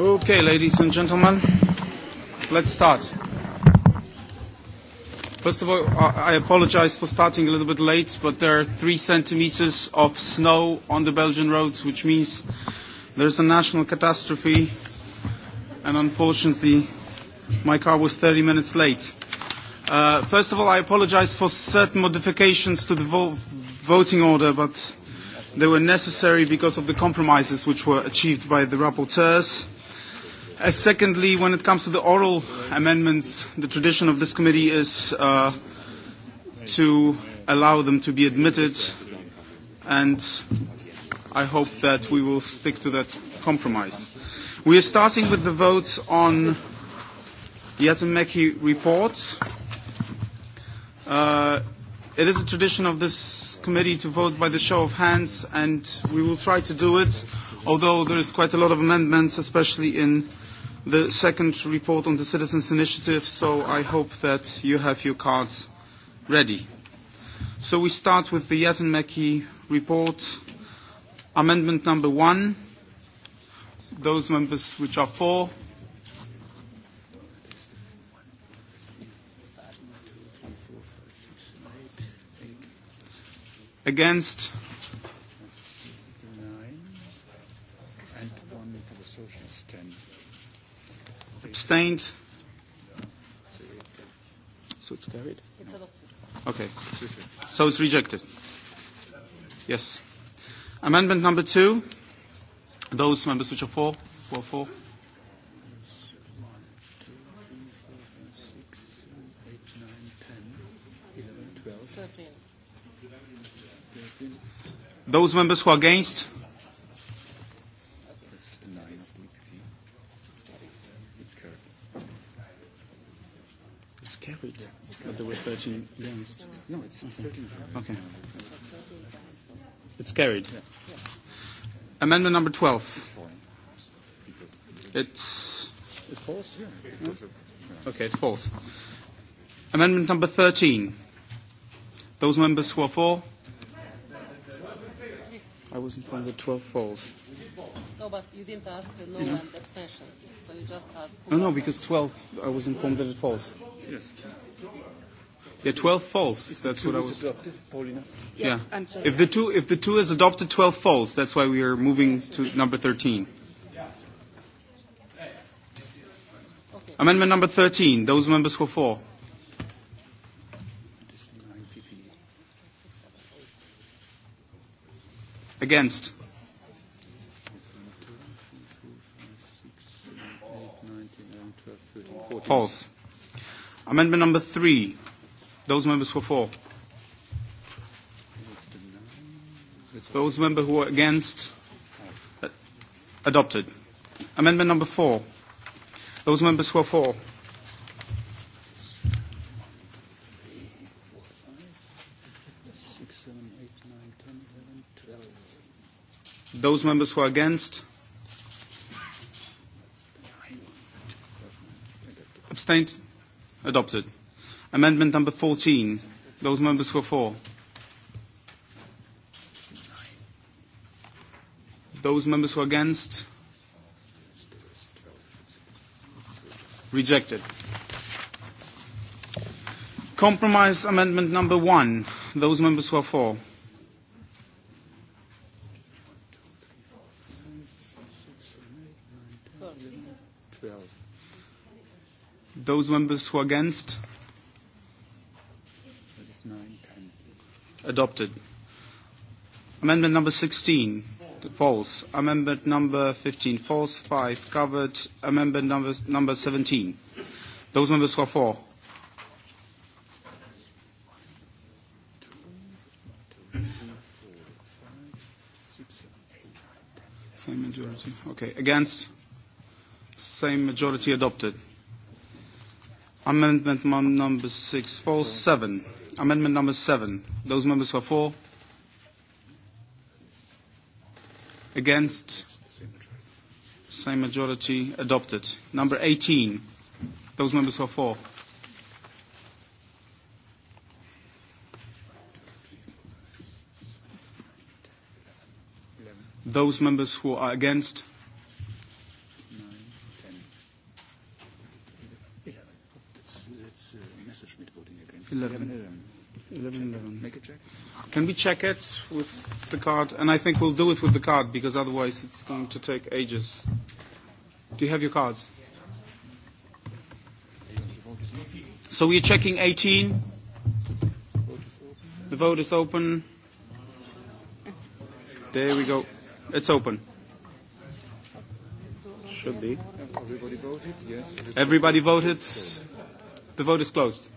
Okay, ladies and gentlemen, let's start. First of all, I apologize for starting a little bit late, but there are three centimeters of snow on the Belgian roads, which means there's a national catastrophe, and unfortunately, my car was 30 minutes late. Uh, first of all, I apologize for certain modifications to the vo voting order, but they were necessary because of the compromises which were achieved by the rapporteurs. Uh, Uh, secondly, when it comes to the oral amendments, the tradition of this committee is uh, to allow them to be admitted, and I hope that we will stick to that compromise. We are starting with the vote on the Yatameki report. Uh, it is a tradition of this committee to vote by the show of hands, and we will try to do it, although there is quite a lot of amendments, especially in the second report on the Citizens' Initiative, so I hope that you have your cards ready. So we start with the Yatinmeki report. Amendment number one. Those members which are for. Against. Abstained? So it's carried? It's adopted. Okay. So it's rejected? Yes. Amendment number two. Those members which are for? Who are for? Those members who are against? there were 13 against. No, it's 13. Okay. It's carried. Yeah. Amendment number 12. It's. It falls? Yeah. No? Okay, it falls. Amendment number 13. Those members who are for? I was informed that 12 falls. No, but you didn't ask uh, no yeah. and abstentions, so you just asked. No, no, because 12, I was informed that it falls. Yes. Yeah, 12 falls. If that's what I was. Adopted, Paulina. Yeah. yeah. I'm sorry. If the two if the two is adopted, 12 falls. That's why we are moving to number 13. Okay. Amendment number 13. Those members who are for. Against. False. Amendment number three. Those members who are for? Those members who are against? Uh, adopted. Amendment number four. Those members who are for? Those members who are against? Abstained? Adopted. Amendment number 14. Those members who are for. Those members who are against. Rejected. Compromise amendment number one. Those members who are for. Those members who are against. Adopted. Amendment number 16. False. Amendment number 15. False. 5. Covered. Amendment number, number 17. Those members who are for. Same majority. Okay. Against? Same majority adopted. Amendment number 6. False. 7 amendment number seven. Those members who are for? Against? Same majority adopted. Number 18. Those members who are for? Those members who are against? Eleven. 11, 11. Make a check. Can we check it with the card? And I think we'll do it with the card because otherwise it's going to take ages. Do you have your cards? So we're checking 18. The vote is open. There we go. It's open. Should be. Everybody voted? Yes. Everybody voted? The vote is closed.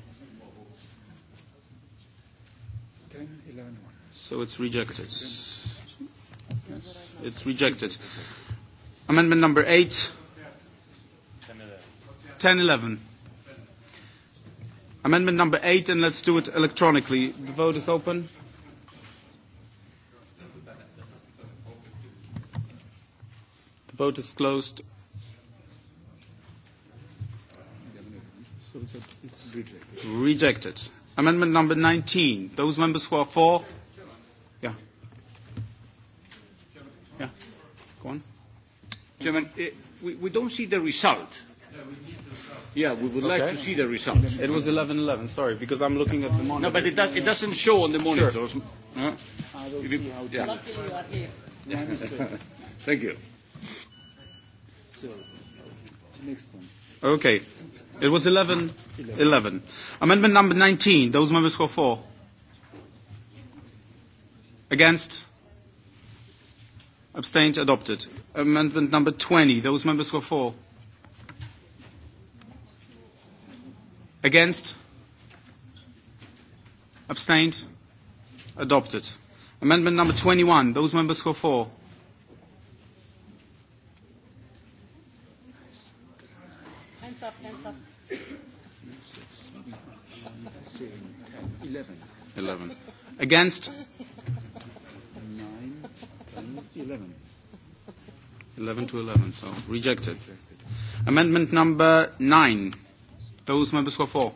So it's rejected. Yes. It's rejected. Amendment number 8. 10, 11. Amendment number 8, and let's do it electronically. The vote is open. The vote is closed. So it's, a, it's rejected. Rejected. Amendment number 19. Those members who are for? Yeah, go on. Chairman, uh, we, we don't see the result. Yeah, we would okay. like to see the results. It was 11:11. Sorry, because I'm looking at the monitor. No, but it, does, it doesn't show on the monitors. Sure. Huh? I will if you, see how. Yeah. Luckily, you are here. Yeah. Thank you. So, next one. Okay. It was 11, 11. 11. Amendment number 19. Those members who are for. Against? Abstained? Adopted. Amendment number 20. Those members who are for? Against? Abstained? Adopted. Amendment number 21. Those members who are for? Hands up, hands up. 11. 11. Against? 11. 11 to 11, so rejected. rejected. Amendment number 9. Those members who are for.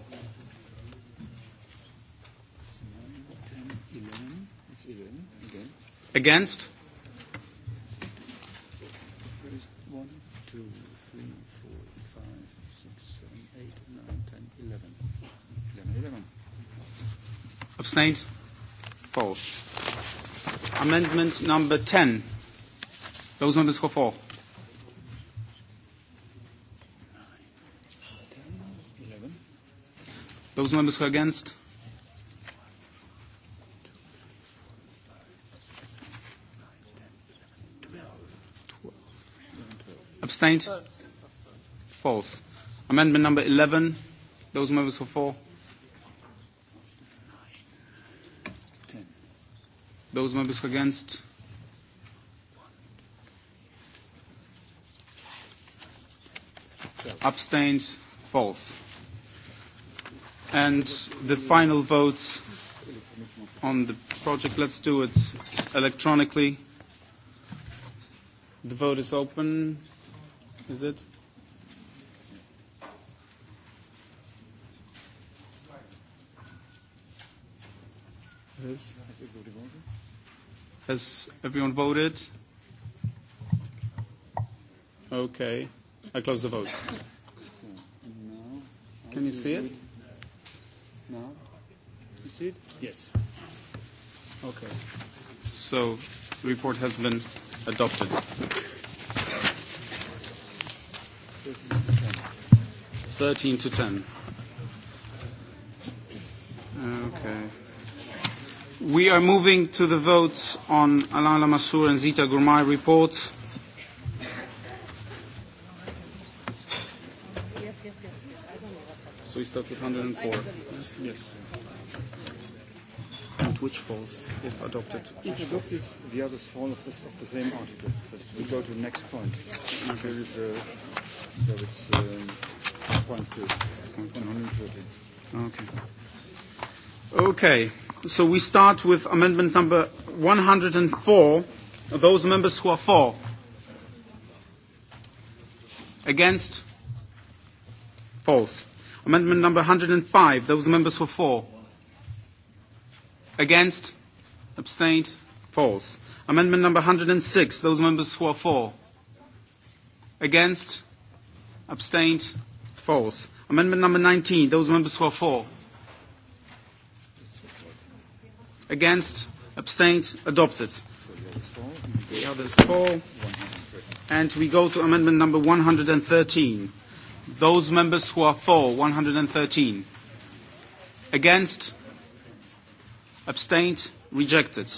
Against? One, two, three, four, five, six, seven, eight, nine, 10, 11. 11, 11. Abstained? False. Amendment number 10. Those numbers for four. Those members who are against? Abstained? False. Amendment number 11. Those members who are for? Those members against? Abstained? False. And the final vote on the project, let's do it electronically. The vote is open. Is it? Yes. Has everyone voted? Okay. I close the vote. Can you see it? No. You see it? Yes. Okay. So the report has been adopted. Thirteen to ten. Okay. We are moving to the votes on Alain Lamassoure and Zita Gourmay reports. Yes, yes, yes. So we start with 104. Yes, yes. And which falls if adopted? If adopted, the others fall of, this, of the same article. But we go to the next point. There is, uh, there is um, point two, point 113. Okay. Okay. So we start with amendment number 104. Those members who are for. Against? False. Amendment number 105. Those members who are for. Against? Abstained? False. Amendment number 106. Those members who are for. Against? Abstained? False. Amendment number 19. Those members who are for. Against? Abstained? Adopted. The others fall. And we go to amendment number 113. Those members who are for 113. Against? Abstained? Rejected.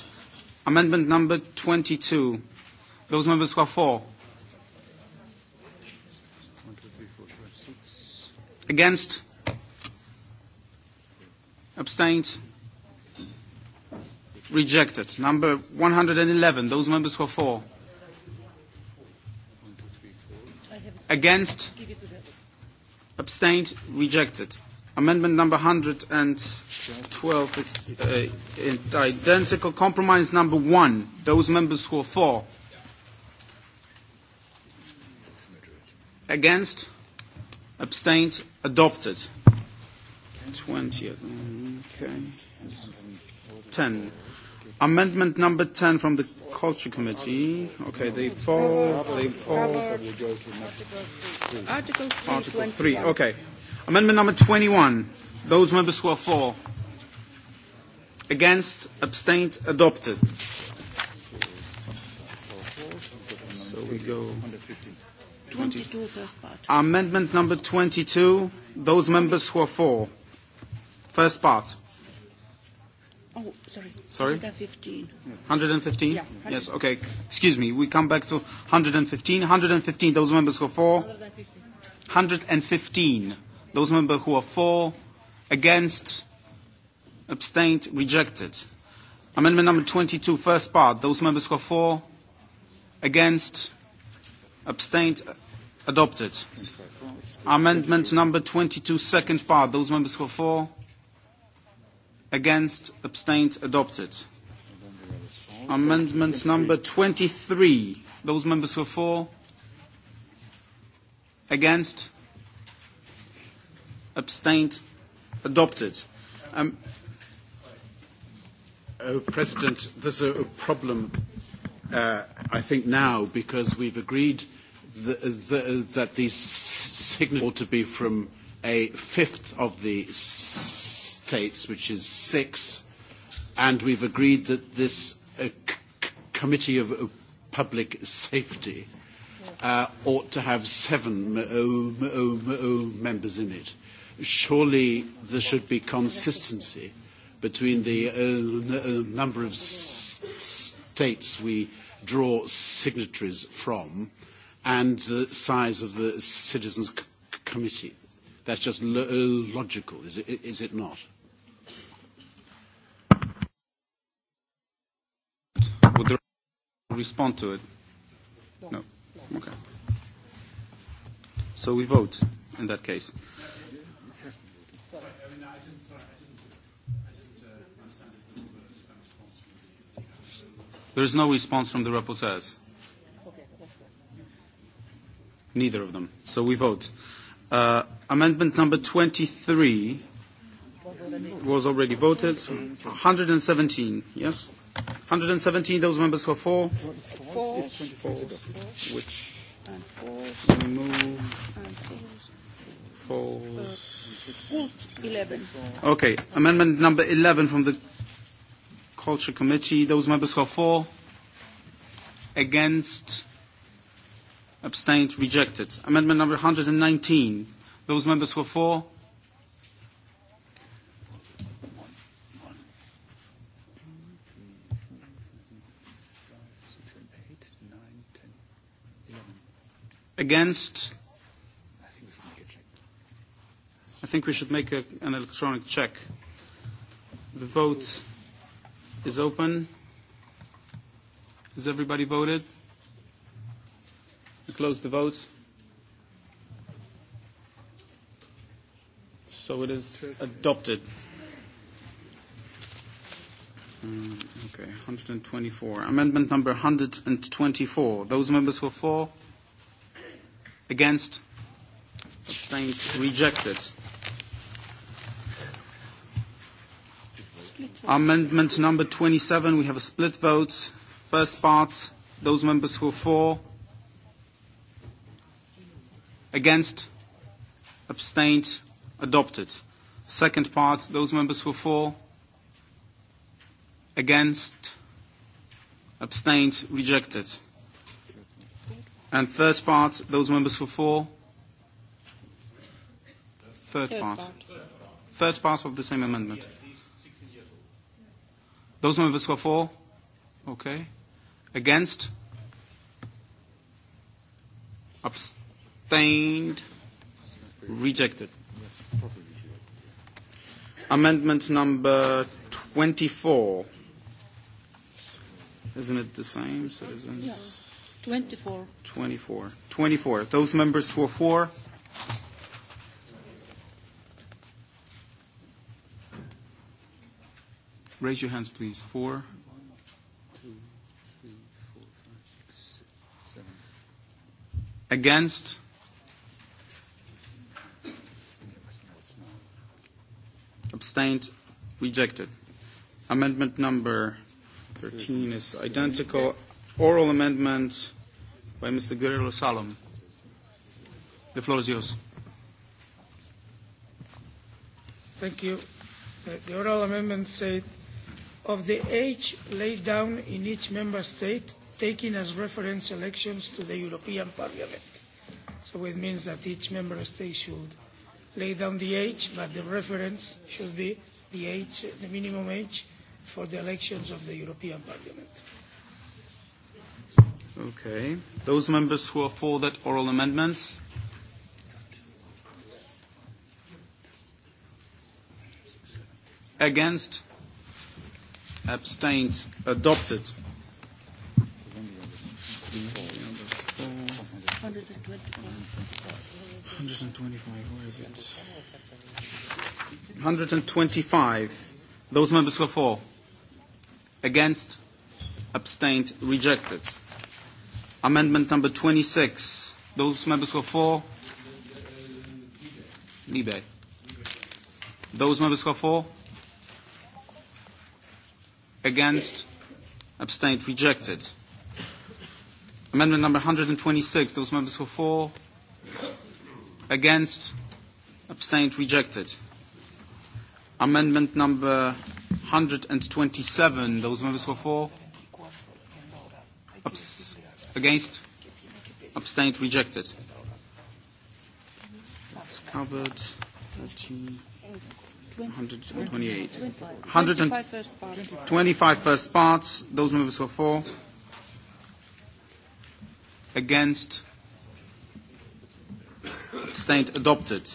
Amendment number 22. Those members who are for? Against? Abstained? Rejected. Number 111, those members who are for. Against? Abstained? Rejected. Amendment number 112 is uh, identical. Compromise number 1, those members who are for. Against? Abstained? Adopted. 20. Okay. 10. Amendment number 10 from the Culture Committee. Okay, they fall. They fall. Article 3. Article 3. Okay. Amendment number 21. Those members who are for. Against. Abstained. Adopted. So we go. 22 first part. Amendment number 22. Those members who are for. First part. Oh, sorry. Sorry? 115. 115? Yeah. 100. Yes, okay. Excuse me. We come back to 115. 115, those members who are for? 115. 115. Those members who are for, against, abstained, rejected. Amendment number 22, first part. Those members who are for, against, abstained, adopted. Amendment number 22, second part. Those members who are for, Against? Abstained? Adopted. Amendment number 23. Those members who are for? Against? Abstained? Adopted. Um, oh, President, there's a, a problem, uh, I think, now because we've agreed the, the, that the signal ought to be from a fifth of the States, which is six, and we've agreed that this uh, c- Committee of uh, Public Safety uh, ought to have seven m- m- m- members in it. Surely there should be consistency between the uh, n- uh, number of s- states we draw signatories from and the size of the Citizens c- Committee. That's just lo- uh, logical, is it, is it not? would respond to it? No. no. Okay. So we vote in that case. Sorry. I mean, I didn't, sorry, I didn't, I didn't uh, understand if there was a response from the... There is no response from the rapporteurs. Okay. Neither of them. So we vote. Uh, amendment number 23 was already voted. 117, yes? 117, those members who are for? For. Which? And false. We move. And false. False. Alt 11. Okay. Amendment number 11 from the Culture Committee. Those members who are for? Against? Abstained? Rejected. Amendment number 119. Those members who are for? Against? I think we should make a, an electronic check. The vote is open. Has everybody voted? We close the vote. So it is adopted. Um, okay, 124. Amendment number 124. Those members who are for? Against? Abstains? Rejected. Amendment number 27, we have a split vote. First part, those members who are for, against, abstained, adopted. Second part, those members who are for, against, abstained, rejected. And third part, those members for four? Third, third part. part. Third part of the same amendment. Yeah, those members for four? Okay. Against? Abstained? Rejected. Amendment number 24. Isn't it the same, citizens? Yeah. 24. 24. 24. Those members who are for? Raise your hands, please. Four. Against? Abstained? Rejected. Amendment number 13 is identical. Oral amendment by Mr. Guerrero Salom. The floor is yours. Thank you. Uh, the oral amendment said, of the age laid down in each member state, taking as reference elections to the European Parliament. So it means that each member state should lay down the age, but the reference should be the age, the minimum age for the elections of the European Parliament. Okay. Those members who are for that oral amendments? Against? Abstained? Adopted. 125. Where is it? 125. Those members who are for? Against? Abstained? Rejected. Amendment number 26. Those members who are for? Libe. Those members who are for? Against? Abstained? Rejected. Amendment number 126. Those members who are for? Against? Abstained? Rejected. Amendment number 127. Those members who are for? Abs- Against? Abstained? Rejected. That's covered. 13. 128. 25 first part. 25 first parts. Those members who are for. Against. Abstained. Adopted.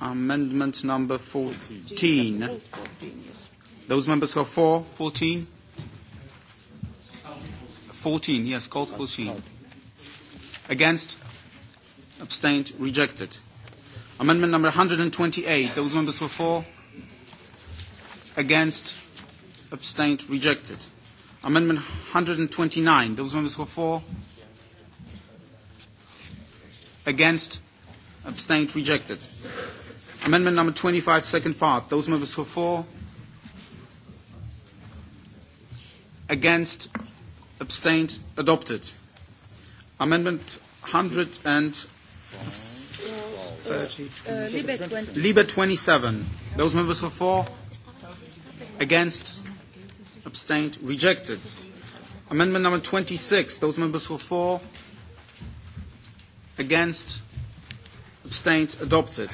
Amendment number 14. Those members who are for. 14. 14, yes, called 14. Against? Abstained? Rejected. Amendment number 128. Those members were for? Against? Abstained? Rejected. Amendment 129. Those members were for? Against? Abstained? Rejected. Amendment number 25, second part. Those members were for? Against? abstained, adopted. Amendment 130. Uh, uh, uh, Libe 20. Libe 27. Those members are for, against, abstained, rejected. Amendment number 26. Those members were for, against, abstained, adopted.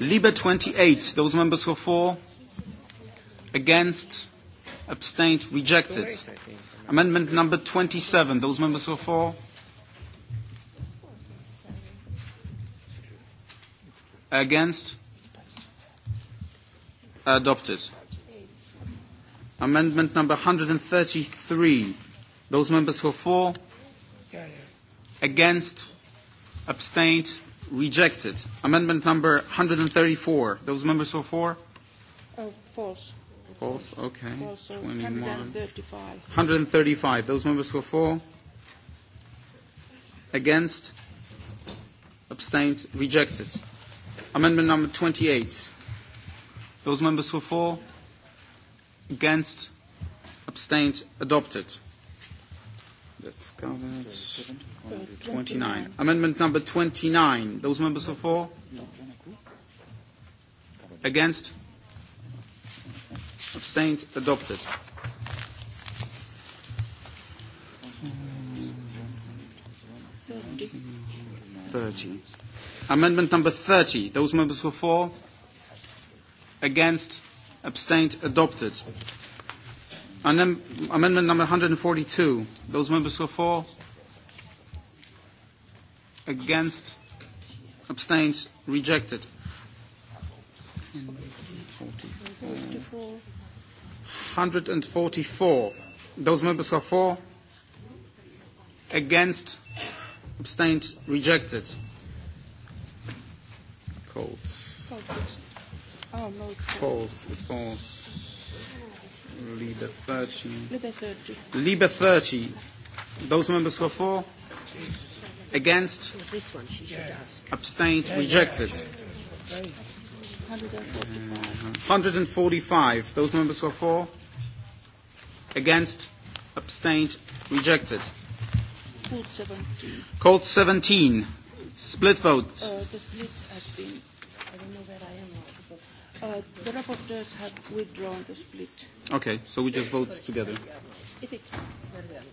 Libre 28. Those members were for, against, abstained, rejected. Amendment number 27. Those members who are for? Against? Adopted. Amendment number 133. Those members who are for? Against? Abstained? Rejected. Amendment number 134. Those members who are for? Oh, false false. Okay. Also 21. 135. 135. Those members who are for? Against? Abstained? Rejected. Amendment number 28. Those members who are for? Against? Abstained? Adopted. That's covered. 29. Amendment number 29. Those members are for? Against? Abstained? Adopted. Thirty. 30. Amendment number 30. Those members who are for? Against? Abstained? Adopted. Amendment number 142. Those members who are for? Against? Abstained? Rejected. 144. Those members who are for, against, abstained, rejected. Cold. Oh, no, it falls. It falls. Liebe 30. Liebe 30. Liebe 30. Those members who are for, against, this one she should ask. abstained, yeah, rejected. Yeah, yeah. 145. Those members who are for, Against? Abstained? Rejected. Code 17. Code 17. Split vote. Uh, the split has been. I don't know where I am now. But, uh, the rapporteurs have withdrawn the split. Okay, so we just vote together. Is it?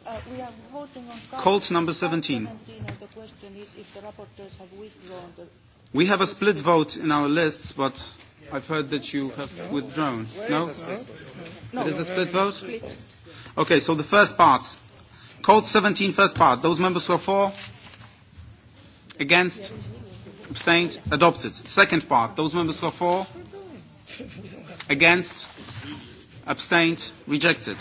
Uh, we are voting on Colt number 17. 17 and the question is if the rapporteurs have withdrawn the we have a split vote in our lists, but I've heard that you have withdrawn. No? No. It is a split vote? Split. Okay, so the first part. Code 17, first part. Those members who are for? Against? Abstained? Adopted. Second part. Those members who are for? Against? Abstained? Rejected.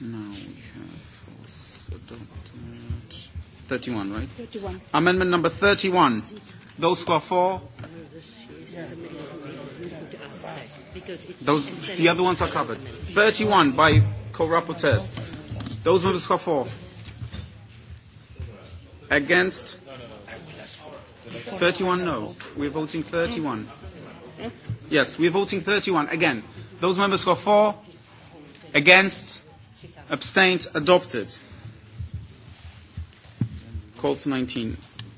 Now we have adopted. 31, right? 31. Amendment number 31. Those who are for? because it's Those, the other ones are covered. 31 by co-rapporteurs. Those members who are for. Against? 31 no. We're voting 31. Yes, we're voting 31. Again, those members who are for, against, abstained, adopted. Cult 19.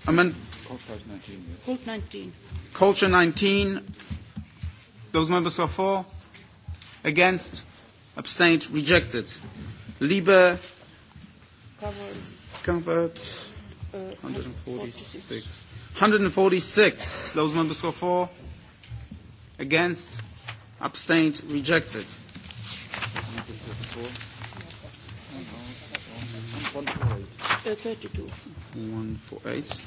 Amend- Cult 19. Cult 19. Culture 19 Those members who are for? Against? Abstained? Rejected. Liebe? Covered. Covered. Uh, 146. 146. Those members who are for? Against? Abstained? Rejected. 148. Uh, 32. 148.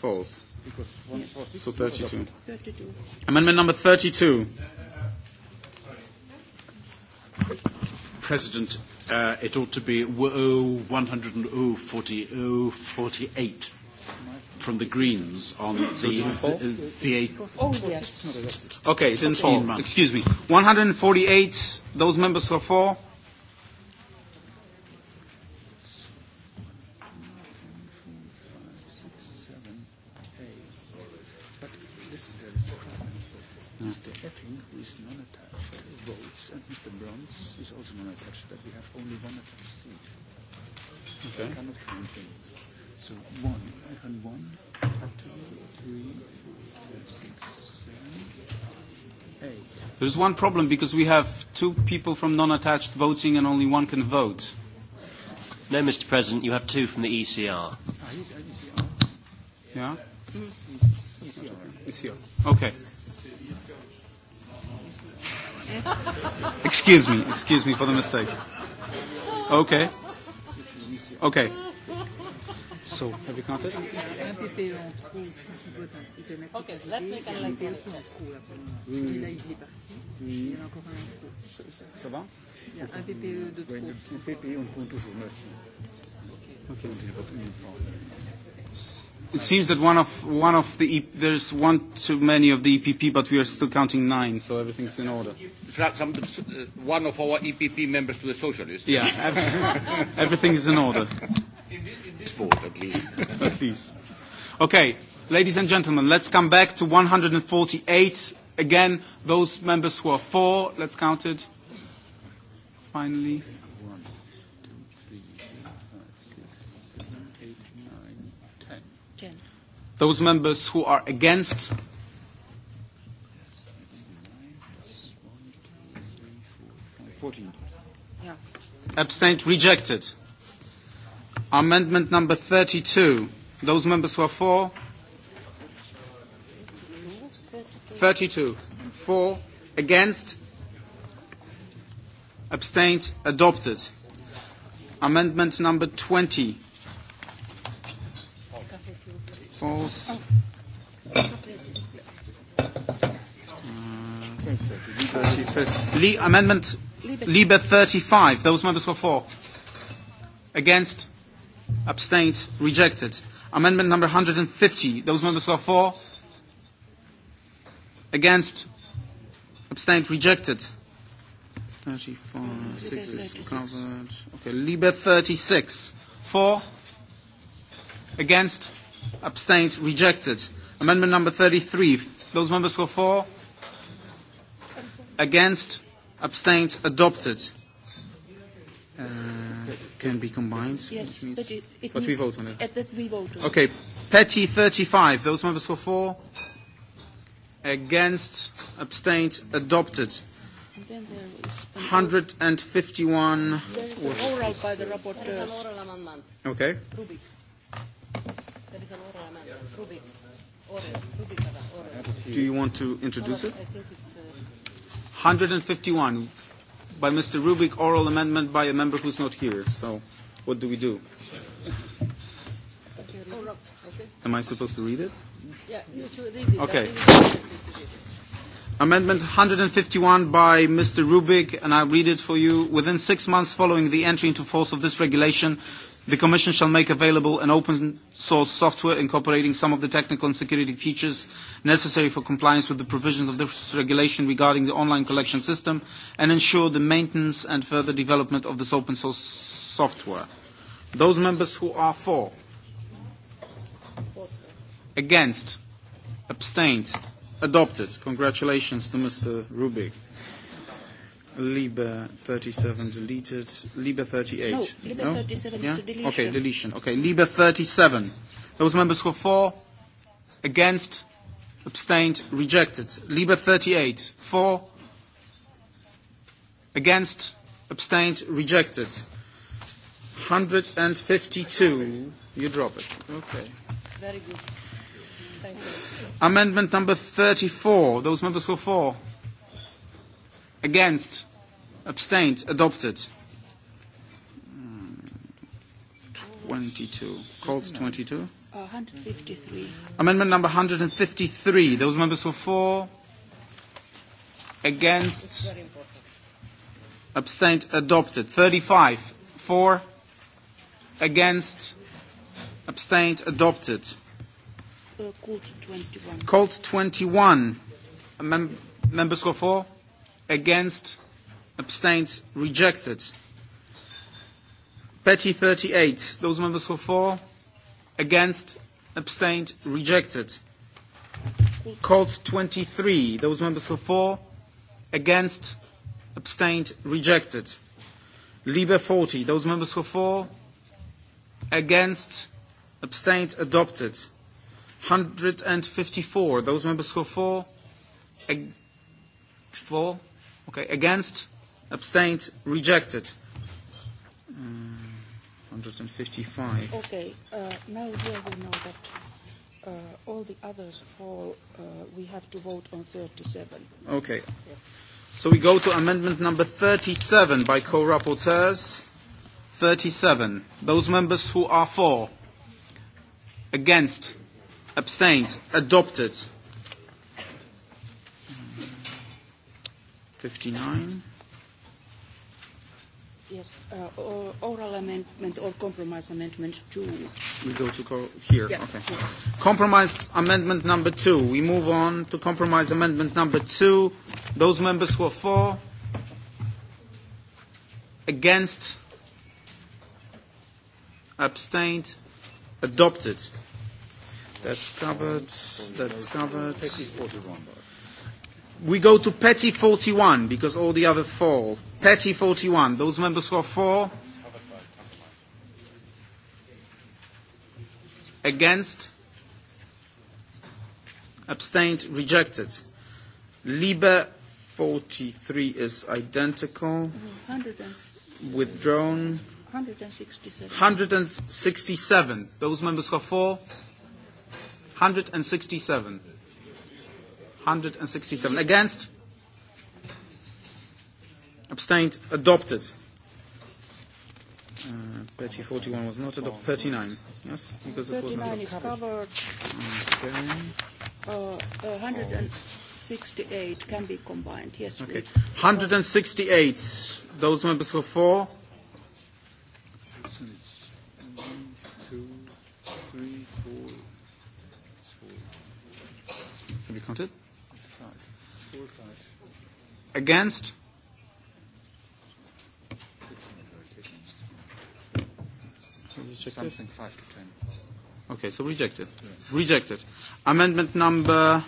False. Because one yes. for six. So 32. 32. Amendment number 32. President, uh, it ought to be 148 from the Greens on the the, uh, the eight. Oh yes. Okay, it's in four. Excuse me. 148. Those members for four. is non-attached votes, uh, and Mr. Bruns is also non-attached, but we have only one attached seat. Okay. I cannot count them. So one, I can one, two, three, four, six, seven, eight. There's one problem because we have two people from non-attached voting and only one can vote. No, Mr. President, you have two from the ECR. Ah, uh, yeah? ECR. ECR. Okay. Excuse me, excuse me for the mistake. Okay. Okay. So, have you counted? Okay, let's make an electronic check. Mm. Ça, ça va? Il y a un PPE de trop. Un PPE, on compte toujours neuf. Okay. Okay. It seems that one of one of the e- there's one too many of the EPP, but we are still counting nine, so everything's in order. Some, uh, one of our EPP members to the socialists. Yeah, every, everything is in order. In this board, at least. at least. Okay, ladies and gentlemen, let's come back to 148. Again, those members who are for, let's count it. Finally. Those members who are against? Yeah. Abstained? Rejected. Amendment number 32. Those members who are for? 32. For? Against? Abstained? Adopted. Amendment number 20. France. Le amendment Liber 35. Those members were for. Against. Abstained. Rejected. Amendment number 150. Those members were for. Against. Abstained. Rejected. 34, 6 is covered. Okay, Liber 36. For. Against. Abstained? Rejected. Amendment number 33. Those members who are for? Against? Abstained? Adopted. Uh, can be combined. Yes, it means, but, it, it but means we vote on it. Uh, that we vote on okay. Petty 35. Those members who are for? Against? Abstained? Adopted. 151 was... oral by the rapporteur. Okay. Rubik. Rubik. Oral. Rubik, oral. Do you want to introduce no, it? I think it's, uh, 151 by Mr. Rubik, oral amendment by a member who's not here. So what do we do? Am I supposed to read it? Yeah, you should read it. Okay. Amendment 151 by Mr. Rubik, and I'll read it for you. Within six months following the entry into force of this regulation, The Commission shall make available an open source software incorporating some of the technical and security features necessary for compliance with the provisions of this regulation regarding the online collection system and ensure the maintenance and further development of this open source software. Those members who are for, against, abstained, adopted. Congratulations to Mr. Rubik. Libre 37 deleted. Libre 38. No, Libre no? 37 yeah? is a deletion. Okay, deletion. Okay, Libre 37. Those members who are for, against, abstained, rejected. Libre 38. For, against, abstained, rejected. 152. You drop it. Okay. Very good. Thank you. Amendment number 34. Those members who are for, Against? Abstained? Adopted. 22. Called 22. 153. Amendment number 153. Those members were for, against, abstained, adopted. 35. For, against, abstained, adopted. Uh, called 21. Called 21. Mem- members were for, against, abstained, rejected. Petty 38, those members who are for, against, abstained, rejected. Cult 23, those members who are for, against, abstained, rejected. Liebe 40, those members who are for, against, abstained, adopted. 154, those members who are for, ag- for, Okay, against, abstained, rejected. Mm, uh, 155. Okay, uh, now here we know that uh, all the others fall. Uh, we have to vote on 37. Okay. Yeah. So we go to amendment number 37 by co-rapporteurs. 37. Those members who are for, against, abstained, adopted. 59. Yes, uh, or, oral amendment or compromise amendment 2. We go to co- here, yeah. okay. Yes. Compromise amendment number 2. We move on to compromise amendment number 2. Those members who are for, against, abstained, adopted. That's covered, that's covered. 41 we go to Petty 41 because all the other fall. Petty 41. Those members who are for? Against? Abstained? Rejected. Liber 43 is identical. 100 and Withdrawn. 167. 167. Those members who are for? 167. 167 against. Abstained. Adopted. Uh, Petty 41 was not adopted. 39. Yes, because it was not adopted. 39 is covered. Okay. Uh, 168 can be combined. Yes. Okay. 168. Those members who are for. One, two, three, four, four. Have you counted? Against? Something 5 to 10. Okay, so rejected. Yeah. Rejected. Amendment number.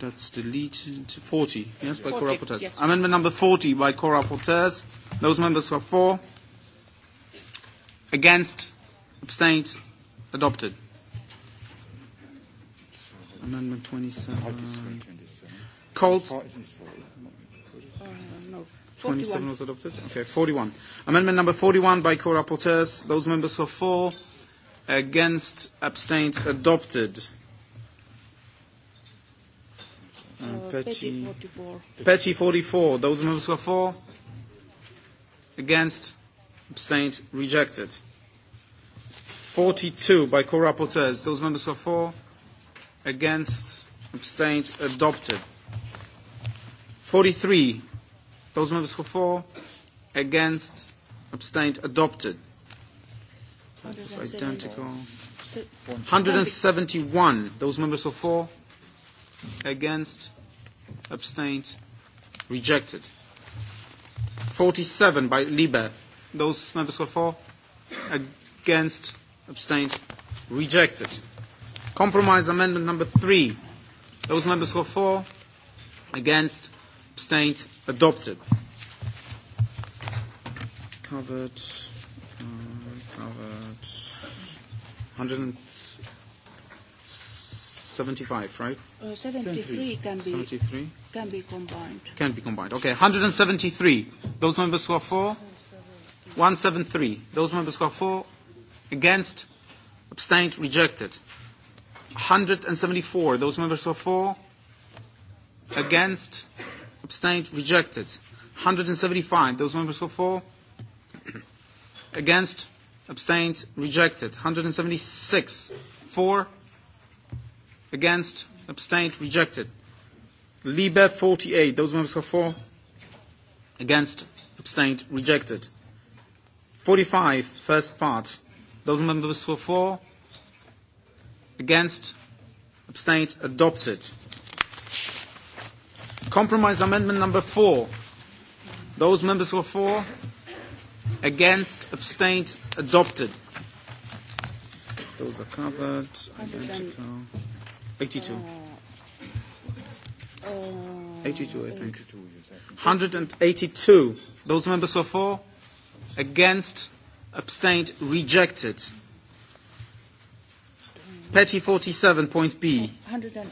That's deleted. 40. Yes, by 40, co-rapporteurs. Yes. Amendment number 40 by co-rapporteurs. Those members who are for, against, abstained, adopted. Amendment 27. 27, 27. Called. Uh, no. 27 was adopted? Okay, 41. Amendment number 41 by co-rapporteurs. Those members for four, against, abstained, adopted. Uh, uh Petty 44. Petty 44. Those members for four, against, abstained, rejected. 42 by co-rapporteurs. Those members for four, against, abstained, adopted. 43, those members who for, against, abstained, adopted. That was identical. 171, those members who for, against, abstained, rejected. 47 by Libe, those members who for, against, abstained, rejected. Compromise amendment number three. Those members who are for, against, abstained, adopted. Covered, um, covered, 175, right? Uh, 73, 73 can be 73 can be combined. Can be combined. Okay, 173. Those members who are for, 173. Those members who are for, against, abstained, rejected. 174. Those members are for, against, abstained, rejected. 175. Those members are for, against, abstained, rejected. 176. For, against, abstained, rejected. Libe 48. Those members are for, against, abstained, rejected. 45, first part. Those members were for, Against? Abstained? Adopted. Compromise amendment number four. Those members who are for? Against? Abstained? Adopted. Those are covered. Identical. 82. 82, I think. 182. Those members who are for? Against? Abstained? Rejected. Petty 47, point B. 100 and,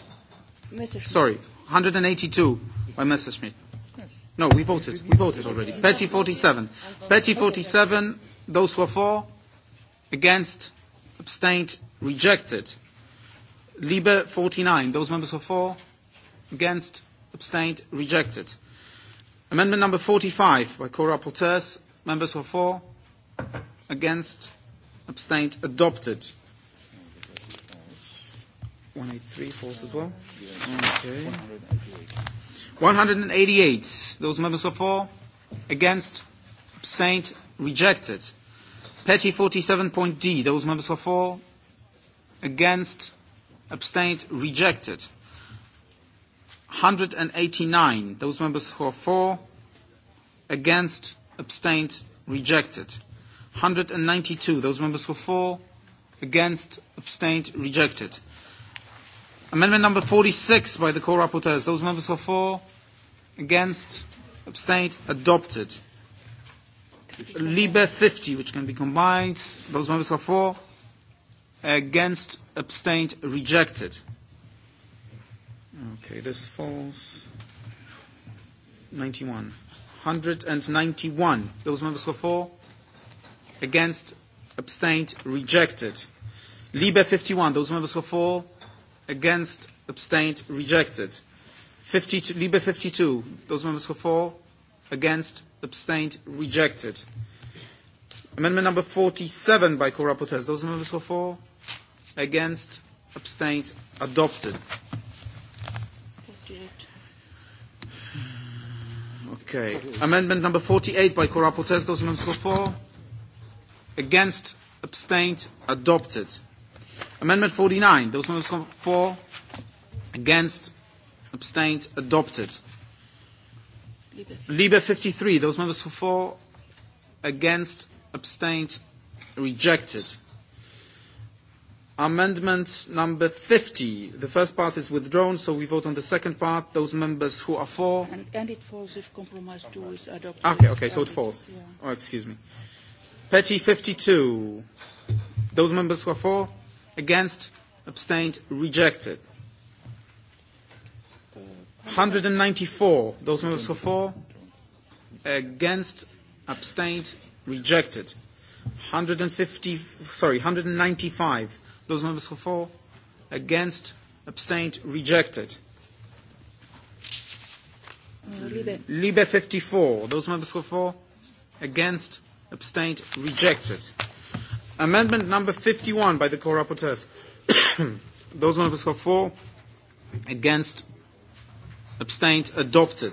Messerschmitt. Sorry, 182 by Messerschmitt. Yes. No, we voted. We voted already. Petty 47. Petty 47, those who are for, against, abstained, rejected. Liebe 49, those members who are for, against, abstained, rejected. Amendment number 45 by co-rapporteurs, members who are for, against, abstained, adopted. 183 falls as well. Okay. 188. Those members are for, against, abstained, rejected. Petty 47.D. Those members are for, against, abstained, rejected. 189. Those members who are for, against, abstained, rejected. 192. Those members who are for, against, abstained, rejected. Amendment number 46 by the co-rapporteurs. Those members are for, against, abstained, adopted. Libe 50, which can be combined. Those members are for, against, abstained, rejected. Okay, this falls. 91. 191. Those members are for, against, abstained, rejected. Libe 51. Those members are for, against, abstained, rejected. 52, Liebe 52, those members who are for, against, abstained, rejected. Amendment number 47 by co-rapporteurs, those members who are for, against, abstained, adopted. Okay. Amendment number 48 by co-rapporteurs, those members who are for, against, abstained, adopted. Amendment 49. Those members for, against, abstained, adopted. Liebe. Liebe 53. Those members for, for, against, abstained, rejected. Amendment number 50. The first part is withdrawn, so we vote on the second part. Those members who are for. And, and it falls if compromise 2 is adopted. Okay, okay, so it falls. Yeah. Oh, excuse me. Petty 52. Those members who are for, against, abstained, rejected. 194, those members who are for, against, abstained, rejected. 150, sorry, 195, those members who are for, against, abstained, rejected. Libe. Libe 54, those members who are for, against, abstained, rejected. Amendment number 51 by the co-rapporteurs. Those members who are for, against, abstained, adopted.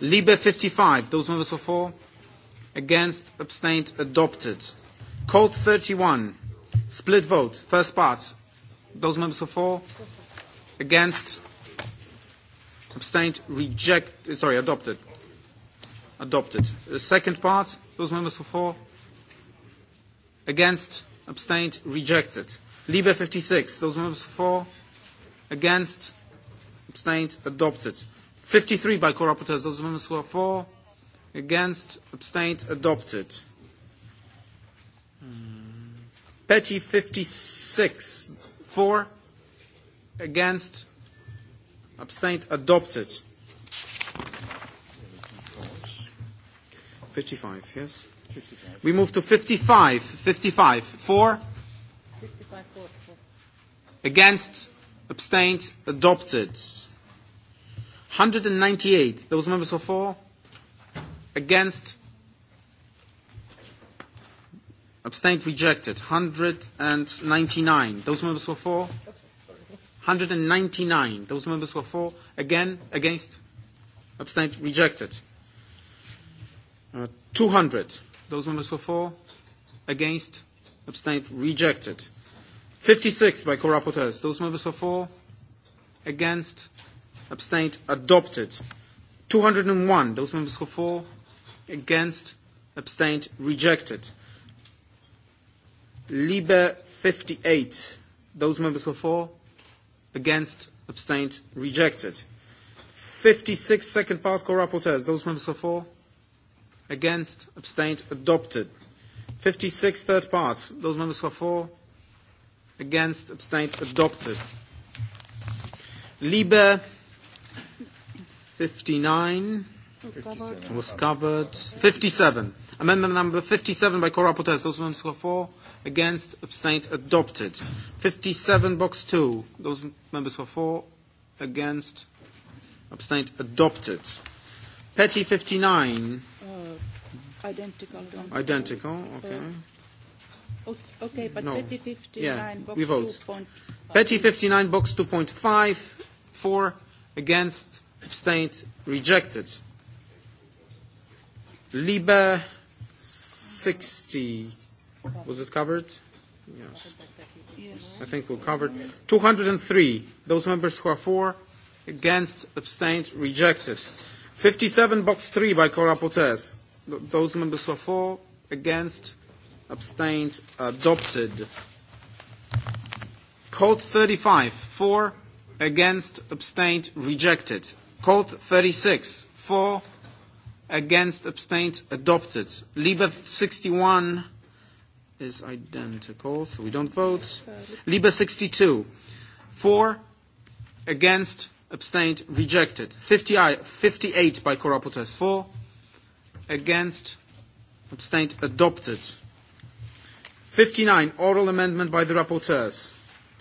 Libe 55. Those members who are for, against, abstained, adopted. Colt 31. Split vote. First part. Those members who are for, against, abstained, reject, sorry, adopted. Adopted. The second part. Those members who are for, Against? Abstained? Rejected. Libre 56. Those members for? Against? Abstained? Adopted. 53 by co-rapporteurs. Those members who are for? Against? Abstained? Adopted. Hmm. Petty 56. For? Against? Abstained? Adopted. 55, yes? We move to 55. 55. For? 55 for. Against? Abstained? Adopted. 198. Those members are for? Against? Abstained? Rejected. 199. Those members were for? 199. Those members were for? Again? Against? Abstained? Rejected. Uh, 200. Those numbers for four, against, abstained, rejected. 56 by co-rapporteurs. Those members are for, against, abstained, adopted. 201. Those members are for, against, abstained, rejected. Libe 58. Those members are for, against, abstained, rejected. 56 second part co-rapporteurs. Those members are for, against, abstained, adopted. 56, third part. Those members who are for, against, abstained, adopted. Liebe 59 57. was covered. 57. Amendment number 57 by co-rapporteurs. Those members who are for, against, abstained, adopted. 57, box 2. Those members who are for, against, abstained, adopted. Petty 59. Uh, identical. Identical, okay. Uh, okay, but no. Petty 59, yeah, box we vote. 2. Petty 59, box 2.5, for, against, abstained, rejected. Libe 60. Was it covered? Yes. yes. I think we're covered. 203. Those members who are for, against, abstained, rejected. 57, box 3 by co-rapporteurs. Th those members who are for, against, abstained, adopted. Code 35, for, against, abstained, rejected. Code 36, for, against, abstained, adopted. Liber 61 is identical, so we don't vote. Liber 62, for, against, abstained, rejected. 50, 58 by co-rapporteurs, for, against, abstained, adopted. 59, oral amendment by the rapporteurs.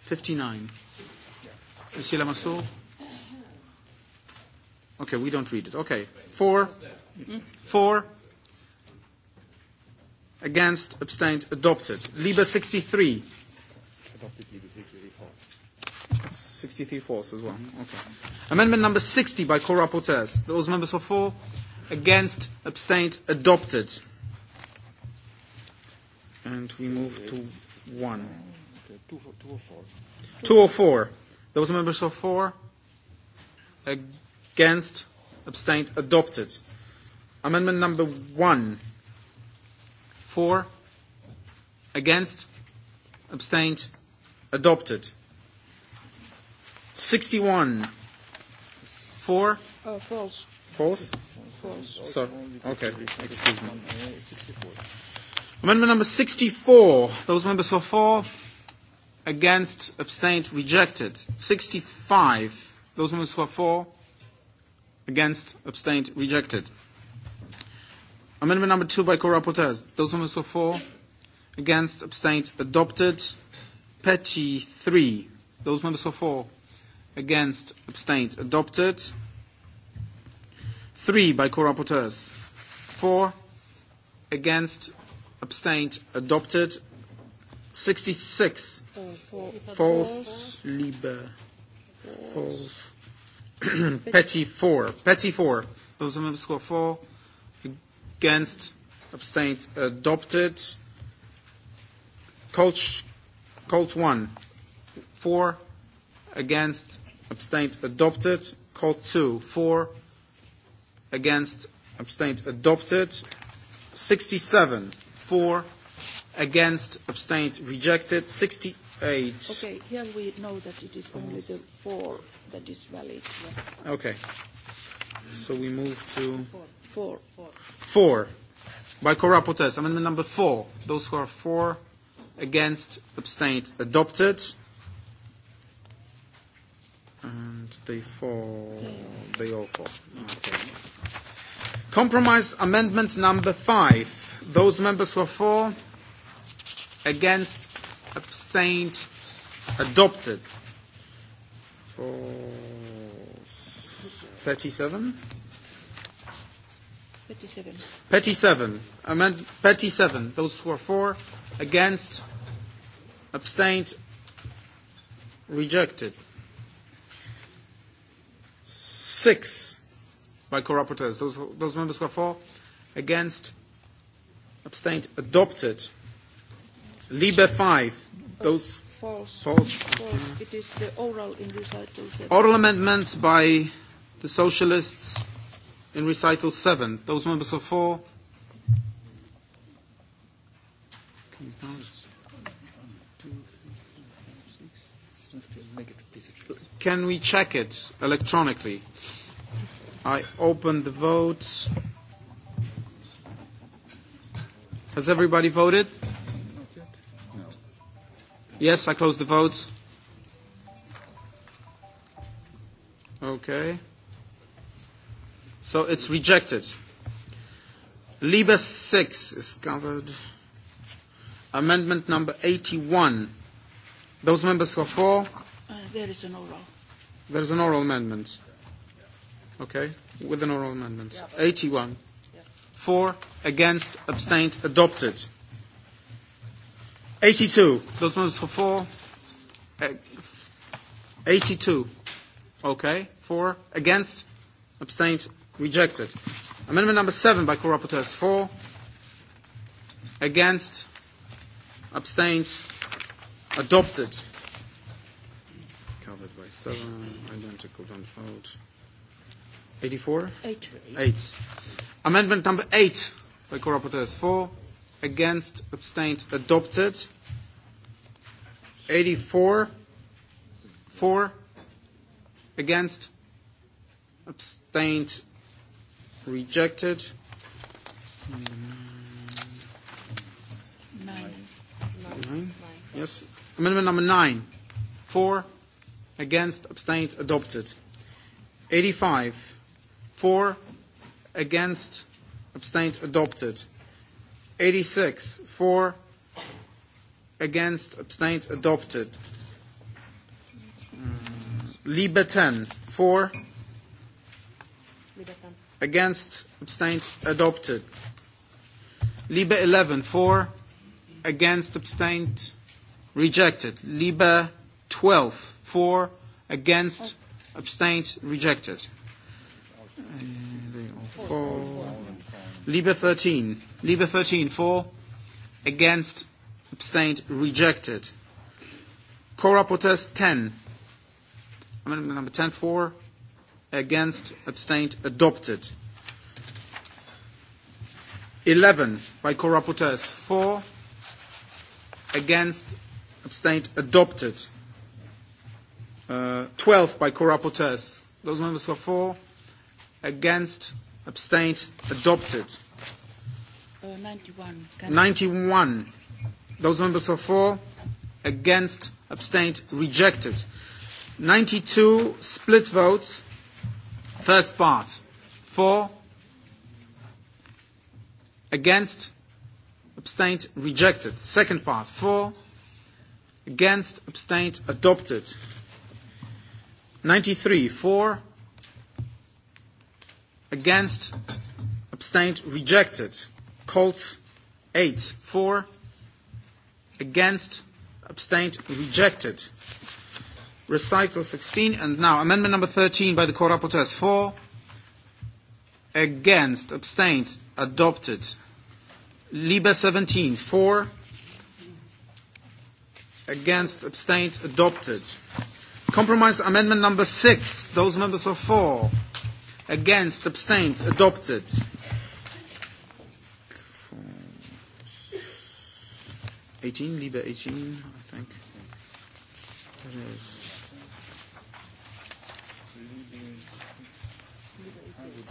59. Monsieur Lamassoure? Okay, we don't read it. Okay. Four. Four. Against, abstained, adopted. Libre 63. 63 false as well. Mm-hmm. Okay. Amendment number 60 by co-rapporteurs. Those members are for, against, abstained, adopted. And we move to 1. 204. 204. Those members are for, against, abstained, adopted. Amendment number 1. For, against, abstained, adopted. 61. Four? Uh, false. False? False. So, okay, excuse me. Amendment number 64. Those members who are for, against, abstained, rejected. 65. Those members who are for, against, abstained, rejected. Amendment number 2 by co-rapporteurs. Those members who are for, against, abstained, adopted. Petty 3. Those members who are for, against, abstains, adopted. Three by co-rapporteurs. Four, against, abstained, adopted. 66, false, Liebe, false. Petty four, Petty four. Those in favor score four, against, abstained, adopted. Colt, Colt one, four, against, abstained, adopted. Code 2, for, against, abstained, adopted. 67, for, against, abstained, rejected. 68. Okay, here we know that it is only the 4 that is valid. Yeah. Okay. So we move to... 4. 4. 4. By co-rapporteurs, amendment number 4. Those who are for, against, abstained, adopted and they fall. They all fall. Okay. Compromise amendment number five. Those members who are for, against, abstained, adopted. For 37. 37. 37. Amend 37. Those who are for, against, abstained, rejected six by co-rapporteurs. Those, those members who are for, against, abstained, adopted. Libe five. Those false. False. false. It is the oral in recital seven. Oral amendments by the socialists in recital seven. Those members are for. Can you count? Can we check it electronically? I open the votes. Has everybody voted? No. Yes, I close the votes. Okay. So it's rejected. Liber 6 is covered. Amendment number 81. Those members who are for? Uh, there is an oral. There's an oral amendment. Okay? With an oral amendment. Yeah, 81. Yeah. For, against, abstained, adopted. 82. Those ones for four. 82. Eh, okay? For, against, abstained, rejected. Amendment number seven by co-rapporteurs. For, against, abstained, adopted. 87, identical, don't vote. 84? Eight. Eight. Amendment number eight by co-rapporteurs. For, against, abstained, adopted. 84, for, against, abstained, rejected. Nine. Nine. Nine. Yes. Amendment number nine. For, against, abstained, adopted. 85, for, against, abstained, adopted. 86, for, against, abstained, adopted. Liebe 10, for, against, abstained, adopted. Liebe 11, for, against, abstained, rejected. Liebe 12, for, against, abstained, rejected. Uh, for. Libre 13. Libre 13 for, against, abstained, rejected. Cora protest 10. Amendment number 10 for, against, abstained, adopted. 11 by co-rapporteurs, for, against, abstained, adopted. Uh, 12 by co-rapporteurs. Those members are for, against, abstained, adopted. Uh, 91. Can 91. Those members are for, against, abstained, rejected. 92 split votes. First part. For, against, abstained, rejected. Second part. For, against, abstained, adopted. 93 for, against, abstained, rejected. Colt 8 for, against, abstained, rejected. Recital 16 and now amendment number 13 by the co-rapporteurs for, against, abstained, adopted. Libe 17 for, against, abstained, adopted. Compromise amendment number six. Those members are for. Against, abstained, adopted. Eighteen, Liebe 18, I think. It is.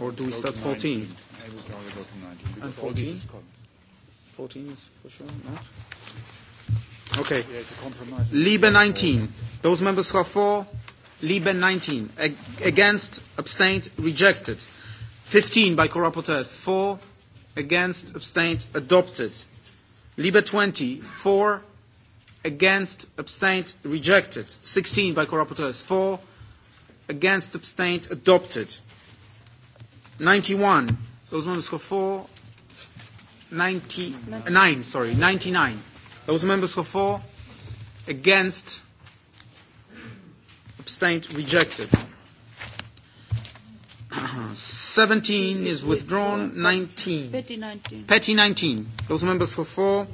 Or do we start 14? I would rather go to 19. And 14? 14 is for sure not. Okay. Yeah, it's a compromise. Liebe 19. Those members who are for, Liebe 19. Ag- against, abstained, rejected. 15 by co-rapporteurs. For, against, abstained, adopted. Liebe 20. For, against, abstained, rejected. 16 by co-rapporteurs. For, against, abstained, adopted. 91. Those members who are for, 90, 99, sorry, 99. Those members for four, against, abstained, rejected. 17 is withdrawn. 19. Petty 19. Petty 19. Those members for four,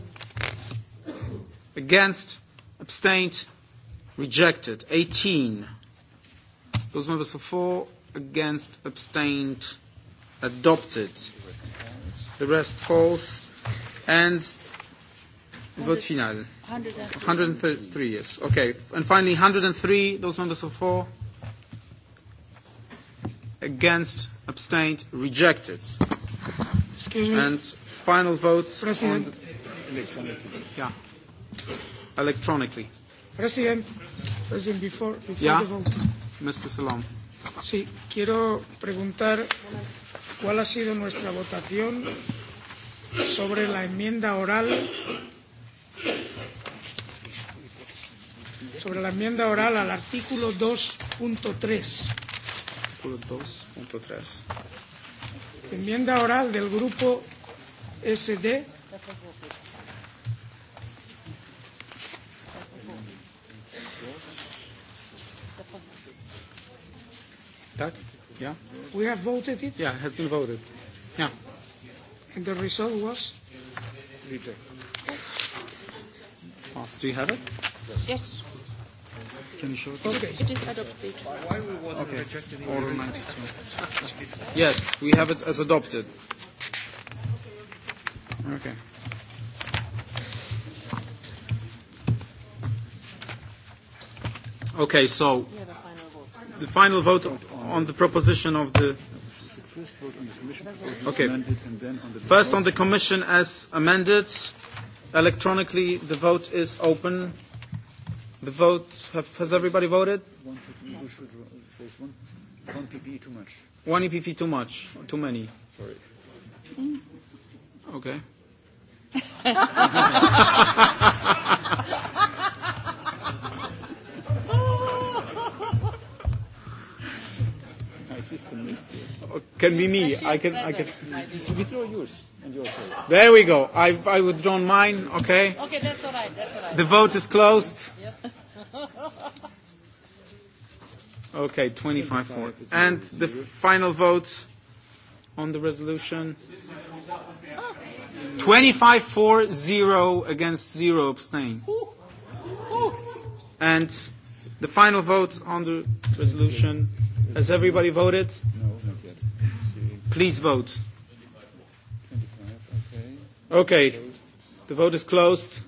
against, abstained, rejected. 18. Those members for four, against, abstained, adopted. The rest falls. And Vote final. 103. 103, yes. Okay. And finally, 103, those members are for. Against, abstained, rejected. Excuse me. And final votes. President. On the, yeah. Electronically. President, President before, before yeah. the vote. Mr. Salom. Sí, quiero preguntar cuál ha sido nuestra votación sobre la enmienda oral sobre la enmienda oral al artículo 2.3. Artículo 2.3. Enmienda oral del grupo SD. That? Yeah. We have voted it? Yeah, it has been voted. Yeah. And the result was? Reject. Yes. Do you have it? Yes can show it. Okay. It is adopted. Why, why was it okay. rejected in Oral 92. yes, we have it as adopted. Okay. Okay, so the final vote on the proposition of the first vote on the commission proposal okay. amended and then on the First on the commission as amended electronically the vote is open. Okay. The vote, have, has everybody voted? One PP, we should, there's one, one PP too much. One EPP too much, too many. Sorry. Okay. My system is. Oh, can be me. I can. I can. Withdraw yours and yours. There we go. I I withdrawn mine. Okay. Okay, that's all right. That's all right. The vote is closed. Okay, 25 for. And the final votes on the resolution? 25 for, 0 against, 0 abstain. And the final vote on the resolution. Has everybody voted? No, not yet. Please vote. Okay. The vote is closed.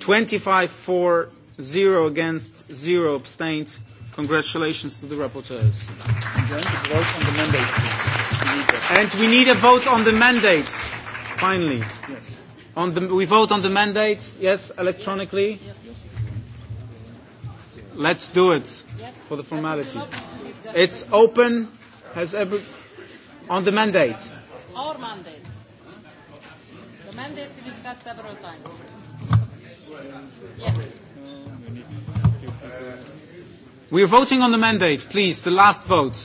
25 for, zero against, zero abstained. Congratulations to the rapporteurs. And we need a vote on the mandate, finally. Yes. On the, we vote on the mandate, yes, electronically. Yes. Let's do it yes. for the formality. It's open. Has every on the mandate? Our mandate. The mandate we discussed several times. Yes. We are voting on the mandate, please, the last vote.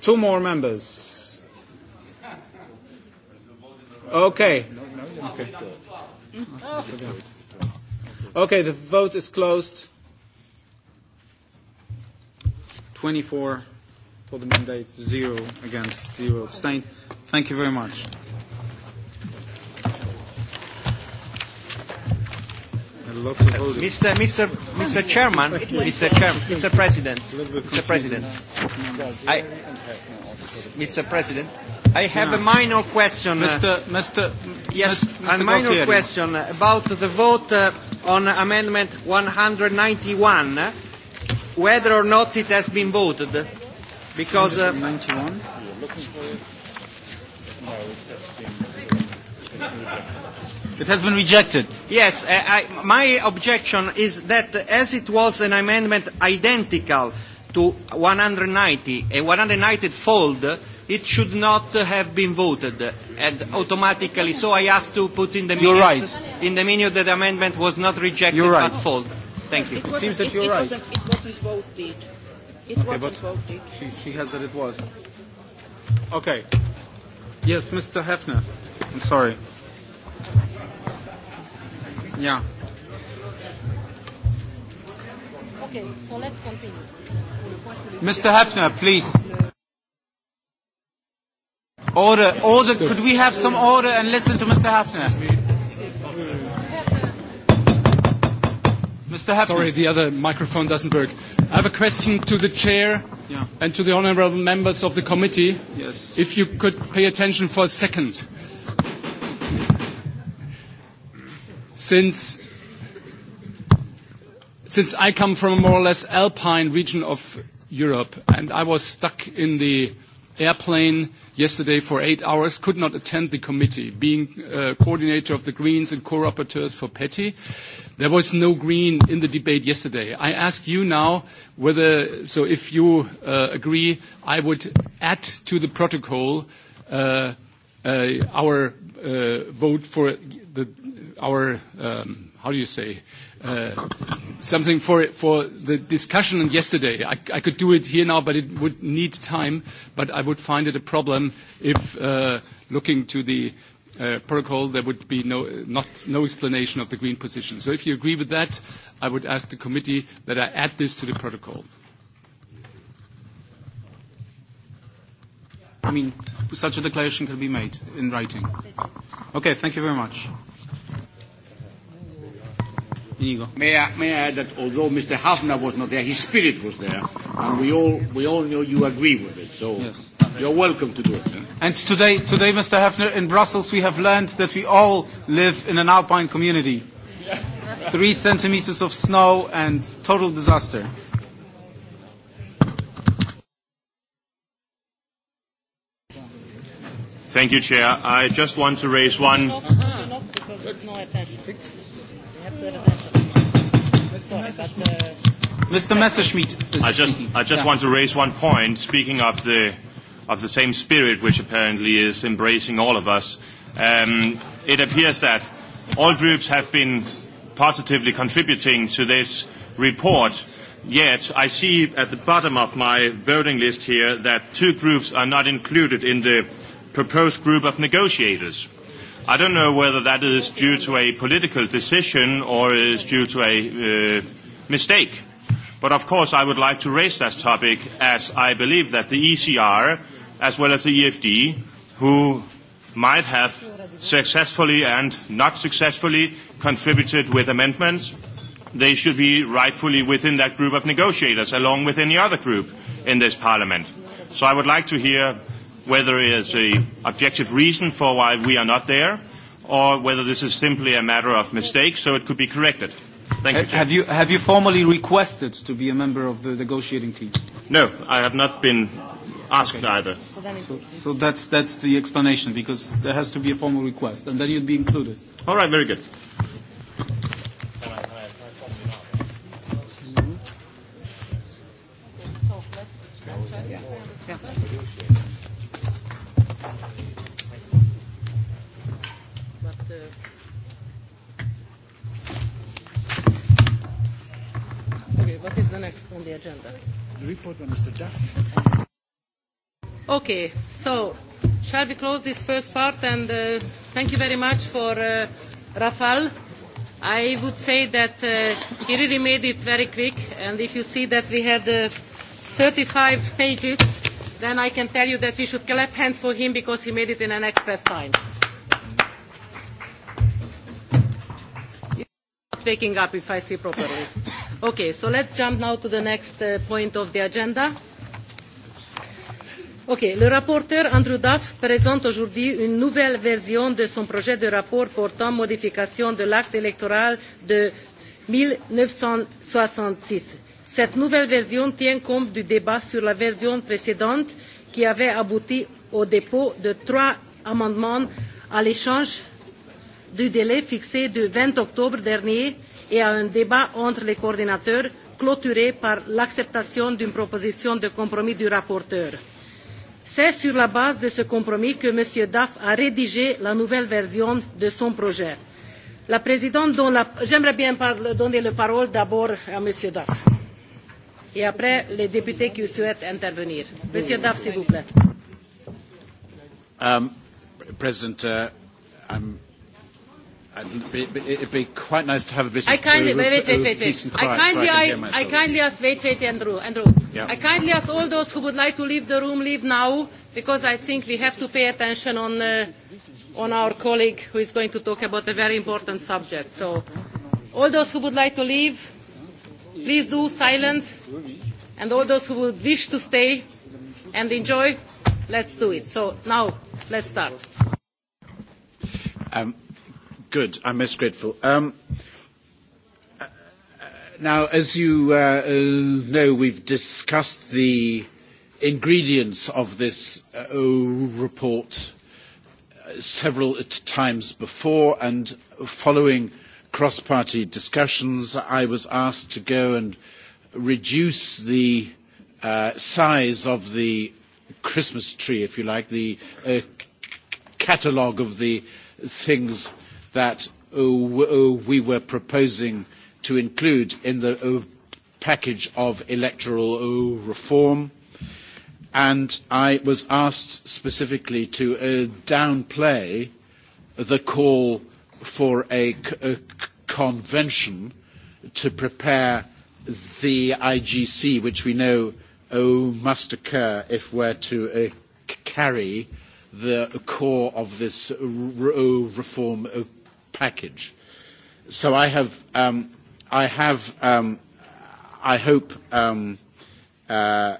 Two more members. Okay. Okay, okay the vote is closed. 24 for the mandate, zero against, zero abstained. Thank you very much. lots of holding. Mr. Mr. Mr. Chairman, Mr. Chairman, Mr. President, Mr. President, I, Mr. President, I have no. Uh, a minor question. Mr. Mr. Yes, Mr. a minor Gautieri. question about the vote uh, on Amendment 191, whether or not it has been voted, because. Uh, 91. No, that's been. It has been rejected. Yes, I, uh, I, my objection is that as it was an amendment identical to 190, a 190 fold, it should not have been voted and automatically. So I asked to put in the you're minute, right. in the minute that the amendment was not rejected you're right. but fold. Thank you. It, it seems that you're it, it right. Wasn't, it wasn't voted. It okay, wasn't voted. She, she has that it was. Okay. Yes, Mr. Hefner. I'm sorry. Yeah. Okay, so let's continue. Mr. Hefner, please. Order, order. So, Could we have some order and listen to Mr. Hefner? Mr. Hefner. Sorry, the other microphone doesn't work. I have a question to the chair yeah. and to the honourable members of the committee. Yes. If you could pay attention for a second. Uh, since since I come from a more or less alpine region of Europe, and I was stuck in the airplane yesterday for eight hours, could not attend the committee, being uh, coordinator of the Greens and co-rapporteurs for Petty. There was no green in the debate yesterday. I ask you now whether, so if you uh, agree, I would add to the protocol uh, uh, our uh, vote for the our, um, how do you say, uh, something for, it, for the discussion on yesterday. I, I could do it here now, but it would need time, but I would find it a problem if uh, looking to the Uh, protocol, there would be no, not, no explanation of the green position. So if you agree with that, I would ask the committee that I add this to the protocol. I mean, such a declaration can be made in writing. Okay, thank you very much. Inigo. May I, may I add that although Mr. Hafner was not there, his spirit was there, and we all, we all know you agree with it, so yes. you're welcome to do it. Eh? And today, today, Mr. Hafner, in Brussels we have learned that we all live in an alpine community. Three centimeters of snow and total disaster. Thank you, Chair. I just want to raise one. Not, not because it's no attention. You have to have attention sorry, but... Uh, Mr. Messerschmidt. I just, I just yeah. want to raise one point, speaking of the, of the same spirit which apparently is embracing all of us. Um, it appears that all groups have been positively contributing to this report, yet I see at the bottom of my voting list here that two groups are not included in the proposed group of negotiators. I don't know whether that is due to a political decision or is due to a uh, mistake. But of course, I would like to raise that topic as I believe that the ECR, as well as the EFD, who might have successfully and not successfully contributed with amendments, they should be rightfully within that group of negotiators, along with any other group in this parliament. So I would like to hear whether it is an objective reason for why we are not there, or whether this is simply a matter of mistake, so it could be corrected. Thank you. Chair. Have you, have you formally requested to be a member of the negotiating team? No, I have not been asked okay. either. So, so, so that's, that's the explanation, because there has to be a formal request, and then you'd be included. All right, very good. Yeah. Yeah. What is the next on the agenda? The report by Mr. Duff. Okay, so shall we close this first part? And uh, thank you very much for uh, Rafal. I would say that uh, he really made it very quick. And if you see that we had uh, 35 pages, then I can tell you that we should clap hands for him because he made it in an express time. waking up if I see properly. Okay, so let's jump now to the next uh, point of the agenda. Okay, le rapporteur Andrew Duff présente aujourd'hui une nouvelle version de son projet de rapport portant modification de l'acte électoral de 1966. Cette nouvelle version tient compte du débat sur la version précédente qui avait abouti au dépôt de trois amendements à l'échange du délai fixé du 20 octobre dernier et à un débat entre les coordinateurs clôturé par l'acceptation d'une proposition de compromis du rapporteur. C'est sur la base de ce compromis que M. Duff a rédigé la nouvelle version de son projet. La présidente donne la... J'aimerais bien parler, donner la parole d'abord à M. Duff et après les députés qui souhaitent intervenir. Monsieur Duff, s'il vous plaît. Um, President, uh, I'm It'd be, it'd be quite nice to have a bit of I kindly, of, wait, wait, wait, wait, wait. I kindly, so I, can I, I kindly ask, wait, wait, Andrew, Andrew. Yeah. I kindly ask all those who would like to leave the room, leave now, because I think we have to pay attention on, uh, on our colleague who is going to talk about a very important subject. So, all those who would like to leave, please do silent, and all those who would wish to stay and enjoy, let's do it. So now, let's start. Um, Good. I'm most grateful. Um, uh, now, as you uh, uh, know, we've discussed the ingredients of this uh, report uh, several times before, and following cross-party discussions, I was asked to go and reduce the uh, size of the Christmas tree, if you like, the uh, catalogue of the things that uh, uh, we were proposing to include in the uh, package of electoral reform. And I was asked specifically to downplay the call for a, a convention to prepare the IGC, which we know oh, must occur if we're to uh, carry the core of this reform package. So I have, um, I have, um, I hope, um, uh,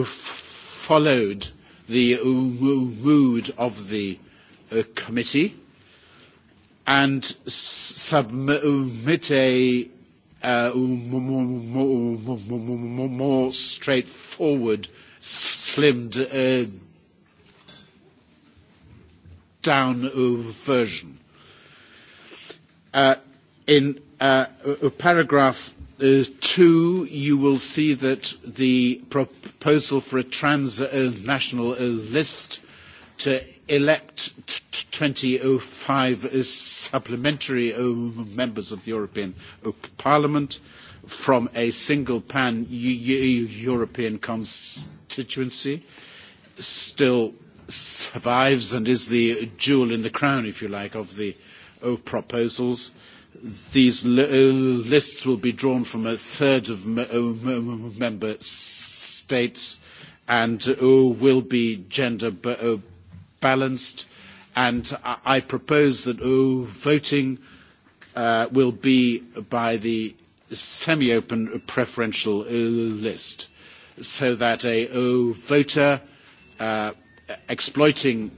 uh, followed the mood of the uh, committee and submit a uh, more straightforward, slimmed uh, down version. Uh, in uh, uh, paragraph uh, two, you will see that the proposal for a transnational uh, list to elect 25 supplementary members of the European uh, Parliament from a single pan-European constituency still survives and is the jewel in the crown, if you like, of the uh, proposals. These li- uh, lists will be drawn from a third of uh, m- m- member states and uh, will be gender b- uh, balanced. And I, I propose that uh, voting uh, will be by the semi-open preferential uh, list so that a uh, voter uh, exploiting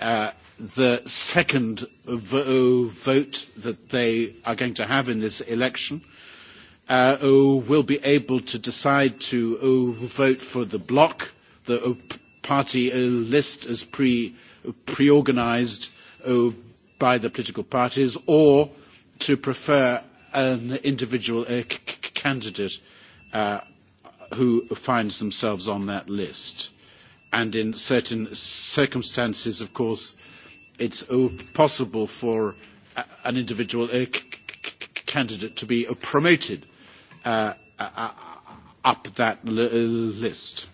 uh, the second vo- vote that they are going to have in this election uh, will be able to decide to uh, vote for the bloc, the uh, party uh, list as pre, uh, pre-organized uh, by the political parties, or to prefer an individual uh, c- candidate uh, who finds themselves on that list and in certain circumstances, of course, it's possible for an individual uh, candidate to be promoted uh, uh, uh up that uh, list.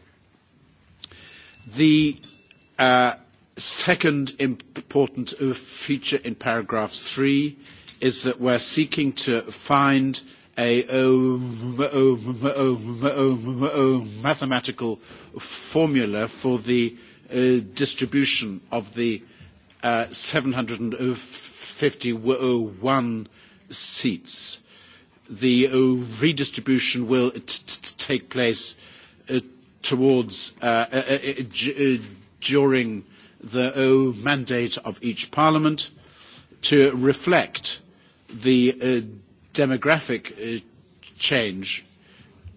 The uh, second important feature in paragraph three is that we're seeking to find uh, a um, um, um, mathematical formula for the uh, distribution of the 751 uh, seats. The uh, redistribution will take place towards during the mandate of each parliament to reflect the demographic uh, change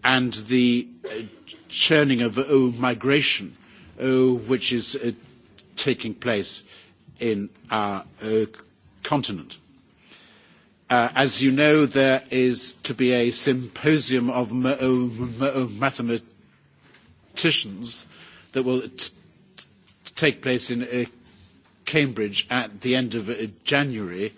and the uh, churning of uh, migration, uh, which is uh, taking place in our uh, continent. Uh, as you know, there is to be a symposium of m- m- m- mathematicians that will t- t- take place in uh, Cambridge at the end of uh, January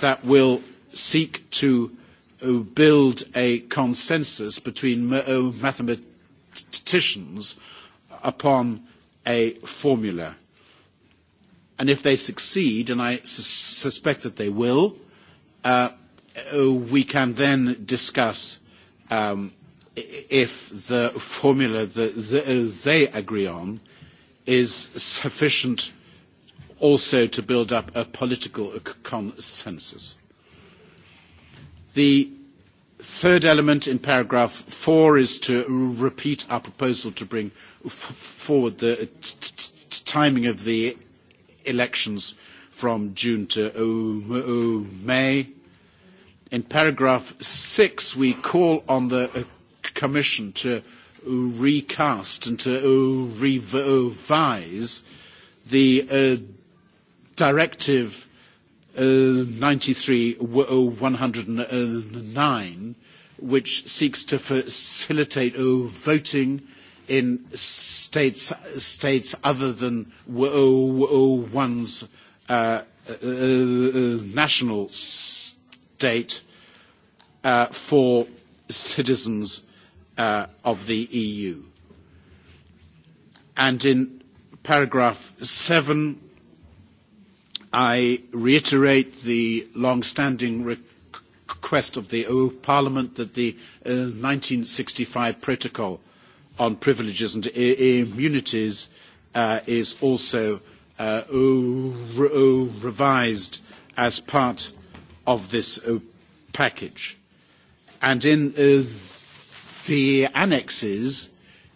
that will seek to uh, build a consensus between uh, mathematicians upon a formula. And if they succeed, and I su- suspect that they will, uh, uh, we can then discuss um, if the formula that the, they agree on is sufficient also to build up a political consensus. The third element in paragraph four is to repeat our proposal to bring f- forward the t- t- timing of the elections from June to uh, uh, May. In paragraph six, we call on the uh, Commission to recast and to uh, revise the uh, directive 93 uh, 109, uh, which seeks to facilitate uh, voting in states, states other than one's uh, national state uh, for citizens uh, of the EU. And in paragraph 7, I reiterate the long-standing request of the EU Parliament that the uh, 1965 Protocol on Privileges and Immunities uh, is also uh, revised as part of this uh, package. And in uh, the annexes,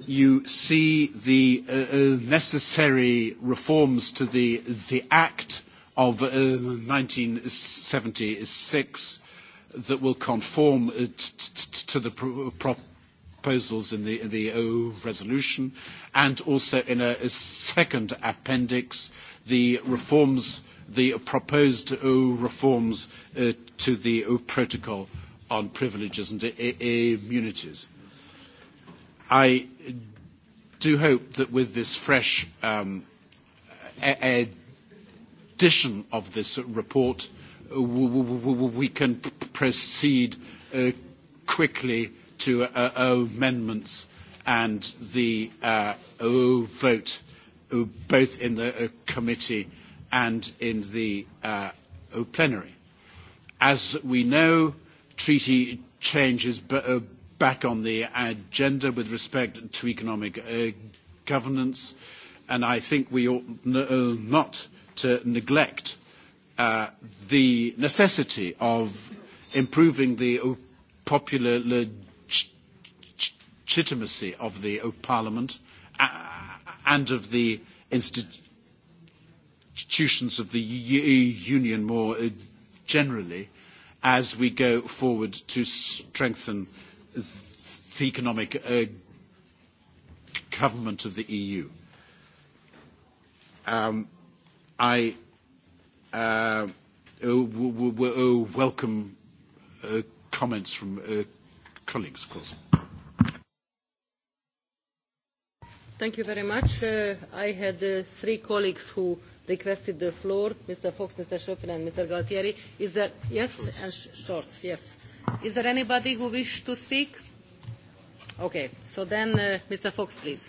you see the uh, uh necessary reforms to the, the Act of uh, 1976 that will conform uh, t- t- to the pr- proposals in the, in the o resolution, and also in a, a second appendix, the reforms, the proposed o reforms uh, to the o protocol on privileges and immunities. I do hope that with this fresh um, ed edition of this report, uh, we can proceed uh, quickly to uh, uh amendments and the uh, vote uh, both in the committee and in the plenary. As we know, treaty change is back on the agenda with respect to economic governance, and I think we ought not to neglect uh, the necessity of improving the uh, popular legitimacy of the uh, Parliament and of the institutions of the e, Union more uh, generally as we go forward to strengthen the economic uh, government of the EU. Um, I uh, uh, w- w- uh, welcome uh, comments from uh, colleagues, of course. Thank you very much. Uh, I had uh, three colleagues who requested the floor, Mr. Fox, Mr. Schöpfner, and Mr. Galtieri. Is there... Yes, Shorts. and sh Shorts, yes. Is there anybody who wish to speak? Okay, so then, uh, Mr. Fox, please.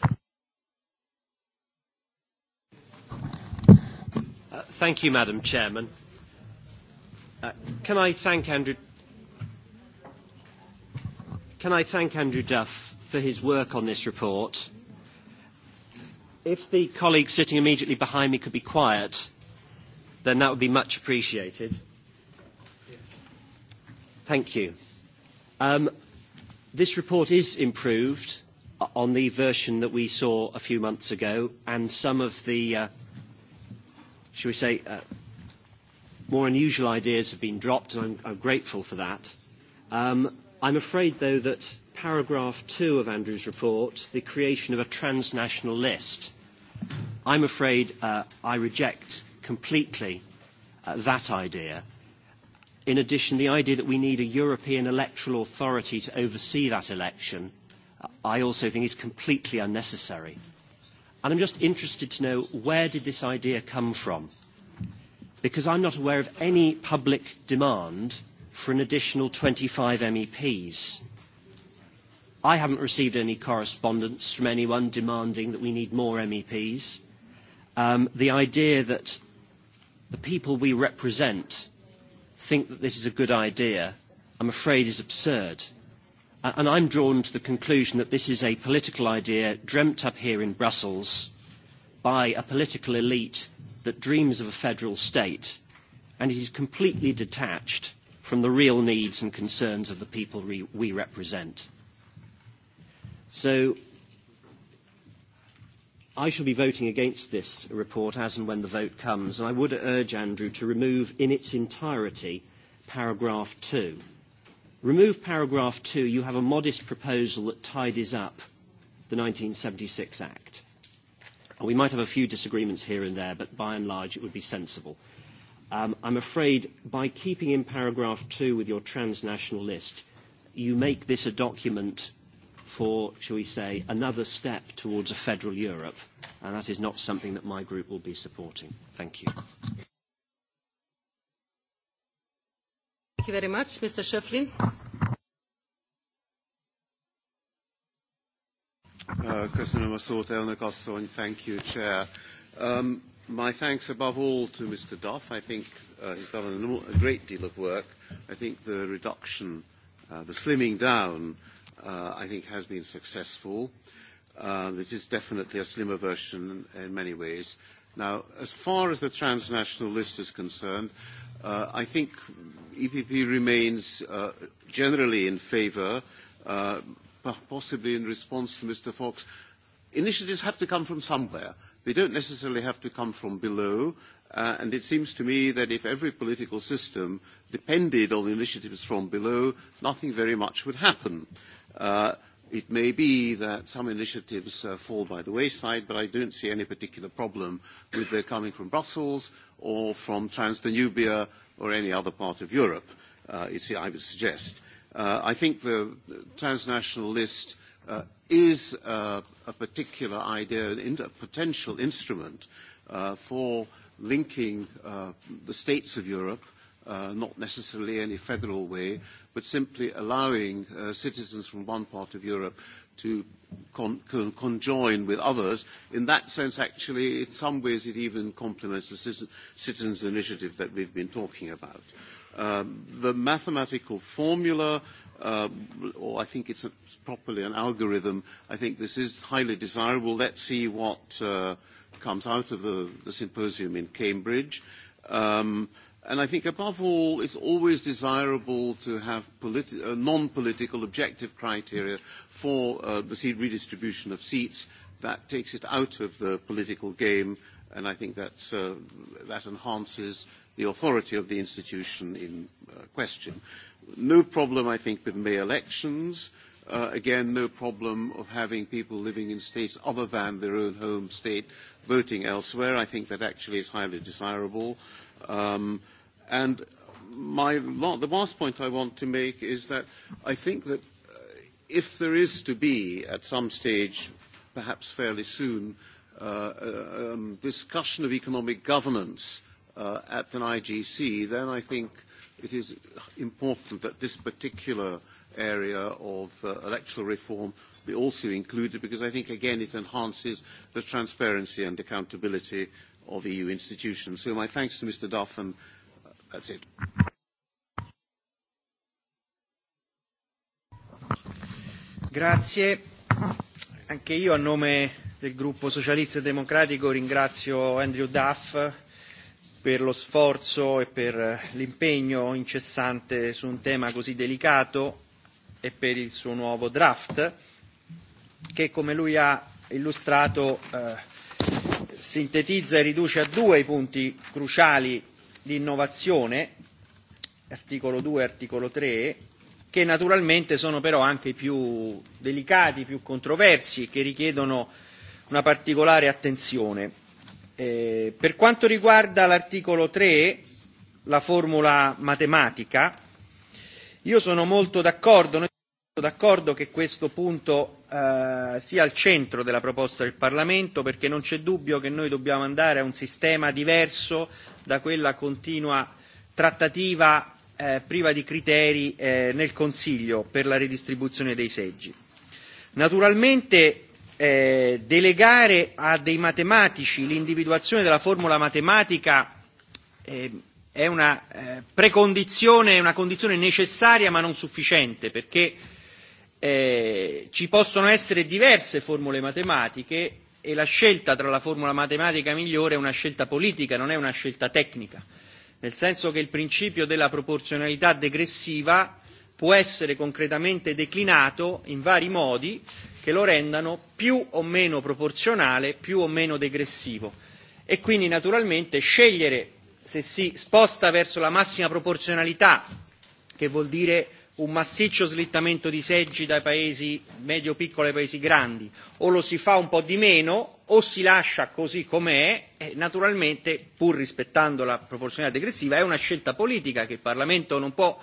Uh, thank you, Madam Chairman. Uh, can I thank Andrew? Can I thank Andrew Duff for his work on this report? If the colleague sitting immediately behind me could be quiet, then that would be much appreciated. Yes. Thank you. Um, this report is improved on the version that we saw a few months ago, and some of the uh, shall we say, uh, more unusual ideas have been dropped, and I'm, I'm grateful for that. Um, I'm afraid, though, that paragraph two of Andrew's report, the creation of a transnational list, I'm afraid uh, I reject completely uh, that idea. In addition, the idea that we need a European electoral authority to oversee that election, uh, I also think is completely unnecessary. And I'm just interested to know where did this idea come from? Because I'm not aware of any public demand for an additional 25 MEPs. I haven't received any correspondence from anyone demanding that we need more MEPs. Um, the idea that the people we represent think that this is a good idea, I'm afraid is absurd. And I'm drawn to the conclusion that this is a political idea dreamt up here in Brussels by a political elite that dreams of a federal state, and it is completely detached from the real needs and concerns of the people re- we represent. So I shall be voting against this report as and when the vote comes, and I would urge Andrew to remove in its entirety paragraph 2 Remove paragraph 2, you have a modest proposal that tidies up the 1976 Act. And we might have a few disagreements here and there, but by and large it would be sensible. Um, I'm afraid by keeping in paragraph 2 with your transnational list, you make this a document for, shall we say, another step towards a federal Europe, and that is not something that my group will be supporting. Thank you. you very much. Mr. Schöpflin. Uh, köszönöm a szót, elnök asszony. Thank you, Chair. Um, my thanks above all to Mr. Duff. I think uh, he's done a, a great deal of work. I think the reduction, uh, the slimming down, uh, I think has been successful. Uh, it is definitely a slimmer version in many ways. Now, as far as the transnational list is concerned, uh, I think EPP remains uh, generally in favour, uh, possibly in response to Mr Fox. Initiatives have to come from somewhere. They don't necessarily have to come from below, uh, and it seems to me that if every political system depended on initiatives from below, nothing very much would happen. Uh, It may be that some initiatives uh, fall by the wayside, but I don't see any particular problem with their coming from Brussels or from Transdanubia or any other part of Europe, uh, it's, I would suggest. Uh, I think the transnational list uh, is uh, a particular idea, a potential instrument uh, for linking uh, the states of Europe uh, uh, not necessarily any federal way, but simply allowing uh, citizens from one part of Europe to con- con- conjoin with others. In that sense, actually, in some ways, it even complements the citizen- citizens' initiative that we've been talking about. Um, the mathematical formula, uh, or I think it's a, properly an algorithm, I think this is highly desirable. Let's see what uh, comes out of the, the symposium in Cambridge. Um, uh, And I think, above all, it's always desirable to have politi- uh, non-political objective criteria for uh, the seat redistribution of seats. That takes it out of the political game, and I think that's, uh, that enhances the authority of the institution in uh, question. No problem, I think, with May elections. Uh, again, no problem of having people living in states other than their own home state voting elsewhere. I think that actually is highly desirable. Uh, Um, and my, the last point I want to make is that I think that uh, if there is to be, at some stage, perhaps fairly soon, uh, uh um, discussion of economic governance uh, at an IGC, then I think it is important that this particular area of uh, electoral reform be also included because I think, again, it enhances the transparency and accountability of EU institutions. So my thanks to Mr Duff, and uh, that's it. Grazie. Anche io a nome del gruppo socialista e democratico ringrazio Andrew Duff per lo sforzo e per l'impegno incessante su un tema così delicato e per il suo nuovo draft che come lui ha illustrato eh, sintetizza e riduce a due i punti cruciali di innovazione, articolo 2 e articolo 3, che naturalmente sono però anche più delicati, più controversi, che richiedono una particolare attenzione. Eh, per quanto riguarda l'articolo 3, la formula matematica, io sono molto d'accordo, noi siamo molto d'accordo che questo punto eh, sia al centro della proposta del Parlamento perché non c'è dubbio che noi dobbiamo andare a un sistema diverso da quella continua trattativa eh, priva di criteri eh, nel Consiglio per la ridistribuzione dei seggi. Naturalmente eh, delegare a dei matematici l'individuazione della formula matematica eh, è una eh, precondizione, è una condizione necessaria ma non sufficiente perché eh, eh, ci possono essere diverse formule matematiche e la scelta tra la formula matematica migliore è una scelta politica, non è una scelta tecnica, nel senso che il principio della proporzionalità degressiva può essere concretamente declinato in vari modi che lo rendano più o meno proporzionale, più o meno degressivo. E quindi naturalmente scegliere se si sposta verso la massima proporzionalità, che vuol dire un massiccio slittamento di seggi dai paesi medio-piccoli ai paesi grandi, o lo si fa un po' di meno o si lascia così com'è, e naturalmente pur rispettando la proporzionalità degressiva è una scelta politica che il Parlamento non può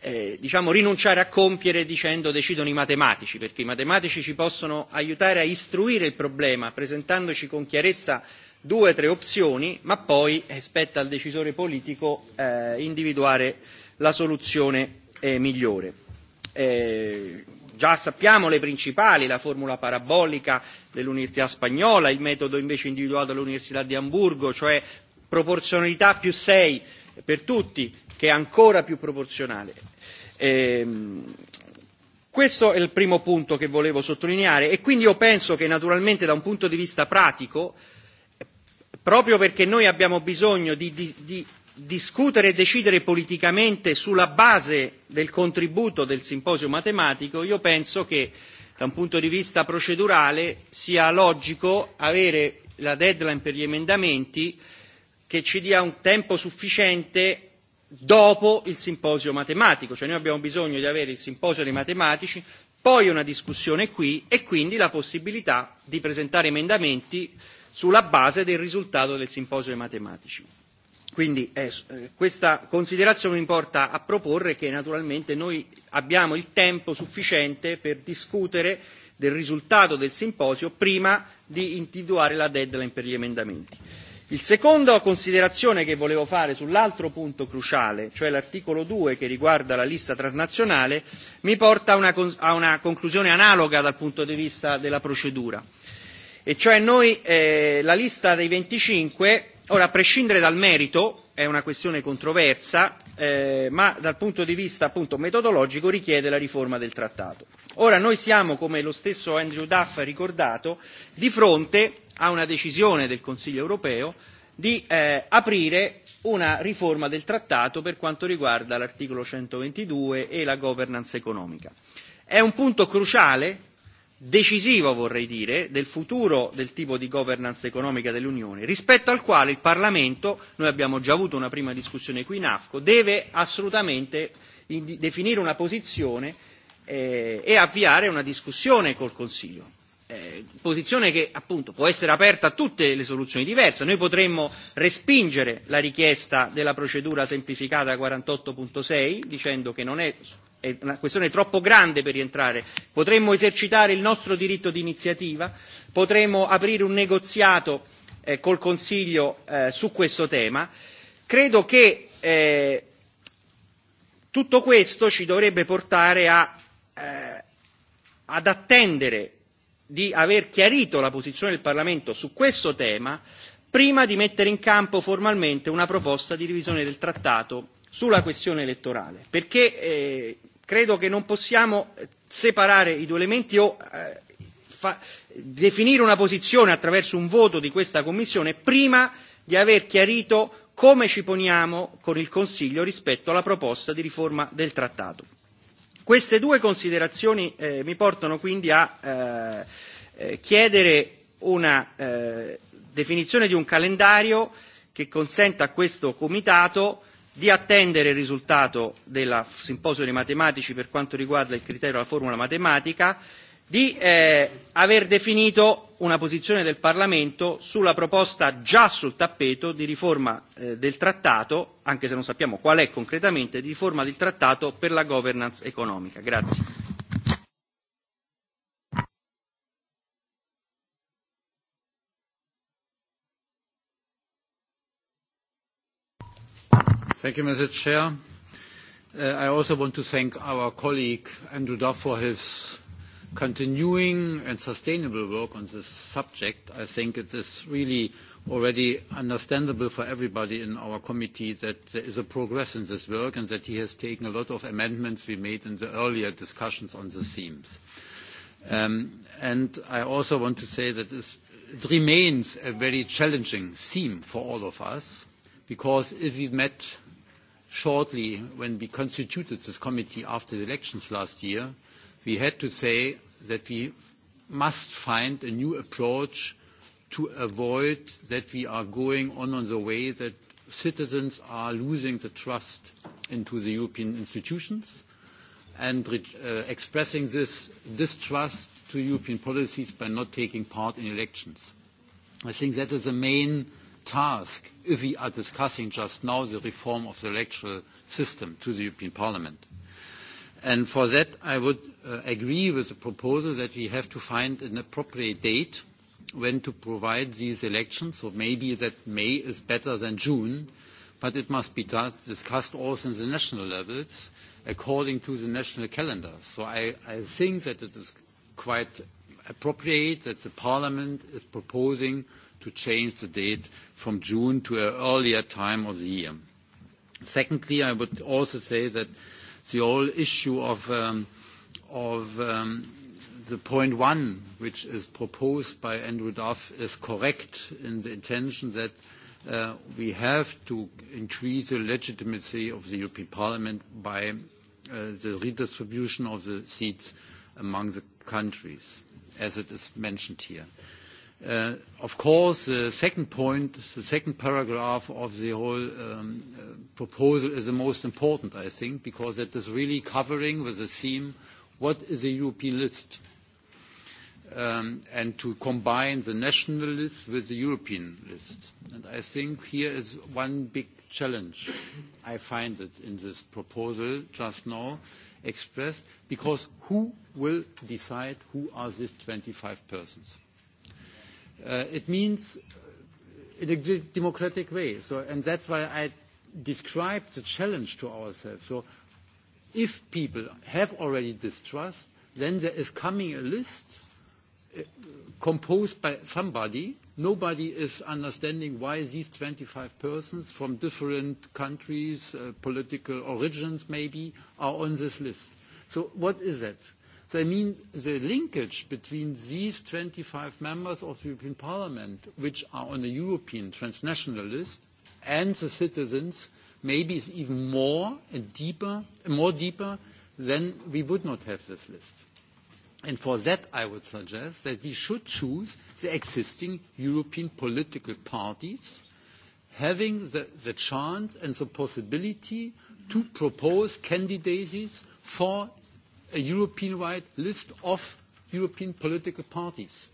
eh, diciamo, rinunciare a compiere dicendo decidono i matematici, perché i matematici ci possono aiutare a istruire il problema presentandoci con chiarezza due o tre opzioni, ma poi eh, spetta al decisore politico eh, individuare la soluzione eh, migliore. Eh, già sappiamo le principali, la formula parabolica dell'Università spagnola, il metodo invece individuato dall'Università di Hamburgo, cioè proporzionalità più 6 per tutti, che è ancora più proporzionale. Eh, questo è il primo punto che volevo sottolineare e quindi io penso che naturalmente da un punto di vista pratico, proprio perché noi abbiamo bisogno di, di, di discutere e decidere politicamente sulla base del contributo del simposio matematico, io penso che da un punto di vista procedurale sia logico avere la deadline per gli emendamenti che ci dia un tempo sufficiente dopo il simposio matematico, cioè noi abbiamo bisogno di avere il simposio dei matematici, poi una discussione qui e quindi la possibilità di presentare emendamenti sulla base del risultato del simposio dei matematici. Quindi eh, eh, questa considerazione mi porta a proporre che naturalmente noi abbiamo il tempo sufficiente per discutere del risultato del simposio prima di individuare la deadline per gli emendamenti. Il seconda considerazione che volevo fare sull'altro punto cruciale, cioè l'articolo 2 che riguarda la lista transnazionale, mi porta a una, a una conclusione analoga dal punto di vista della procedura. E cioè noi eh, la lista dei 25 Ora, a prescindere dal merito, è una questione controversa, eh, ma dal punto di vista appunto metodologico richiede la riforma del trattato. Ora noi siamo, come lo stesso Andrew Duff ha ricordato, di fronte a una decisione del Consiglio europeo di eh, aprire una riforma del trattato per quanto riguarda l'articolo 122 e la governance economica. È un punto cruciale decisivo, vorrei dire, del futuro del tipo di governance economica dell'Unione, rispetto al quale il Parlamento, noi abbiamo già avuto una prima discussione qui in AFCO, deve assolutamente definire una posizione eh, e avviare una discussione col Consiglio. Eh, posizione che appunto può essere aperta a tutte le soluzioni diverse. Noi potremmo respingere la richiesta della procedura semplificata 48.6 dicendo che non è è una questione troppo grande per rientrare, potremmo esercitare il nostro diritto di iniziativa, potremmo aprire un negoziato eh, col Consiglio eh, su questo tema. Credo che eh, tutto questo ci dovrebbe portare a, eh, ad attendere di aver chiarito la posizione del Parlamento su questo tema prima di mettere in campo formalmente una proposta di revisione del trattato sulla questione elettorale, perché eh, credo che non possiamo eh, separare i due elementi o eh, fa, definire una posizione attraverso un voto di questa Commissione prima di aver chiarito come ci poniamo con il Consiglio rispetto alla proposta di riforma del Trattato. Queste due considerazioni eh, mi portano quindi a eh, eh chiedere una eh, definizione di un calendario che consenta a questo Comitato eh, di attendere il risultato del simposio dei matematici per quanto riguarda il criterio della formula matematica, di eh, aver definito una posizione del Parlamento sulla proposta già sul tappeto di riforma eh, del trattato, anche se non sappiamo qual è concretamente, di riforma del trattato per la governance economica. Grazie. Thank you, Mr. Chair. Uh, I also want to thank our colleague, Andrew Duff, for his continuing and sustainable work on this subject. I think it is really already understandable for everybody in our committee that there is a progress in this work and that he has taken a lot of amendments we made in the earlier discussions on the themes. Um, and I also want to say that it remains a very challenging theme for all of us, because if we met shortly when we constituted this committee after the elections last year, we had to say that we must find a new approach to avoid that we are going on on the way that citizens are losing the trust into the European institutions and uh, expressing this distrust to European policies by not taking part in elections. I think that is the main uh, task if we are discussing just now the reform of the electoral system to the European Parliament. And for that, I would uh, agree with the proposal that we have to find an appropriate date when to provide these elections. So maybe that May is better than June, but it must be discussed also in the national levels according to the national calendars. So I, I think that it is quite appropriate that the parliament is proposing to change the date from June to an earlier time of the year. Secondly, I would also say that the whole issue of, um, of um, the point one, which is proposed by Andrew Duff, is correct in the intention that uh, we have to increase the legitimacy of the European Parliament by uh, the redistribution of the seats among the countries, as it is mentioned here. Uh, Uh, of course, the second point, the second paragraph of the whole um, uh, proposal is the most important, I think, because it is really covering with the theme, what is a European list? Um, and to combine the national list with the European list. And I think here is one big challenge. I find it in this proposal just now expressed, because who will decide who are these 25 persons? Uh, it means in a democratic way. So, and that's why I described the challenge to ourselves. So if people have already distrust, then there is coming a list uh, composed by somebody. Nobody is understanding why these 25 persons from different countries, uh, political origins maybe, are on this list. So what is that? So I mean, the linkage between these 25 members of the European Parliament, which are on a European transnational list, and the citizens, maybe is even more and deeper, more deeper than we would not have this list. And for that, I would suggest that we should choose the existing European political parties having the, the chance and the possibility to propose candidates for a European-wide list of European political parties.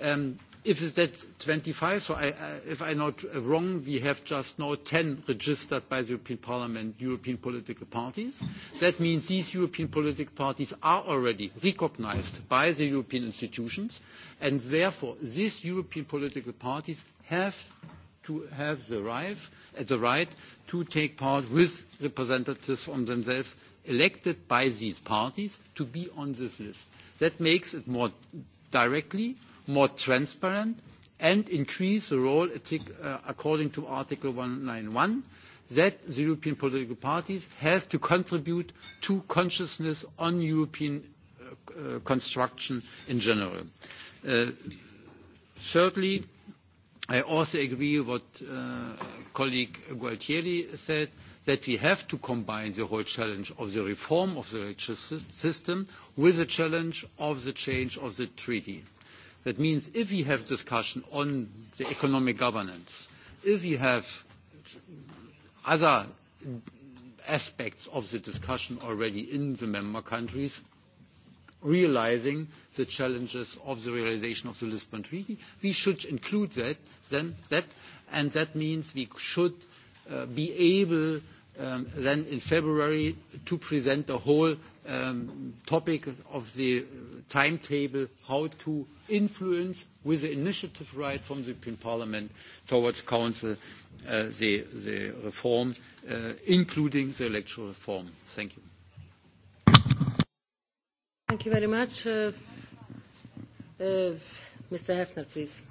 Um, if it's at 25, so I, I, if I'm not wrong, we have just now 10 registered by the European Parliament European political parties. That means these European political parties are already recognized by the European institutions, and therefore these European political parties have to have the right, uh, the right to take part with representatives from themselves elected by these parties to be on this list. That makes it more directly, more transparent, and increase the role, uh, according to Article 191, that the European political parties has to contribute to consciousness on European uh, uh, construction in general. Uh, thirdly, I also agree what uh, colleague Gualtieri said that we have to combine the whole challenge of the reform of the electoral system with the challenge of the change of the treaty. That means if we have discussion on the economic governance, if we have other aspects of the discussion already in the member countries, realizing the challenges of the realization of the Lisbon Treaty, we should include that, then, that, and that means we should uh, be able um, then in February to present the whole um, topic of the timetable, how to influence with the initiative right from the European Parliament towards Council uh, the, the reform, uh, including the electoral reform. Thank you. Thank you very much. Uh, uh Mr. Hefner, please.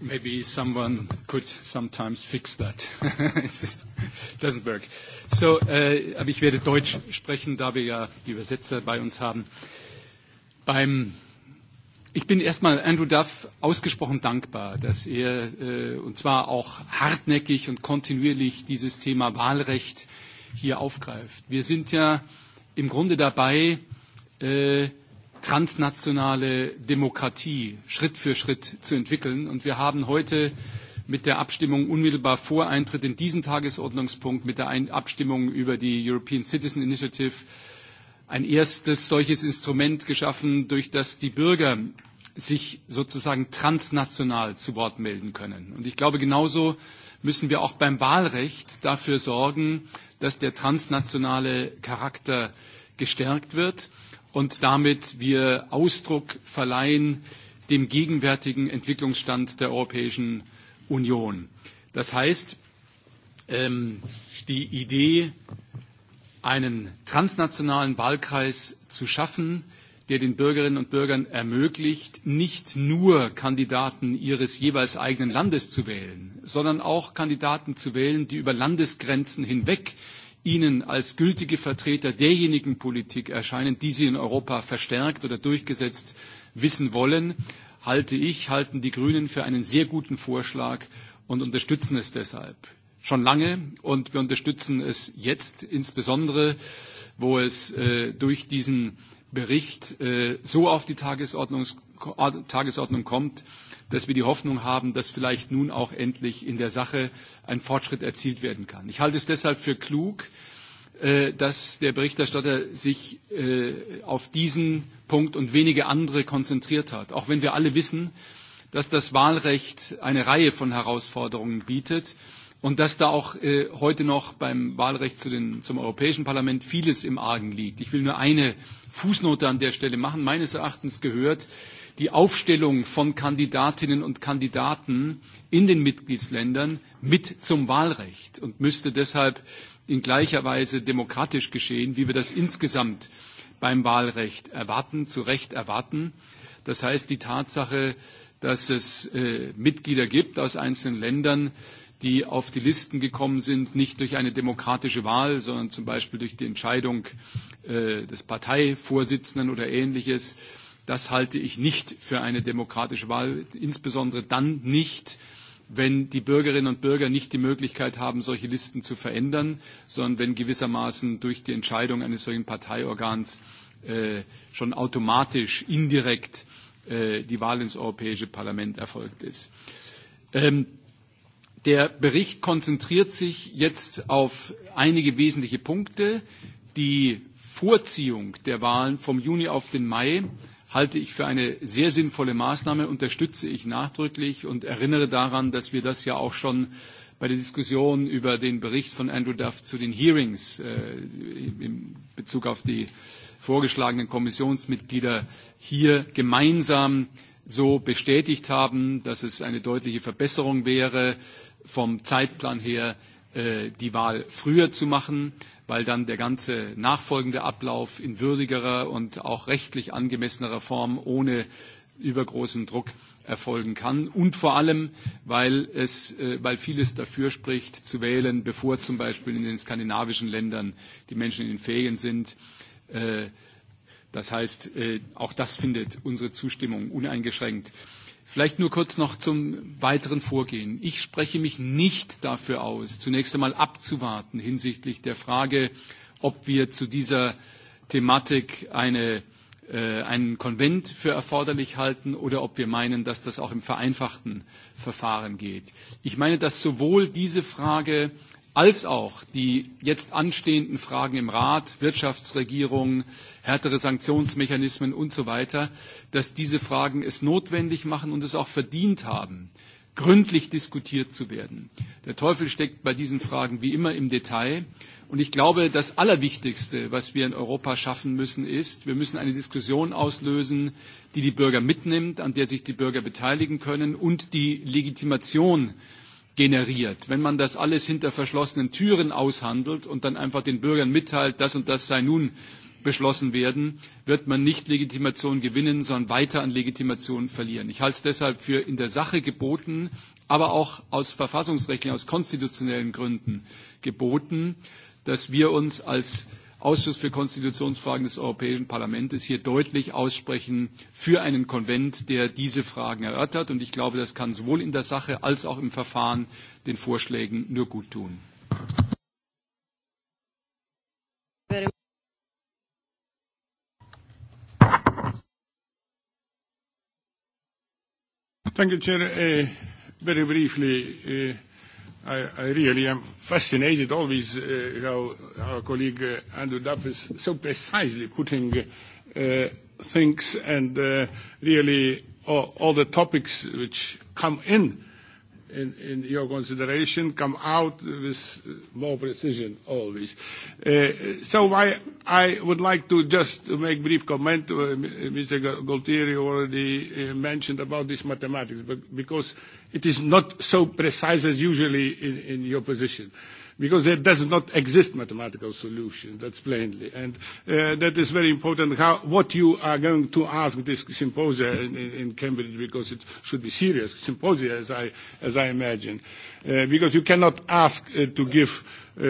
maybe someone could sometimes fix that. It doesn't work. So, äh, aber ich werde Deutsch sprechen, da wir ja die Übersetzer bei uns haben. Beim ich bin erstmal Andrew Duff ausgesprochen dankbar, dass er äh, und zwar auch hartnäckig und kontinuierlich dieses Thema Wahlrecht hier aufgreift. Wir sind ja im Grunde dabei, äh, transnationale Demokratie Schritt für Schritt zu entwickeln. Und wir haben heute mit der Abstimmung unmittelbar vor Eintritt in diesen Tagesordnungspunkt, mit der Ein Abstimmung über die European Citizen Initiative, ein erstes solches Instrument geschaffen, durch das die Bürger sich sozusagen transnational zu Wort melden können. Und ich glaube, genauso müssen wir auch beim Wahlrecht dafür sorgen, dass der transnationale Charakter gestärkt wird und damit wir Ausdruck verleihen dem gegenwärtigen Entwicklungsstand der Europäischen Union. Das heißt, ähm, die Idee, einen transnationalen Wahlkreis zu schaffen, der den Bürgerinnen und Bürgern ermöglicht, nicht nur Kandidaten ihres jeweils eigenen Landes zu wählen, sondern auch Kandidaten zu wählen, die über Landesgrenzen hinweg Ihnen als gültige Vertreter derjenigen Politik erscheinen, die Sie in Europa verstärkt oder durchgesetzt wissen wollen, halte ich, halten die Grünen für einen sehr guten Vorschlag und unterstützen es deshalb schon lange und wir unterstützen es jetzt, insbesondere wo es äh, durch diesen Bericht äh, so auf die Tagesordnung kommt, dass wir die Hoffnung haben, dass vielleicht nun auch endlich in der Sache ein Fortschritt erzielt werden kann. Ich halte es deshalb für klug, äh, dass der Berichterstatter sich äh, auf diesen Punkt und wenige andere konzentriert hat, auch wenn wir alle wissen, dass das Wahlrecht eine Reihe von Herausforderungen bietet und dass da auch äh, heute noch beim Wahlrecht zu den, zum Europäischen Parlament vieles im Argen liegt. Ich will nur eine Fußnote an der Stelle machen. Meines Erachtens gehört die Aufstellung von Kandidatinnen und Kandidaten in den Mitgliedsländern mit zum Wahlrecht und müsste deshalb in gleicher Weise demokratisch geschehen, wie wir das insgesamt beim Wahlrecht erwarten, zu Recht erwarten. Das heißt, die Tatsache, dass es äh, Mitglieder gibt aus einzelnen Ländern, die auf die Listen gekommen sind, nicht durch eine demokratische Wahl, sondern zum Beispiel durch die Entscheidung äh, des Parteivorsitzenden oder ähnliches, äh, Das halte ich nicht für eine demokratische Wahl, insbesondere dann nicht, wenn die Bürgerinnen und Bürger nicht die Möglichkeit haben, solche Listen zu verändern, sondern wenn gewissermaßen durch die Entscheidung eines solchen Parteiorgans äh, schon automatisch indirekt äh, die Wahl ins Europäische Parlament erfolgt ist. Ähm, der Bericht konzentriert sich jetzt auf einige wesentliche Punkte. Die Vorziehung der Wahlen vom Juni auf den Mai halte ich für eine sehr sinnvolle Maßnahme, unterstütze ich nachdrücklich und erinnere daran, dass wir das ja auch schon bei der Diskussion über den Bericht von Andrew Duff zu den Hearings äh, in Bezug auf die vorgeschlagenen Kommissionsmitglieder hier gemeinsam so bestätigt haben, dass es eine deutliche Verbesserung wäre, vom Zeitplan her äh, die Wahl früher zu machen weil dann der ganze nachfolgende Ablauf in würdigerer und auch rechtlich angemessenerer Form ohne übergroßen Druck erfolgen kann und vor allem, weil, es, äh, weil vieles dafür spricht, zu wählen, bevor zum Beispiel in den skandinavischen Ländern die Menschen in den Ferien sind. Äh, das heißt, äh, auch das findet unsere Zustimmung uneingeschränkt. Äh, Vielleicht nur kurz noch zum weiteren Vorgehen. Ich spreche mich nicht dafür aus, zunächst einmal abzuwarten hinsichtlich der Frage, ob wir zu dieser Thematik eine, äh, einen Konvent für erforderlich halten oder ob wir meinen, dass das auch im vereinfachten Verfahren geht. Ich meine, dass sowohl diese Frage äh, als auch die jetzt anstehenden Fragen im Rat, Wirtschaftsregierung, härtere Sanktionsmechanismen und so weiter, dass diese Fragen es notwendig machen und es auch verdient haben, gründlich diskutiert zu werden. Der Teufel steckt bei diesen Fragen wie immer im Detail. Und ich glaube, das Allerwichtigste, was wir in Europa schaffen müssen, ist, wir müssen eine Diskussion auslösen, die die Bürger mitnimmt, an der sich die Bürger beteiligen können und die Legitimation generiert. Wenn man das alles hinter verschlossenen Türen aushandelt und dann einfach den Bürgern mitteilt, das und das sei nun beschlossen werden, wird man nicht Legitimation gewinnen, sondern weiter an Legitimation verlieren. Ich halte es deshalb für in der Sache geboten, aber auch aus verfassungsrechtlichen, aus konstitutionellen Gründen geboten, dass wir uns als äh, Ausschuss für Konstitutionsfragen des Europäischen Parlaments hier deutlich aussprechen für einen Konvent, der diese Fragen erörtert. Und ich glaube, das kann sowohl in der Sache als auch im Verfahren den Vorschlägen nur gut tun. Thank you, Chair. Uh, very briefly, uh, I, I really am fascinated always uh, how our colleague uh, Andrew Duff is so precisely putting uh, things and uh, really all, all the topics which come in in, in your consideration come out with more precision always. Uh, so I, I would like to just make brief comment. Uh, Mr. Uh, Gualtieri already uh, mentioned about this mathematics, but because it is not so precise as usually in, in your position. Uh, because there does not exist mathematical solution, that's plainly. And uh, that is very important, how, what you are going to ask this symposia in, in, in Cambridge, because it should be serious symposia, as I, as I imagine, uh, because you cannot ask uh, to give uh,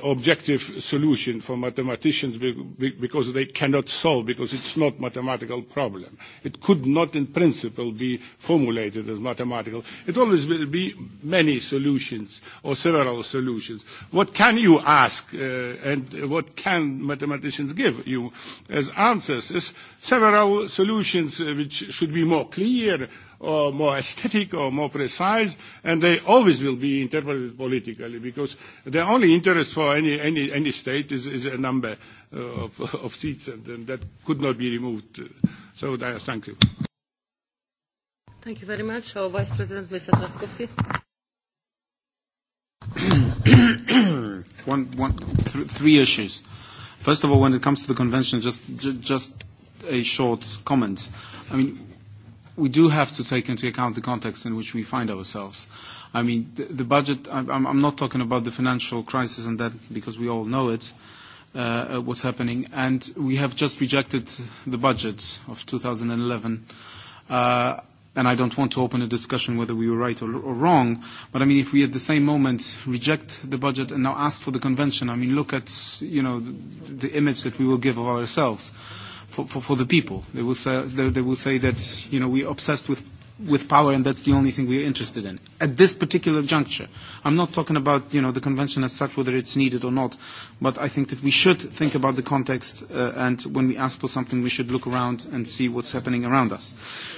uh, objective solution for mathematicians be, be, because they cannot solve, because it's not mathematical problem. It could not in principle be formulated as mathematical. It always will be many solutions or several solutions. What can you ask uh, and what can mathematicians give you as answers is several solutions uh, which should be more clear, or more aesthetic or more precise, and they always will be interpreted politically because the only interest for any, any, any state is, is a number uh, of, of seats, and, and that could not be removed. So that, thank you. Thank you very much. Our Vice President, Mr. Traskowski. one, one, th- three issues. First of all, when it comes to the convention, just, j- just a short comment. I mean, we do have to take into account the context in which we find ourselves. I mean, the, the budget, I'm, I'm not talking about the financial crisis and that because we all know it, uh, uh what's happening. And we have just rejected the budget of 2011. Uh, and I don't want to open a discussion whether we were right or, or wrong, but I mean, if we at the same moment reject the budget and now ask for the convention, I mean, look at, you know, the, the image that we will give of ourselves. Uh, for, for, for the people. They will, say, they will say that, you know, we're obsessed with, with power and that's the only thing we're interested in. At this particular juncture, I'm not talking about, you know, the convention as such, whether it's needed or not, but I think that we should think about the context uh, and when we ask for something, we should look around and see what's happening around us.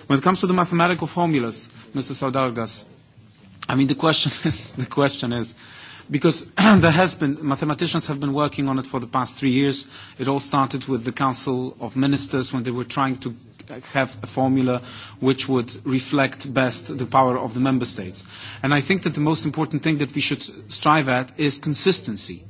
When it comes to the mathematical formulas, Mr. Saudargas, I mean, the question is, the question is, uh, because there has been, mathematicians have been working on it for the past three years. It all started with the Council of Ministers when they were trying to have a formula which would reflect best the power of the member states. And I think that the most important thing that we should strive at is consistency.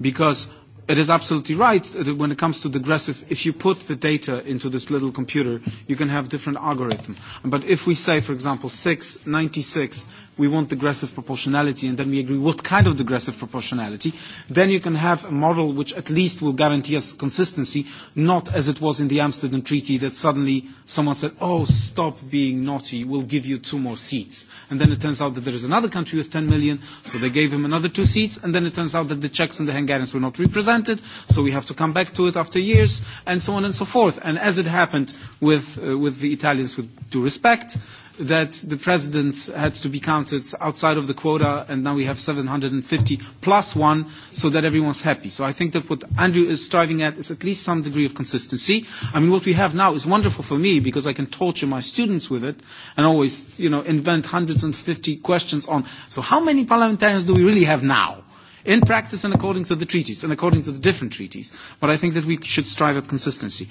Because it is absolutely right that when it comes to digressive, if you put the data into this little computer, you can have different algorithm. But if we say, for example, 6, 96, we want digressive proportionality, and then we agree what kind of digressive proportionality, then you can have a model which at least will guarantee us consistency, not as it was in the Amsterdam Treaty that suddenly someone said, oh, stop being naughty, we'll give you two more seats. And then it turns out that there is another country with 10 million, so they gave him another two seats, and then it turns out that the Czechs and the Hungarians were not represented implemented, so we have to come back to it after years, and so on and so forth. And as it happened with, uh, with the Italians, with due respect, that the president had to be counted outside of the quota, and now we have 750 plus one, so that everyone's happy. So I think that what Andrew is striving at is at least some degree of consistency. I mean, what we have now is wonderful for me because I can torture my students with it and always, you know, invent 150 questions on. So how many parliamentarians do we really have now? in practice and according to the treaties and according to the different treaties. But I think that we should strive at consistency.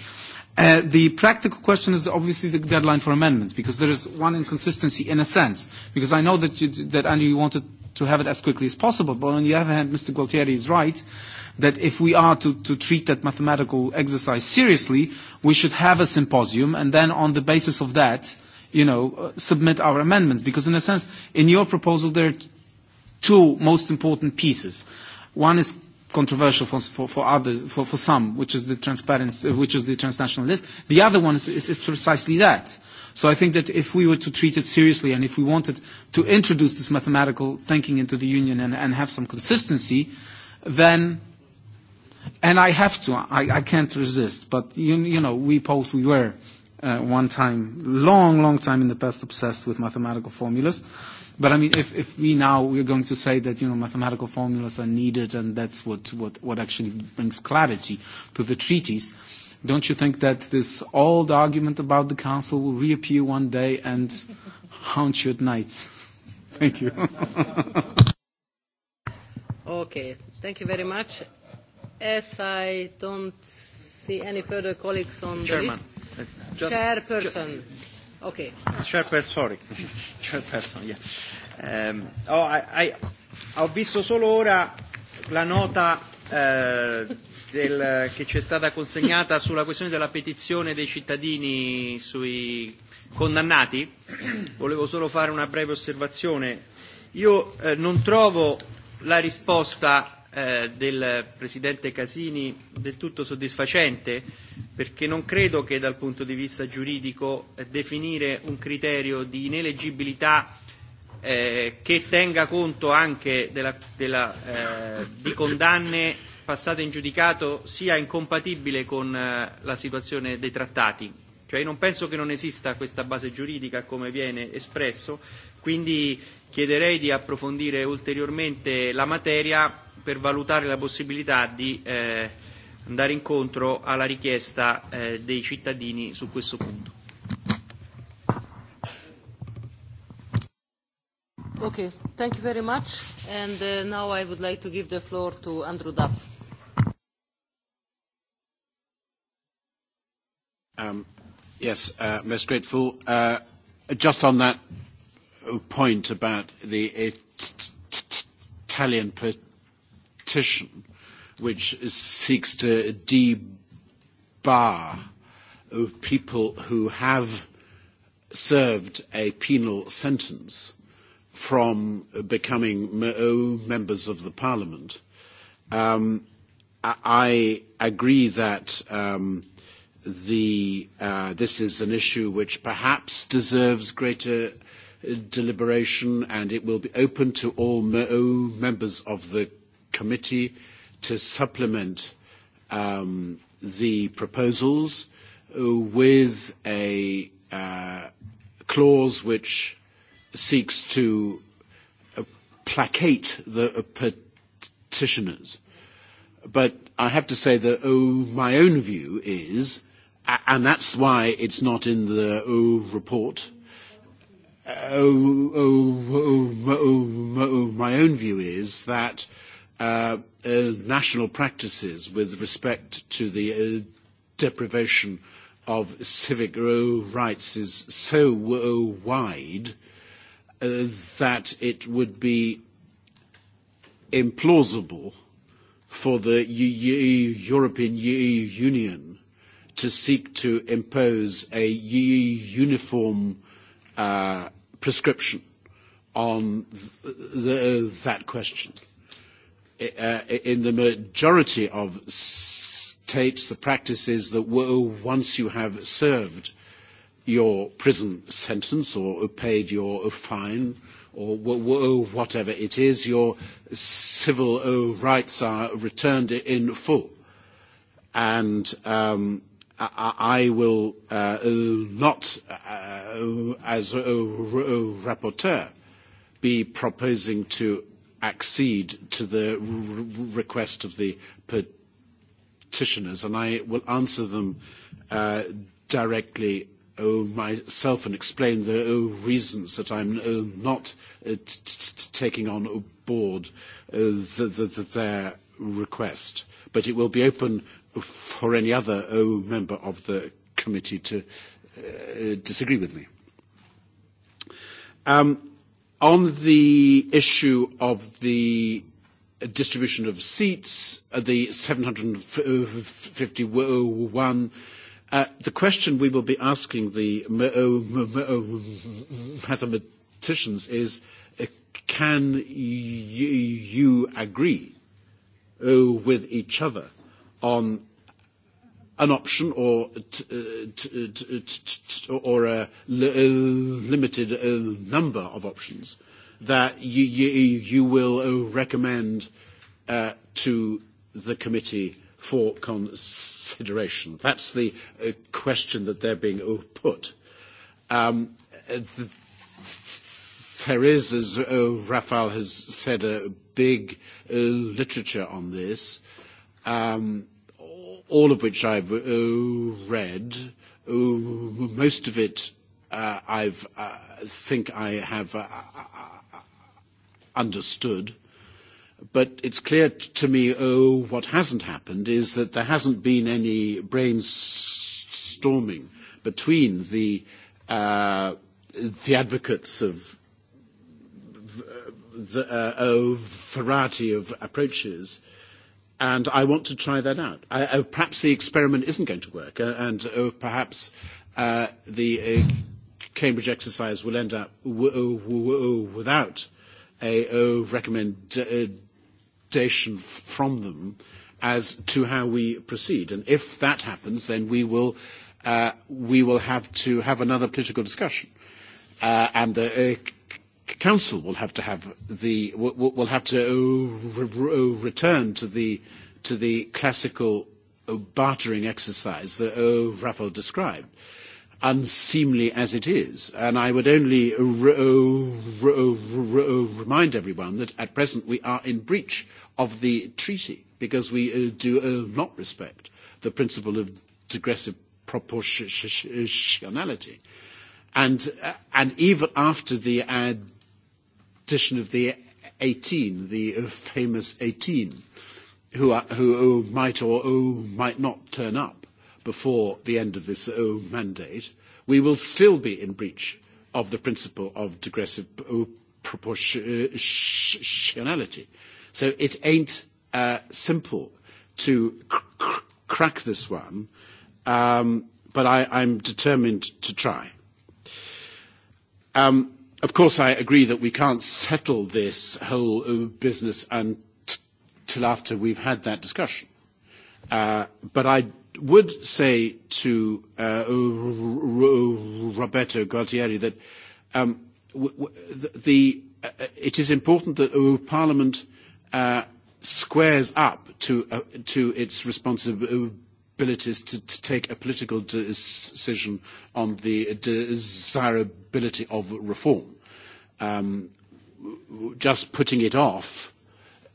Uh, the practical question is obviously the deadline for amendments, because there is one inconsistency in a sense, because I know that, you, that Andrew, you wanted to have it as quickly as possible, but on the other hand, Mr. Gualtieri is right that if we are to, to treat that mathematical exercise seriously, we should have a symposium, and then on the basis of that, you know, uh, submit our amendments, because in a sense, in your proposal, there are two most important pieces. One is controversial for, for, for, other, for, for some, which is, the transparency, uh, which is the transnational list. The other one is, is, is precisely that. So I think that if we were to treat it seriously and if we wanted to introduce this mathematical thinking into the Union and, and have some consistency, then, and I have to, I, I can't resist, but you, you know, we Poles, we were uh, one time, long, long time in the past obsessed with mathematical formulas. Uh, But I mean, if, if we now we're going to say that, you know, mathematical formulas are needed and that's what, what, what actually brings clarity to the treaties, don't you think that this old argument about the council will reappear one day and haunt you at night? Thank you. okay. Thank you very much. As I don't see any further colleagues on Chairman, the list. Just, Chairperson. Just, Okay. Chairperson, sorry. Chairperson, yeah. Um, oh, I, I, ho visto solo ora la nota eh, del, eh, che ci è stata consegnata sulla questione della petizione dei cittadini sui condannati. Volevo solo fare una breve osservazione. Io eh, non trovo la risposta eh, del Presidente Casini del tutto soddisfacente perché non credo che dal punto di vista giuridico eh, definire un criterio di ineleggibilità eh, che tenga conto anche della, della, eh, di condanne passate in giudicato sia incompatibile con eh, la situazione dei trattati. Cioè non penso che non esista questa base giuridica come viene espresso, quindi chiederei di approfondire ulteriormente la materia per valutare la possibilità di eh, andare incontro alla richiesta eh, dei cittadini su questo punto. Okay, thank you very much. And uh, now I would like to give the floor to Andrew Duff. Um, yes, uh, most grateful. Uh, just on that point about the Italian per petition which seeks to debar uh, people who have served a penal sentence from becoming uh, members of the parliament. Um, I agree that um, the, uh, this is an issue which perhaps deserves greater uh, deliberation and it will be open to all me- members of the committee to supplement um, the proposals uh, with a uh, clause which seeks to uh, placate the uh, petitioners. But I have to say that oh, my own view is, and that's why it's not in the oh, report, uh, oh, oh, oh, oh, oh, my own view is that uh, uh, uh, national practices with respect to the uh, deprivation of civic uh, rights is so uh, wide uh, that it would be implausible for the European Union to seek to impose a uniform uh, prescription on th- the, that question uh, in the majority of states, the practice is that once you have served your prison sentence or paid your fine or whatever it is, your civil uh, rights are returned in full. And um, I, I will uh, not, uh, as a rapporteur, be proposing to accede to the request of the petitioners, and I will answer them uh, directly uh, myself and explain the uh, reasons that I'm uh, not uh, t- t- taking on board uh, the, the, the, their request. But it will be open for any other uh, member of the committee to uh, disagree with me. Um, On the issue of the distribution of seats, uh, the 751, uh, the question we will be asking the uh, mathematicians is, uh, can you agree uh, with each other on an option or t- uh, uh, uh, t- t- t- or a li- limited uh, number of options that you, you, you will recommend uh, to the committee for consideration. That's the uh, question that they're being put. Um, th- there is, as uh, Raphael has said, a big uh, literature on this. Um, all of which I've uh, read. Uh, most of it uh, I've, uh, think I have uh, uh understood. But it's clear to me oh, what hasn't happened is that there hasn't been any brainstorming between the, uh, the advocates of uh, the, uh, a variety of approaches and I want to try that out. I, uh, perhaps the experiment isn't going to work, uh, and uh, perhaps uh, the uh, Cambridge exercise will end up w- uh, w- w- uh, without a uh, recommendation from them as to how we proceed. And if that happens, then we will, uh, we will have to have another political discussion. Uh, and the uh, council will have to have the will, will have to uh, re- uh, return to the to the classical uh, bartering exercise that uh, Raphael described, unseemly as it is. And I would only uh, re- uh, re- uh, re- uh, remind everyone that at present we are in breach of the treaty because we uh, do uh, not respect the principle of digressive proportionality. And, uh, and even after the ad edition of the 18, the uh, famous 18, who, are, who oh, might or oh, might not turn up before the end of this oh, mandate, we will still be in breach of the principle of digressive oh, uh, proportionality. So it ain't uh, simple to cr- cr- crack this one, um, but I, I'm determined to try. Um, Of course, I agree that we can't settle this whole uh, business until after we've had that discussion. Uh, but I would say to uh, Roberto Gualtieri that um, w- w- the, uh, it is important that uh, Parliament uh, squares up to, uh, to its responsibility abilities to, to take a political decision on the desirability of reform. Um, just putting it off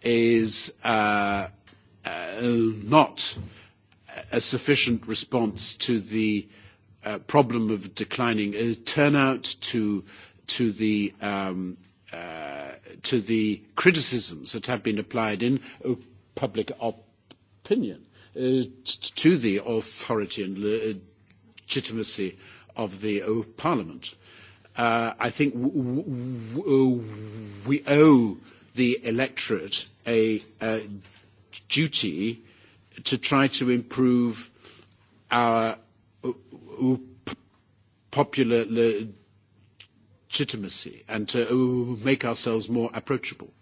is uh, uh, not a sufficient response to the uh, problem of declining uh, turnout, to to the um, uh, to the criticisms that have been applied in public op- opinion uh, to the authority and le legitimacy of the uh, Parliament. Uh, I think w- w- we owe the electorate a, a duty to try to improve our popular legitimacy and to make ourselves more approachable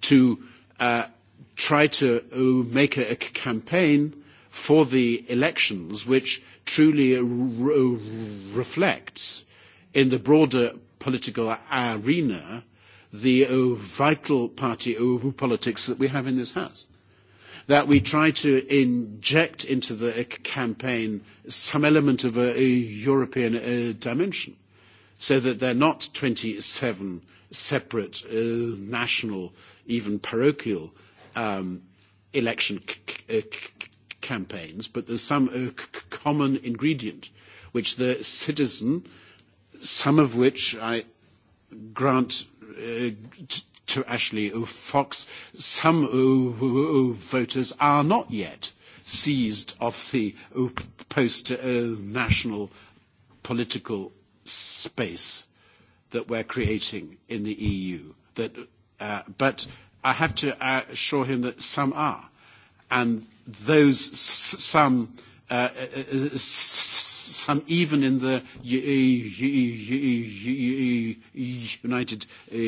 to uh, try to uh, make a, a campaign for the elections which truly re- reflects in the broader political arena the uh, vital party uh, politics that we have in this House. That we try to inject into the uh, campaign some element of a, a European uh, dimension so that they're not 27 separate uh, national, even parochial uh, um, election c- c- campaigns, but there's some uh, c- common ingredient which the citizen, some of which I grant uh, t- to Ashley Fox, some uh, voters are not yet seized of the uh, post-national uh, political space that we're creating in the EU. That, uh, but I have to uh, assure him that some are. And those some, uh, uh, uh some even in the e, e, e, United uh,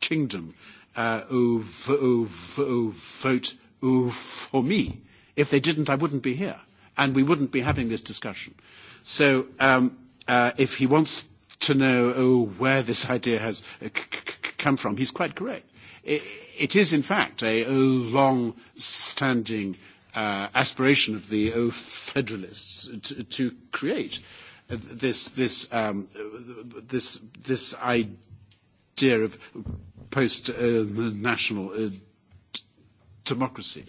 Kingdom uh, who, who, who vote who, for me. If they didn't, I wouldn't be here. And we wouldn't be having this discussion. So um, uh, if he wants to know oh, where this idea has uh, c- c- come from, he's quite correct it is, in fact, a long-standing uh, aspiration of the uh, Federalists to, to create this, this, um, this, this idea of post-national uh, uh, democracy.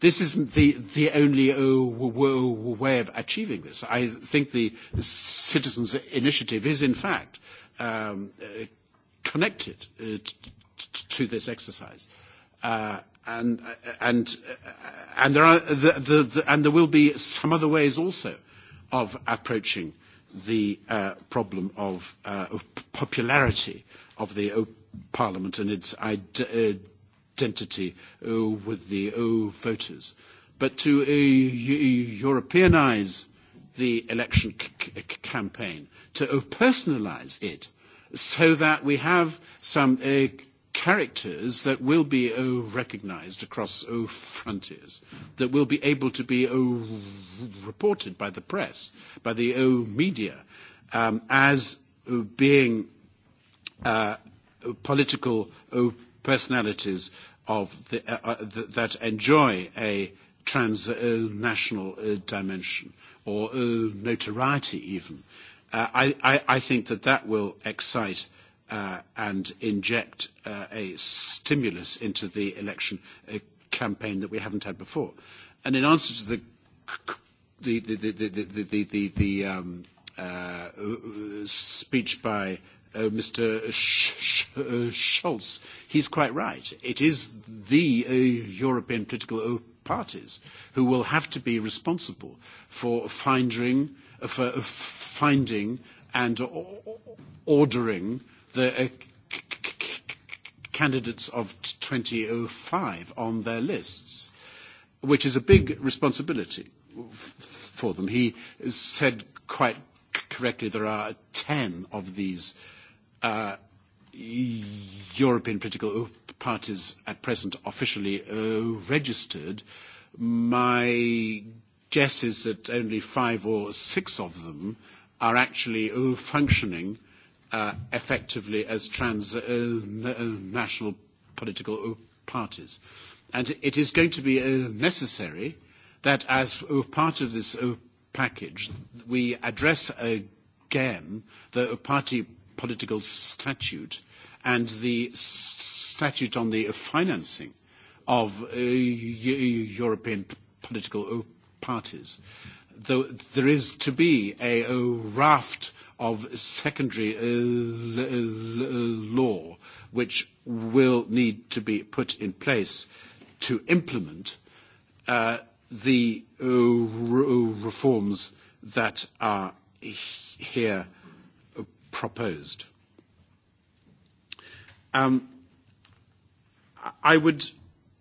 This isn't the, the only uh, w- w- way of achieving this. I think the Citizens Initiative is, in fact, um, uh, connected uh, t- to this exercise. Uh, and, uh, and, uh, and, there are the, the, the, and there will be some other ways also of approaching the uh, problem of, uh, of popularity of the uh, Parliament and its ide- uh, identity uh, with the uh, voters. But to uh, Europeanize the election c- c- campaign, to uh, personalize it so that we have some uh, characters that will be oh, recognized across oh, frontiers, that will be able to be oh, reported by the press, by the oh, media, um, as oh, being uh, political oh, personalities of the, uh, uh, th- that enjoy a transnational uh, uh, dimension or uh, notoriety even. Uh, I, I, I think that that will excite uh, and inject uh, a stimulus into the election uh, campaign that we haven't had before. And in answer to the the the the the the, the, the um, uh, speech by uh, Mr. Sch- uh, Scholz, he's quite right. It is the uh, European political uh, parties who will have to be responsible for finding, uh, for uh, finding and ordering the uh, candidates of 2005 on their lists, which is a big responsibility for them. He said quite correctly there are 10 of these uh, European political parties at present officially uh, registered. My guess is that only five or six of them are actually uh, functioning uh, uh, effectively as transnational uh, political parties. And it is going to be uh, necessary that as uh, part of this uh, package, we address again the party political statute and the statute on the financing of uh, European political uh, parties. Though there is to be a uh, raft of secondary uh, uh, uh, law, which will need to be put in place to implement uh, the uh, uh reforms that are here proposed. Um, I would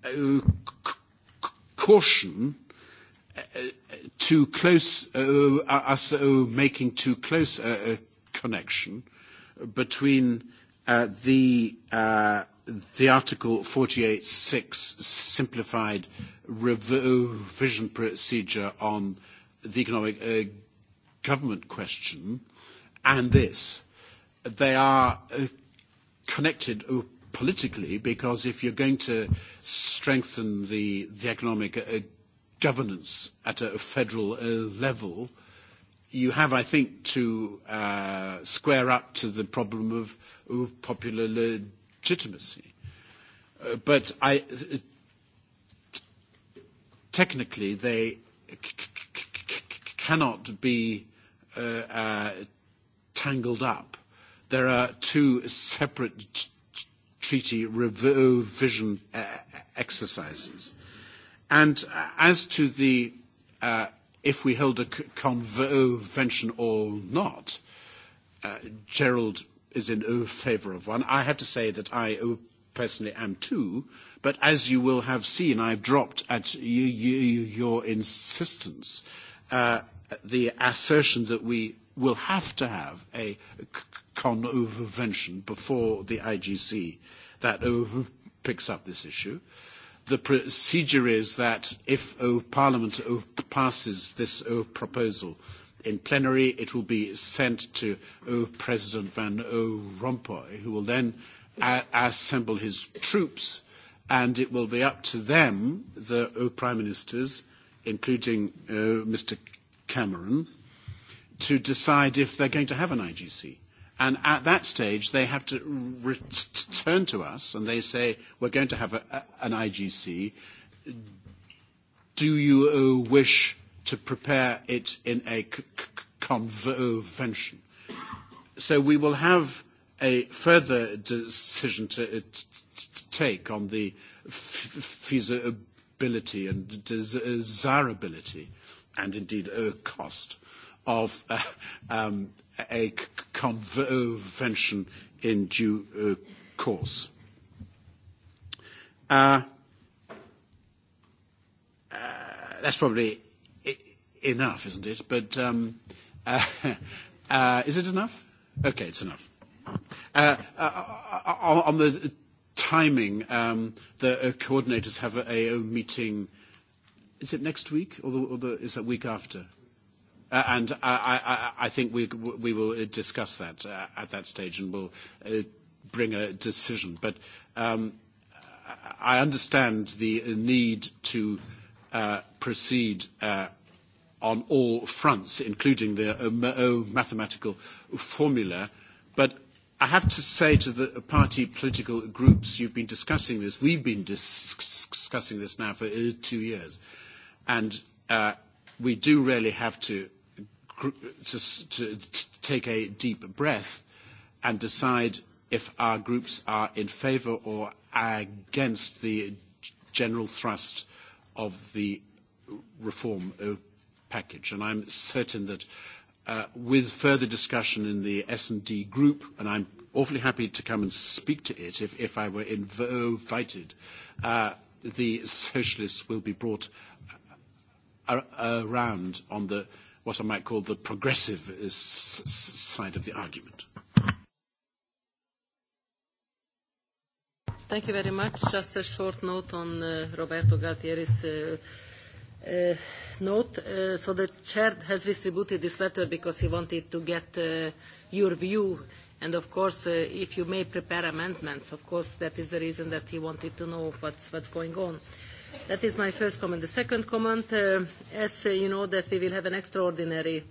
uh, caution too close, uh, uh, us uh, making too close a, a connection between uh, the, uh, the Article 48.6 simplified uh, revision procedure on the economic uh, government question and this. They are uh, connected uh, politically because if you're going to strengthen the, the economic uh, governance at a federal uh, level, you have, I think, to uh, square up to the problem of, of popular legitimacy. Uh, but I, uh, t- technically, they c- c- c- cannot be uh, uh, tangled up. There are two separate t- treaty revision uh, exercises. And uh, as to the uh, if we hold a convention or not, uh, Gerald is in favour of one. I have to say that I personally am too, but as you will have seen, I've dropped at you, you, your insistence uh, the assertion that we will have to have a convention before the IGC that uh, picks up this issue. Uh, the procedure is that if oh, Parliament oh, passes this oh, proposal in plenary, it will be sent to oh, President Van oh, Rompuy, who will then a- assemble his troops, and it will be up to them, the oh, Prime Ministers, including uh, Mr. Cameron, to decide if they're going to have an IGC. And at that stage, they have to return to us and they say, we're going to have a, a, an IGC. Do you uh, wish to prepare it in a c- c- convention? So we will have a further decision to, uh, t- to take on the f- feasibility and desirability and indeed uh, cost of uh, um, a convention in due uh, course. Uh, uh, that's probably enough, isn't it? But um, uh, uh, is it enough? Okay, it's enough. Uh, uh, uh on the timing, um, the uh, coordinators have a, a meeting. Is it next week, or, the, or the, is that week after? Uh, and I, I, I think we, we will uh, discuss that uh, at that stage, and we'll uh, bring a decision. But um, I understand the uh, need to uh, proceed on all fronts, including the mathematical formula. But I have to say to the party political groups, you've been discussing this. We've been dis discussing this now for two years, and we do really have to to, to, to take a deep breath and decide if our groups are in favour or against the general thrust of the reform uh, package. And I'm certain that uh, with further discussion in the S&D group, and I'm awfully happy to come and speak to it if, if I were invited, uh, the socialists will be brought uh, ar- around on the what I might call the progressive uh, side of the argument. Thank you very much. Just a short note on uh, Roberto Galtieri's uh, uh, note. Uh, so the chair has distributed this letter because he wanted to get uh, your view. And of course, uh, if you may prepare amendments, of course, that is the reason that he wanted to know what's, what's going on. Uh, That is my first comment. The second comment, uh, as uh, you know, that we will have an extraordinary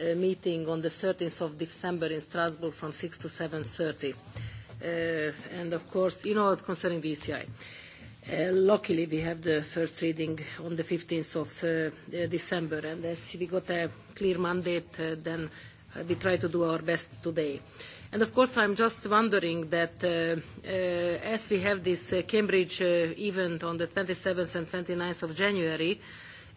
uh, meeting on the 13th of December in Strasbourg from 6 to 7.30. Uh, and of course, you know, concerning the ECI. Uh, luckily, we have the first reading on the 15th of uh, uh, December, and as we got a clear mandate, uh, then uh, we try to do our best today. Uh, And of course, I'm just wondering that uh, uh, as we have this uh, Cambridge uh, event on the 27th and 29th of January,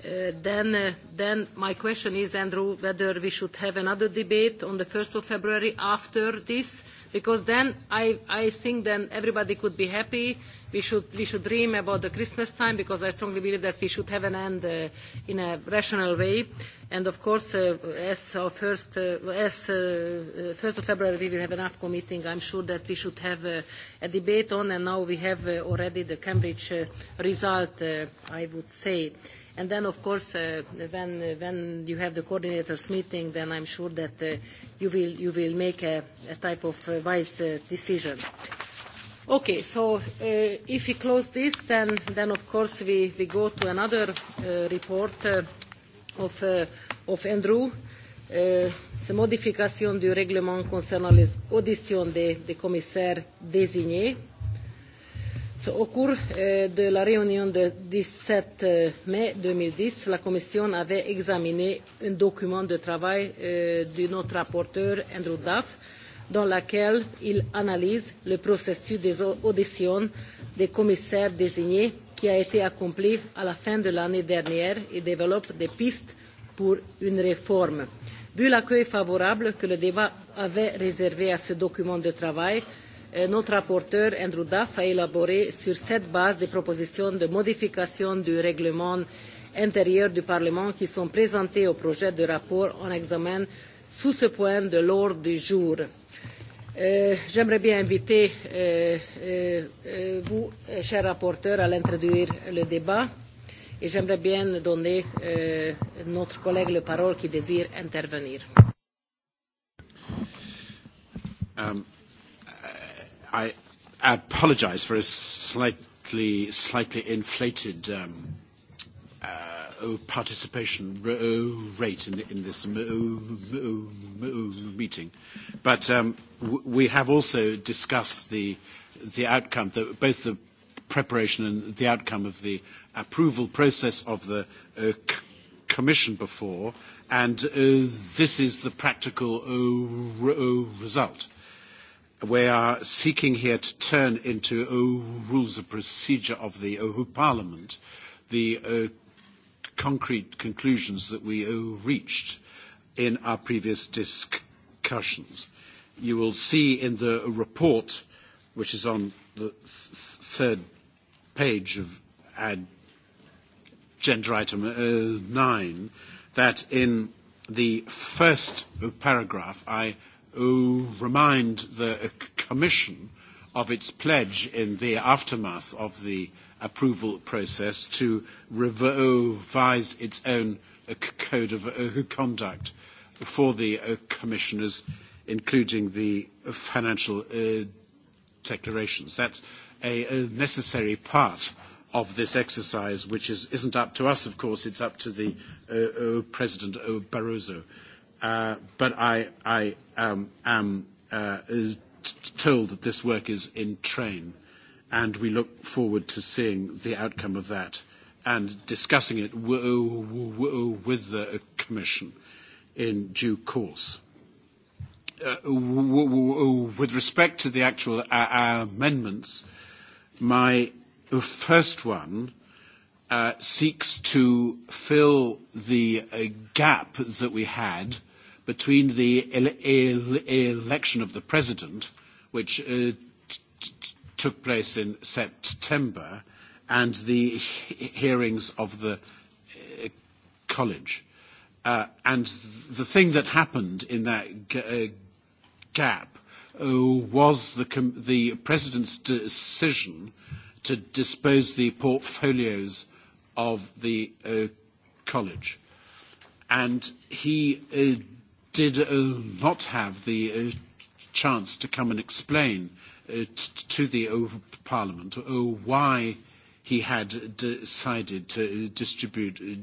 uh, then, uh, then my question is, Andrew, whether we should have another debate on the 1st of February after this, because then I, I think then everybody could be happy we should, we should dream about the Christmas time because I strongly believe that we should have an end uh, in a rational way. And of course, uh, as of 1st, uh, as, uh, 1st uh, of February we will have an AFCO meeting. I'm sure that we should have uh, a debate on and now we have uh, already the Cambridge uh, result, uh, I would say. And then, of course, uh, when, uh, when you have the coordinators meeting, then I'm sure that uh, you, will, you will make a, a type of uh, wise uh, decision. Uh, Okay, so uh, if we close this, then, then of course we, we go to another uh, report uh, of, uh, of Andrew. Euh, ces modifications du règlement concernant les auditions des, des commissaires désignés. So, au cours euh, de la réunion de 17 euh, mai 2010, la Commission avait examiné un document de travail euh, de notre rapporteur Andrew Duff euh, dans laquelle il analyse le processus des auditions des commissaires désignés qui a été accompli à la fin de l'année dernière et développe des pistes pour une réforme. Vu l'accueil favorable que le débat avait réservé à ce document de travail, euh, notre rapporteur Andrew Duff a élaboré sur cette base des propositions de modification du règlement intérieur du Parlement qui sont présentées au projet de rapport en examen sous ce point de l'ordre du jour. Euh, J'aimerais bien inviter euh, euh, vous, eh, cher rapporteur, à l'introduire le débat. Et j'aimerais bien donner euh, notre collègue la parole qui désire intervenir. Um, I apologize for a slightly, slightly inflated um, Uh, participation uh, rate in, in this uh, meeting. But um, we have also discussed the, the outcome, the, both the preparation and the outcome of the approval process of the uh, commission before, and uh, this is the practical uh, result. We are seeking here to turn into rules of procedure of the Parliament the concrete conclusions that we reached in our previous discussions. You will see in the report, which is on the third page of agenda item uh, nine, that in the first paragraph, I uh, remind the Commission of its pledge in the aftermath of the uh, approval process to revise its own uh, code of uh, conduct for the uh, commissioners, including the financial declarations. That's a necessary part of this exercise, which is, isn't up to us, of course, it's up to the uh, uh, President uh, Barroso. Uh, but I, I um, am uh, told that this work is in train. Uh, and we look forward to seeing the outcome of that and discussing it w- w- with the Commission in due course. Uh, w- w- with respect to the actual uh, amendments, my first one uh, seeks to fill the uh, gap that we had between the ele- ele- election of the president, which uh, t- t- took place in September and the hearings of the uh, college. Uh, and the thing that happened in that g- uh, gap uh, was the, com- the president's decision to dispose the portfolios of the uh, college. And he uh, did uh, not have the uh, chance to come and explain uh, uh, to the uh, Parliament uh, why he had decided to distribute uh,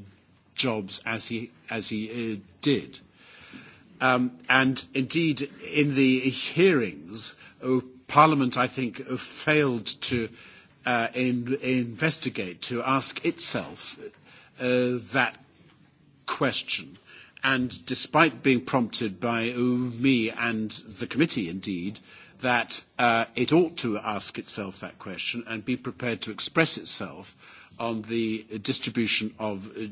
jobs as he, as he uh, did. Um, and indeed, in the hearings, uh, Parliament, I think, uh, failed to uh, in, investigate, to ask itself uh, that question. And despite being prompted by uh, me and the committee, indeed, uh, that uh, it ought to ask itself that question and be prepared to express itself on the distribution of uh,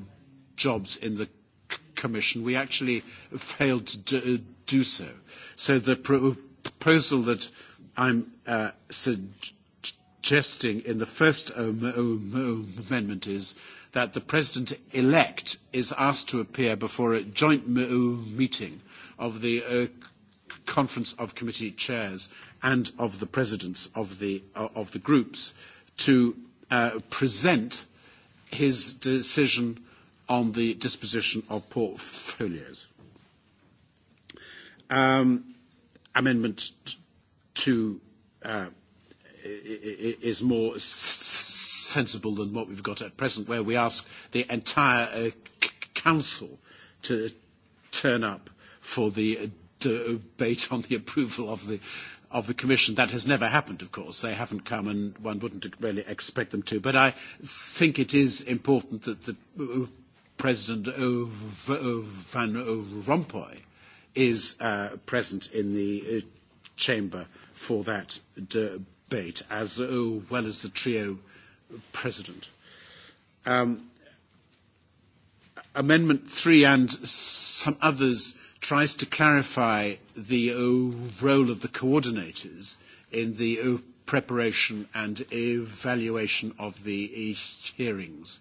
jobs in the c- Commission. We actually failed to do, do so. So the pro- proposal that I'm uh, suggesting in the first um, um, amendment is that the president-elect is asked to appear before a joint meeting of the uh, Conference of Committee Chairs and of the presidents of the, uh, of the groups to uh, present his decision on the disposition of portfolios. Um, amendment 2 uh, is more sensible than what we've got at present, where we ask the entire uh, council to turn up for the debate on the approval of the of the Commission. That has never happened, of course. They haven't come, and one wouldn't really expect them to. But I think it is important that the uh, President uh, Van Rompuy is uh, present in the uh, chamber for that debate, as uh, well as the trio president. Um, amendment 3 and some others tries to clarify the uh, role of the coordinators in the uh, preparation and evaluation of the uh, hearings.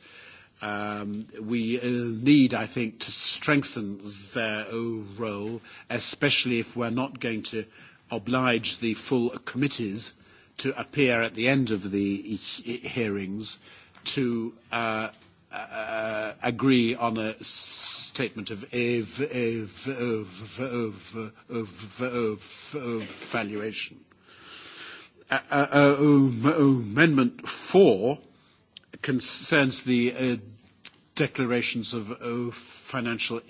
Um, we uh, need, I think, to strengthen their uh, role, especially if we're not going to oblige the full committees to appear at the end of the hearings to uh, Uh, uh, agree on a statement of valuation. Amendment 4 concerns the uh, declarations of financial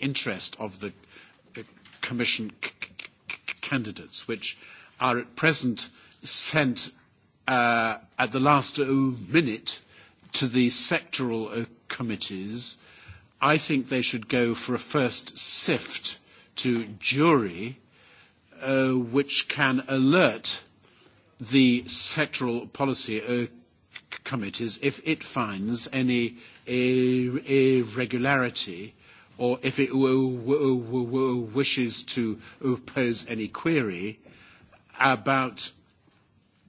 interest of the uh, commission candidates, which are at present sent at the last minute to the sectoral uh, committees, I think they should go for a first sift to jury, uh, which can alert the sectoral policy uh, committees if it finds any irregularity or if it wishes to pose any query about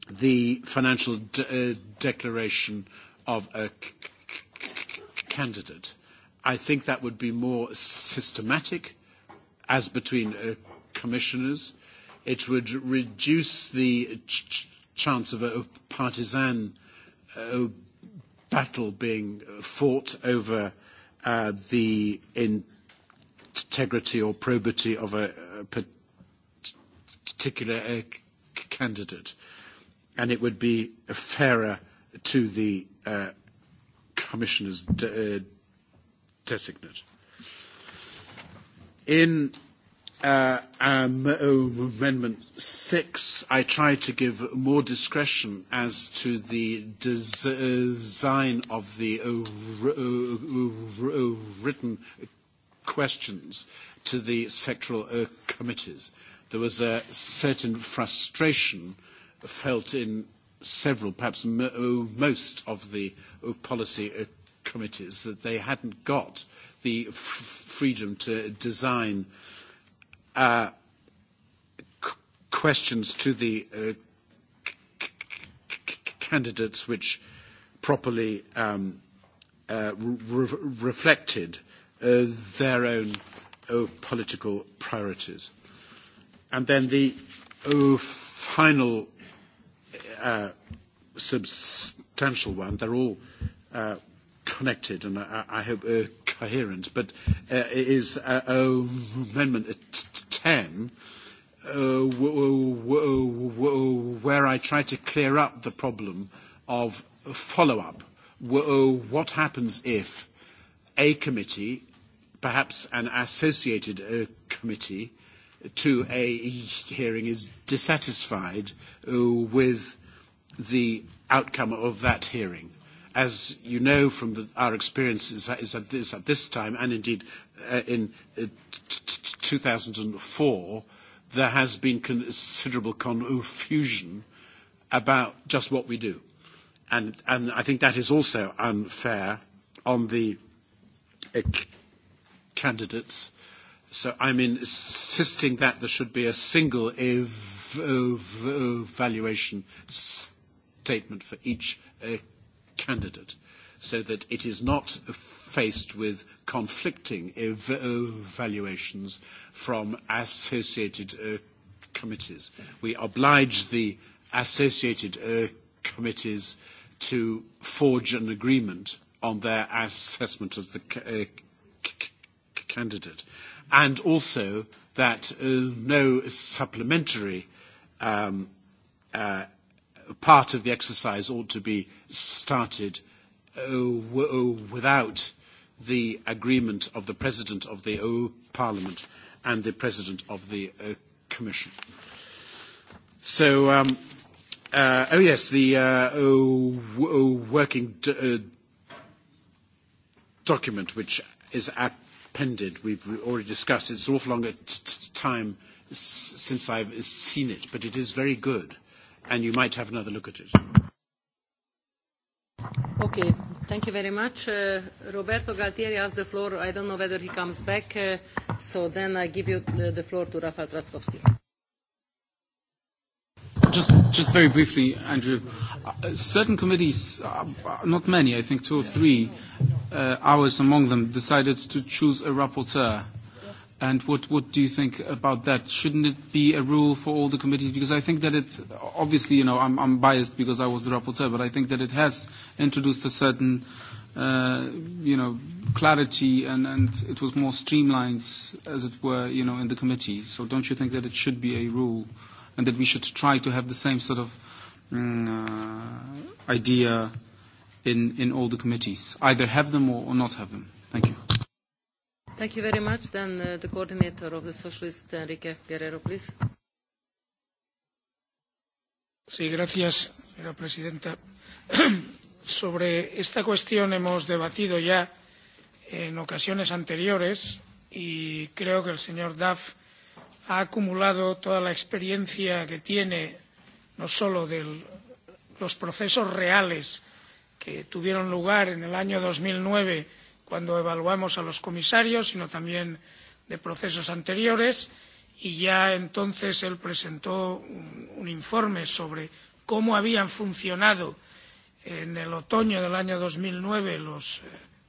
the financial de uh, declaration of a candidate. I think that would be more systematic as between uh, commissioners. It would reduce the ch- chance of a, a partisan uh, battle being fought over uh, the integrity or probity of a, a particular uh, candidate. And it would be fairer to the uh, commissioners de- uh, designate. In uh, um, oh, Amendment 6, I try to give more discretion as to the des- uh, design of the uh, r- uh, uh, written questions to the sectoral uh, committees. There was a certain frustration felt in several, perhaps m- most of the policy uh, committees that they hadn't got the f- freedom to design uh, c- questions to the uh, c- c- candidates which properly um, uh, re- reflected uh, their own uh, political priorities. And then the uh, final uh, substantial one. They're all uh, connected and I, I hope uh, coherent, but uh, is uh, oh, Amendment 10, uh, w- w- w- w- where I try to clear up the problem of follow-up. W- uh, what happens if a committee, perhaps an associated uh, committee, to a hearing is dissatisfied uh, with the outcome of that hearing. As you know from the, our experiences is at, this, at this time, and indeed uh, in uh, t- t- 2004, there has been considerable confusion about just what we do. And, and I think that is also unfair on the uh, c- candidates. So I'm insisting that there should be a single ev- ev- evaluation s- statement for each uh, candidate so that it is not faced with conflicting ev- evaluations from associated uh, committees. We oblige the associated uh, committees to forge an agreement on their assessment of the uh, c- uh, c- candidate, and also that uh, no supplementary um, uh, part of the exercise ought to be started uh, w- uh, without the agreement of the President of the EU uh, Parliament and the President of the uh, Commission. So, um, uh, oh yes, the uh, oh, oh, working d- uh, document which is appended, we've already discussed. It's an awful long t- t- time s- since I've seen it, but it is very good and you might have another look at it. Okay. Thank you very much. Uh, Roberto Galtieri asked the floor. I don't know whether he comes back, uh, so then I give you the, the floor to Rafał Trzaskowski. Just, just very briefly, Andrew. Uh, certain committees, uh, uh, not many, I think two or three, uh, ours among them, decided to choose a rapporteur And what, what do you think about that? Shouldn't it be a rule for all the committees? Because I think that it, obviously, you know, I'm, I'm biased because I was the rapporteur, but I think that it has introduced a certain, uh, you know, clarity and, and it was more streamlined, as it were, you know, in the committee. So don't you think that it should be a rule and that we should try to have the same sort of um, uh, idea in, in all the committees? Either have them or, or not have them. Thank you. Thank you very much. Then uh, the coordinator of the socialist, Enrique Guerrero, please. Sí, gracias, señora presidenta. Sobre esta cuestión hemos debatido ya en ocasiones anteriores y creo que el señor Duff ha acumulado toda la experiencia que tiene, no solo de los procesos reales que tuvieron lugar en el año 2009 cuando evaluamos a los comisarios sino también de procesos anteriores y ya entonces él presentó un, un informe sobre cómo habían funcionado en el otoño del año dos mil nueve los eh,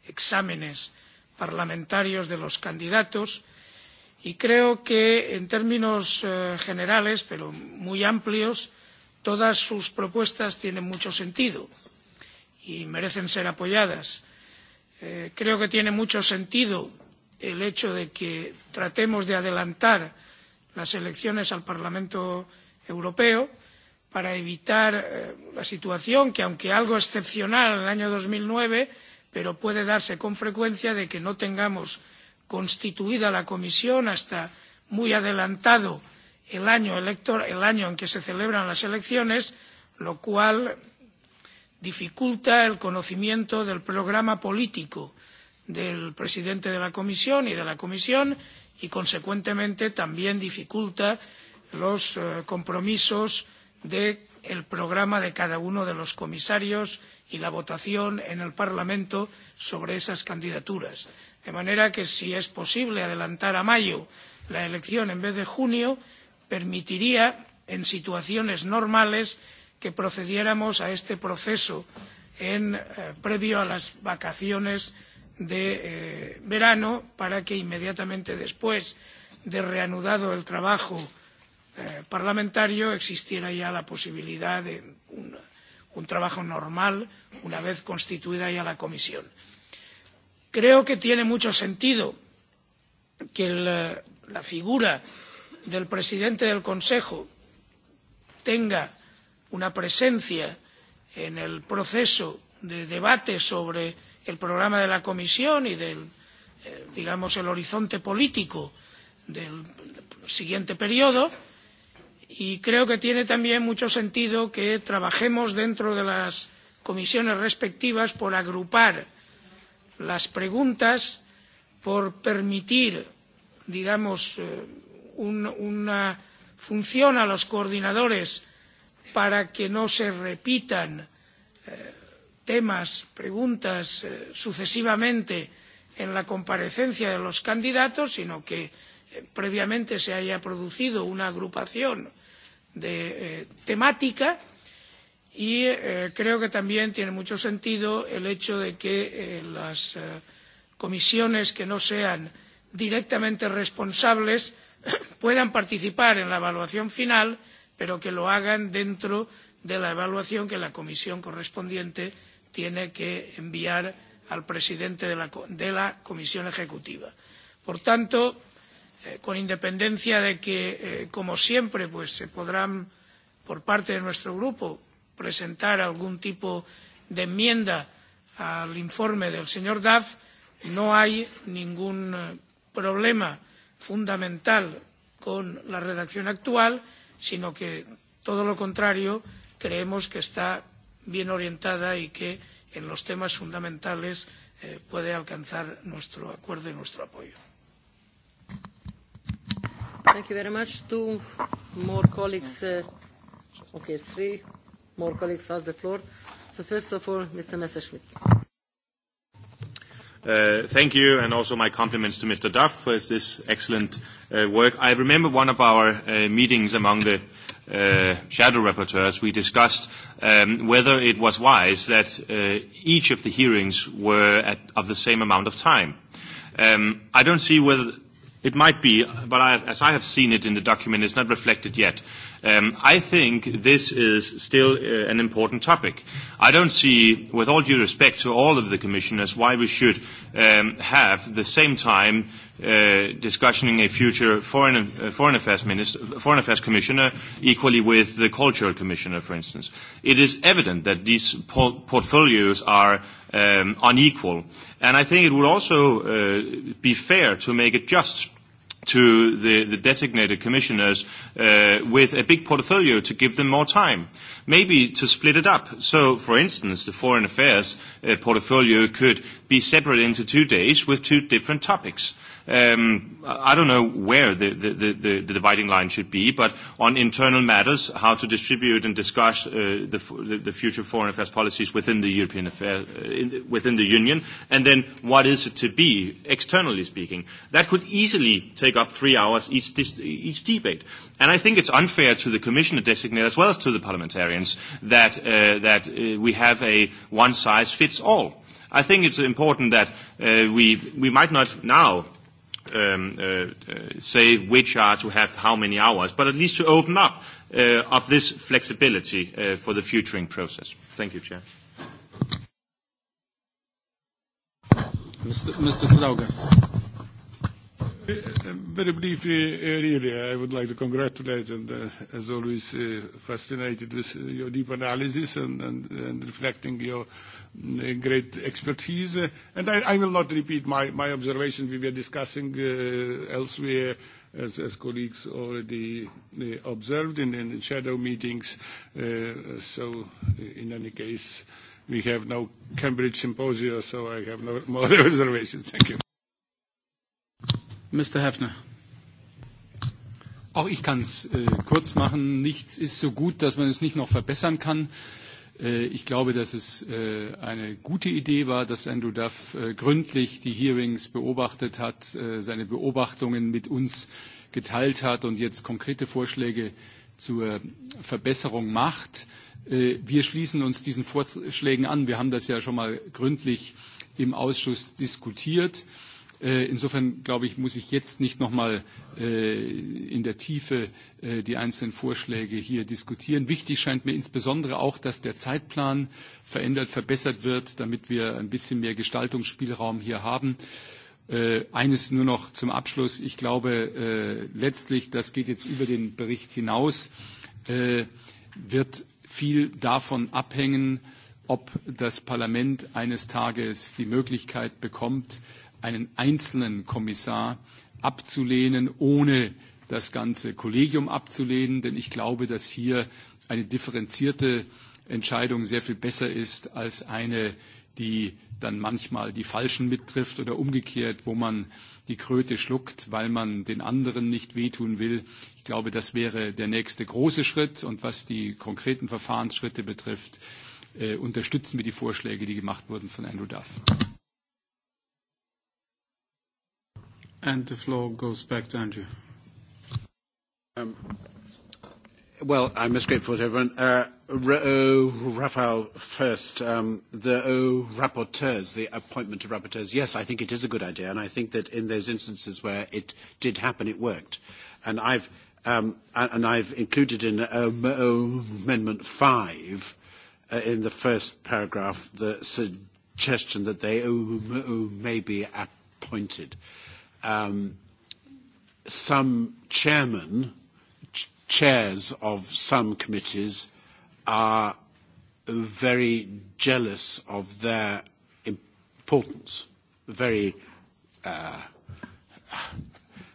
exámenes parlamentarios de los candidatos y creo que en términos eh, generales pero muy amplios todas sus propuestas tienen mucho sentido y merecen ser apoyadas Eh, creo que tiene mucho sentido el hecho de que tratemos de adelantar las elecciones al Parlamento Europeo para evitar eh, la situación que, aunque algo excepcional en el año 2009, pero puede darse con frecuencia de que no tengamos constituida la comisión hasta muy adelantado el año, elector, el año en que se celebran las elecciones, lo cual dificulta el conocimiento del programa político del presidente de la comisión y de la comisión y consecuentemente también dificulta los eh, compromisos del de programa de cada uno de los comisarios y la votación en el parlamento sobre esas candidaturas de manera que si es posible adelantar a mayo la elección en vez de junio permitiría en situaciones normales que que procediéramos a este proceso en, eh, previo a las vacaciones de eh, verano para que inmediatamente después de reanudado el trabajo eh, parlamentario existiera ya la posibilidad de un, un trabajo normal una vez constituida ya la comisión. creo que tiene mucho sentido que el, eh, la figura del presidente del consejo tenga una presencia en el proceso de debate sobre el programa de la comisión y del eh, digamos el horizonte político del siguiente periodo y creo que tiene también mucho sentido que trabajemos dentro de las comisiones respectivas por agrupar las preguntas por permitir digamos eh, un, una función a los coordinadores para que no se repitan eh, temas preguntas eh, sucesivamente en la comparecencia de los candidatos sino que eh, previamente se haya producido una agrupación de eh, temática y eh, creo que también tiene mucho sentido el hecho de que eh, las comisiones que no sean directamente responsables puedan participar en la evaluación final y pero que lo hagan dentro de la evaluación que la comisión correspondiente tiene que enviar al presidente de la, de la comisión ejecutiva. por tanto eh, con independencia de que eh, como siempre pues, se podrán por parte de nuestro grupo presentar algún tipo de enmienda al informe del señor duff no hay ningún eh, problema fundamental con la redacción actual sino que todo lo contrario creemos que está bien orientada y que en los temas fundamentales eh, puede alcanzar nuestro acuerdo y nuestro apoyo. Thank you very much. Two more colleagues. Uh, okay, three more colleagues asked the floor. So first of all, Mr. Messerschmidt. Uh, thank you, and also my compliments to Mr. Duff for this excellent uh, work. I remember one of our uh, meetings among the uh, shadow rapporteurs, we discussed um, whether it was wise that uh, each of the hearings were at, of the same amount of time. Um, I don't see whether it might be, but I, as I have seen it in the document, it's not reflected yet. Uh, Um, I think this is still uh, an important topic. I don't see, with all due respect to all of the commissioners, why we should um, have the same time uh, discussing a future foreign, uh, foreign, affairs minister, foreign affairs commissioner equally with the cultural commissioner, for instance. It is evident that these por- portfolios are um, unequal. And I think it would also uh, be fair to make a just to the, the designated commissioners uh, with a big portfolio to give them more time. Maybe to split it up. So, for instance, the foreign affairs uh, portfolio could be separate into two days with two different topics. Uh, Um, I don't know where the, the, the, the dividing line should be, but on internal matters, how to distribute and discuss uh, the, the future foreign affairs policies within the European affair, uh, in the, within the Union, and then what is it to be externally speaking? That could easily take up three hours each, each debate, and I think it's unfair to the commissioner designate as well as to the parliamentarians that uh, that uh, we have a one size fits all. I think it's important that uh, we we might not now um, uh, uh, say which are to have how many hours, but at least to open up uh, of this flexibility uh, for the futuring process. Thank you, Chair. Mr. Mr. Slaugas. Uh, very briefly, uh, really, I would like to congratulate and, uh, as always, uh, fascinated with uh, your deep analysis and, and, and reflecting your Uh, great expertise. And I, I will not repeat my, my observation we were discussing uh, elsewhere, as, as colleagues already uh, observed in, in shadow meetings. Uh, so uh, in any case, we have no Cambridge symposia, so I have no more reservations. Thank you. Mr. Hefner. Auch ich kann es äh, kurz machen. Nichts ist so gut, dass man es nicht noch verbessern kann. Äh, Äh, ich glaube, dass es äh, eine gute Idee war, dass Andrew Duff äh, gründlich die Hearings beobachtet hat, seine Beobachtungen mit uns geteilt hat und jetzt konkrete Vorschläge zur Verbesserung macht. Wir schließen uns diesen Vorschlägen an. Wir haben das ja schon mal gründlich im Ausschuss diskutiert. Äh, Äh, insofern, glaube ich, muss ich jetzt nicht nochmal äh, in der Tiefe äh, die einzelnen Vorschläge hier diskutieren. Wichtig scheint mir insbesondere auch, dass der Zeitplan verändert, verbessert wird, damit wir ein bisschen mehr Gestaltungsspielraum hier haben. Eines nur noch zum Abschluss. Ich glaube, letztlich, das geht jetzt über den Bericht hinaus, wird viel davon abhängen, ob das Parlament eines Tages die Möglichkeit bekommt, äh, einen einzelnen Kommissar abzulehnen, ohne das ganze Kollegium abzulehnen, denn ich glaube, dass hier eine differenzierte Entscheidung sehr viel besser ist als eine, die dann manchmal die Falschen mittrifft oder umgekehrt, wo man die Kröte schluckt, weil man den anderen nicht wehtun will. Ich glaube, das wäre der nächste große Schritt. Und was die konkreten Verfahrensschritte betrifft, äh, unterstützen wir die Vorschläge, die gemacht wurden von Andrew Duff. And the floor goes back to Andrew. Um, well, I'm most grateful to everyone. Uh, Ra- oh, Raphael first. Um, the oh, rapporteurs, the appointment of rapporteurs. Yes, I think it is a good idea, and I think that in those instances where it did happen, it worked. And I've um, and I've included in um, oh, Amendment Five, uh, in the first paragraph, the suggestion that they oh, oh, may be appointed. Uh, um, some chairmen, ch- chairs of some committees, are very jealous of their importance, very, uh,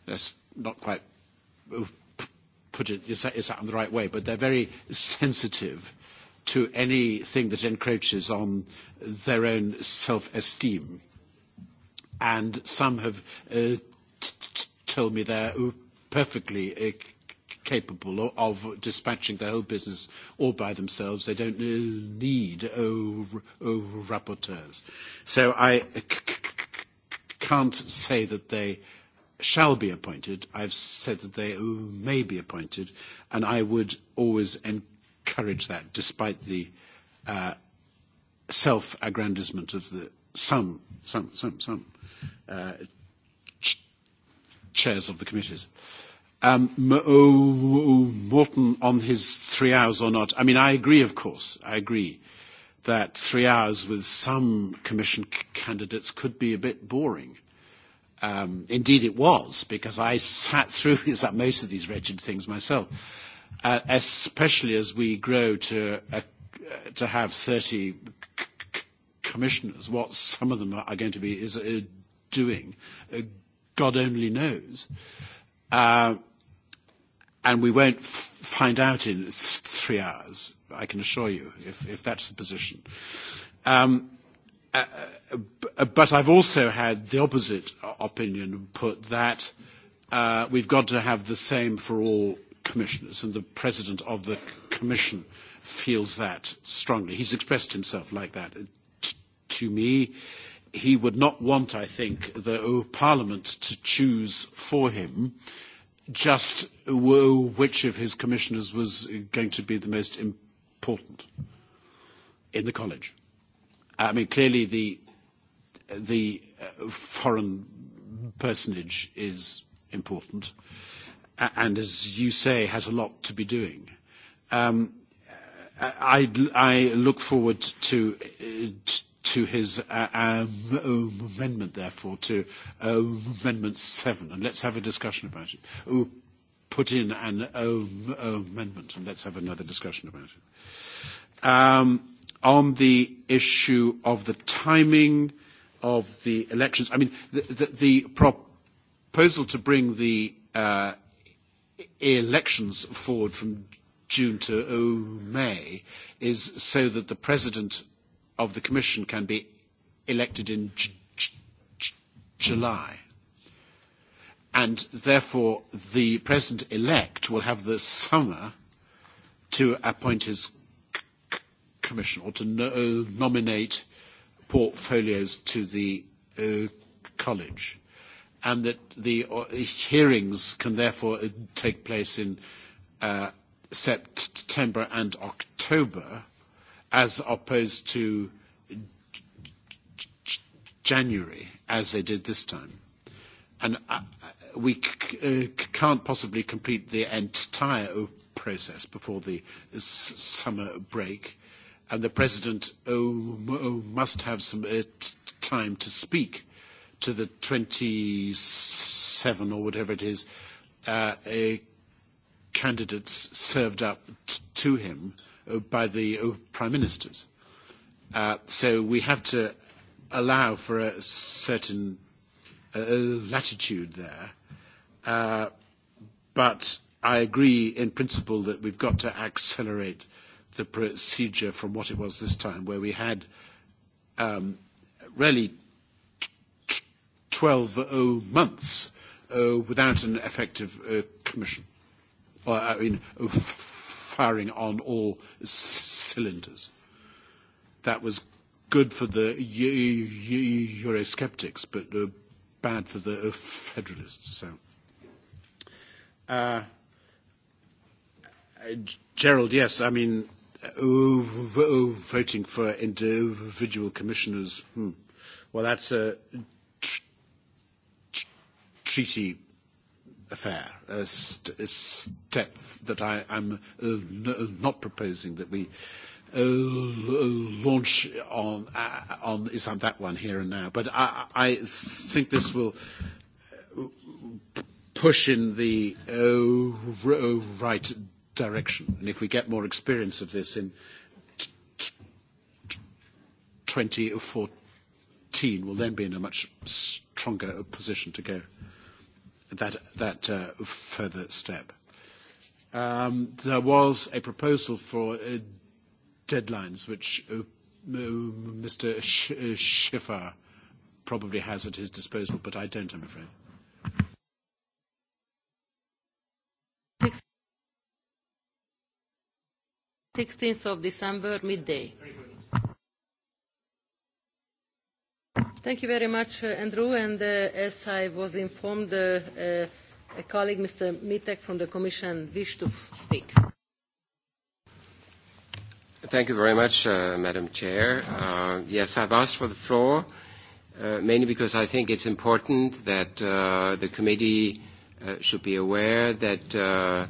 let's not quite put it, is that, is that in the right way, but they're very sensitive to anything that encroaches on their own self-esteem and some have uh, told me they're perfectly uh, capable of dispatching their whole business all by themselves. They don't uh, need oh, oh, rapporteurs. So I c- c- can't say that they shall be appointed. I've said that they may be appointed, and I would always encourage that, despite the uh, self-aggrandizement of the some, some, some, some uh, ch- chairs of the committees. Um, M- oh, Morton on his three hours or not. I mean, I agree, of course. I agree that three hours with some commission c- candidates could be a bit boring. Um, indeed, it was because I sat through his, most of these wretched things myself. Uh, especially as we grow to uh, to have 30 commissioners, what some of them are going to be is uh, doing, uh, God only knows. Uh, and we won't f- find out in th- three hours, I can assure you, if, if that's the position. Um, uh, uh but I've also had the opposite opinion put that uh, we've got to have the same for all commissioners, and the president of the commission feels that strongly. He's expressed himself like that to me, he would not want, I think, the uh, Parliament to choose for him just which of his commissioners was going to be the most important in the college. I mean, clearly the the uh, foreign personage is important, and as you say, has a lot to be doing. Um, I, I look forward to uh, to his uh, um, amendment, therefore, to um, Amendment 7, and let's have a discussion about it. Ooh, put in an um, amendment, and let's have another discussion about it. Um, on the issue of the timing of the elections, I mean, the, the, the proposal to bring the uh, elections forward from June to oh, May is so that the president of the Commission can be elected in j- j- July. And therefore, the President elect will have the summer to appoint his c- Commission or to no- uh, nominate portfolios to the uh, College. And that the uh, hearings can therefore uh, take place in uh, September and October as opposed to January, as they did this time. And uh, we c- uh, can't possibly complete the entire process before the s- summer break, and the president oh, oh, must have some uh, t- time to speak to the 27 or whatever it is uh, uh, candidates served up t- to him uh, Uh, by the uh, prime ministers. Uh, so we have to allow for a certain uh, uh, latitude there. Uh, but I agree in principle that we've got to accelerate the procedure from what it was this time, where we had um, really 12 months without an effective commission. Or, I mean, firing on all cylinders. That was good for the Eurosceptics, but uh, bad for the uh, Federalists. So. Uh, Gerald, yes, I mean, oh, oh, voting for individual commissioners, hmm. well, that's a tr- tr- treaty affair, a st- a step that I, I'm uh, n- not proposing that we uh, launch on, uh, on is on that one here and now. But I, I think this will uh, push in the uh, right direction. And if we get more experience of this in t- t- 2014, we'll then be in a much stronger position to go. Uh, that, that uh, further step. Um, there was a proposal for uh, deadlines, which uh, Mr. Uh, Schiffer probably has at his disposal, but I don't, I'm afraid. Sixteenth of December, midday. Very Thank you very much, uh, Andrew. And uh, as I was informed, uh, uh, a colleague, Mr. Mitek from the Commission, wished to speak. Thank you very much, uh, Madam Chair. Uh, yes, I've asked for the floor, uh, mainly because I think it's important that uh, the committee uh, should be aware that uh,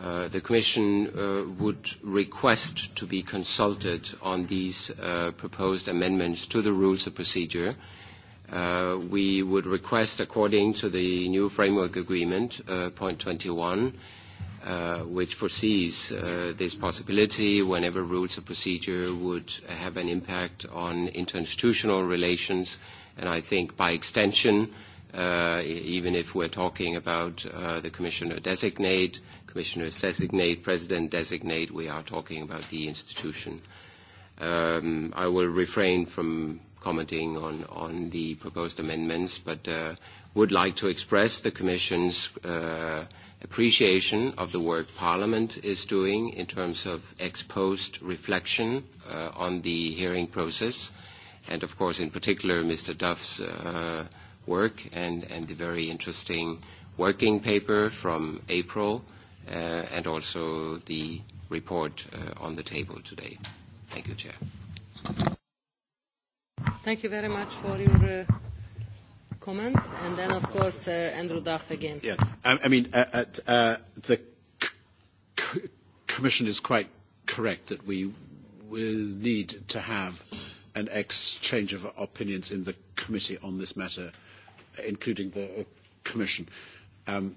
Uh, the Commission uh, would request to be consulted on these uh, proposed amendments to the rules of procedure. Uh, we would request, according to the new framework agreement, uh, point 21, uh, which foresees uh, this possibility whenever rules of procedure would have an impact on interinstitutional relations, and I think by extension, uh, even if we're talking about uh, the commissioner designate, uh, commissioners designate, president designate, we are talking about the institution. Um, I will refrain from commenting on, on the proposed amendments, but uh, would like to express the Commission's uh, appreciation of the work Parliament is doing in terms of ex post reflection uh, on the hearing process, and of course, in particular, Mr. Duff's uh, work and, and the very interesting working paper from April. Uh, uh, and also the report uh, on the table today. Thank you, Chair. Thank you very much for your uh, comment. And then, of course, uh, Andrew Duff again. Yeah, I, I mean, uh, uh, the c- Commission is quite correct that we will need to have an exchange of opinions in the committee on this matter, including the uh, Commission. Um,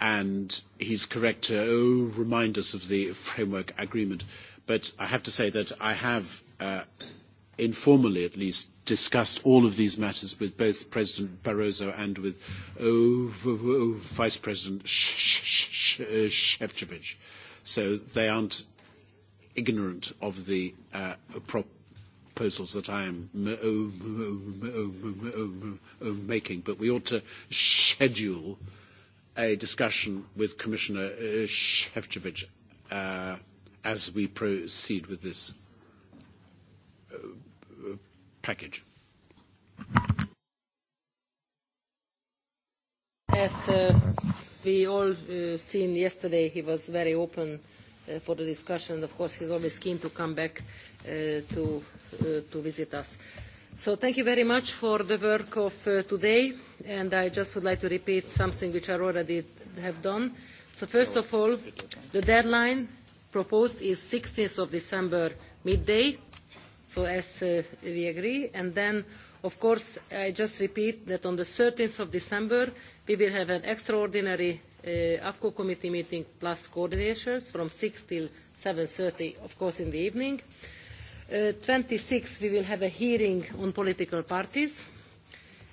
and he's correct to oh, remind us of the framework agreement. But I have to say that I have, uh, informally at least, discussed all of these matters with both President Barroso and with oh, oh, Vice President uh, Shevchevich. So they aren't ignorant of the uh, proposals that I am making. But we ought to schedule uh, a discussion with Commissioner Shevchevich uh, as we proceed with this uh, uh, package. As uh, we all uh, seen yesterday, he was very open uh, for the discussion. Of course, he's always keen to come back uh, to, uh, to visit us. Uh, So thank you very much for the work of uh, today, and I just would like to repeat something which I already have done. So first so, of all, the deadline proposed is 16th of December midday, so as uh, we agree, and then Of course, I just repeat that on the 13th of December, we will have an extraordinary uh, AFCO committee meeting plus coordinators from 6 till 7.30, of course, in the evening. Uh, Uh, 26, we will have a hearing on political parties.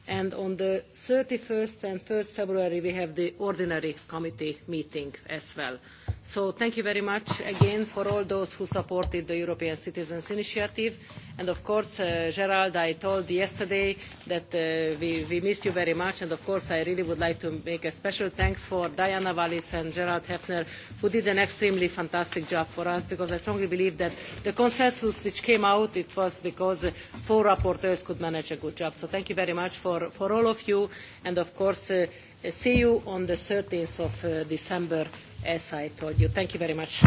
And on the 31st and 3rd February, we have the ordinary committee meeting as well. So thank you very much again for all those who supported the European Citizens Initiative. And of course, uh, Gerald, I told yesterday that uh, we, we miss you very much. And of course, I really would like to make a special thanks for Diana Wallis and Gerald Hefner, who did an extremely fantastic job for us, because I strongly believe that the consensus which came out, it was because four rapporteurs could manage a good job. So thank you very much for, for all of you. And of course, uh, see you on the 13th of uh, December as I told you. Thank you very much.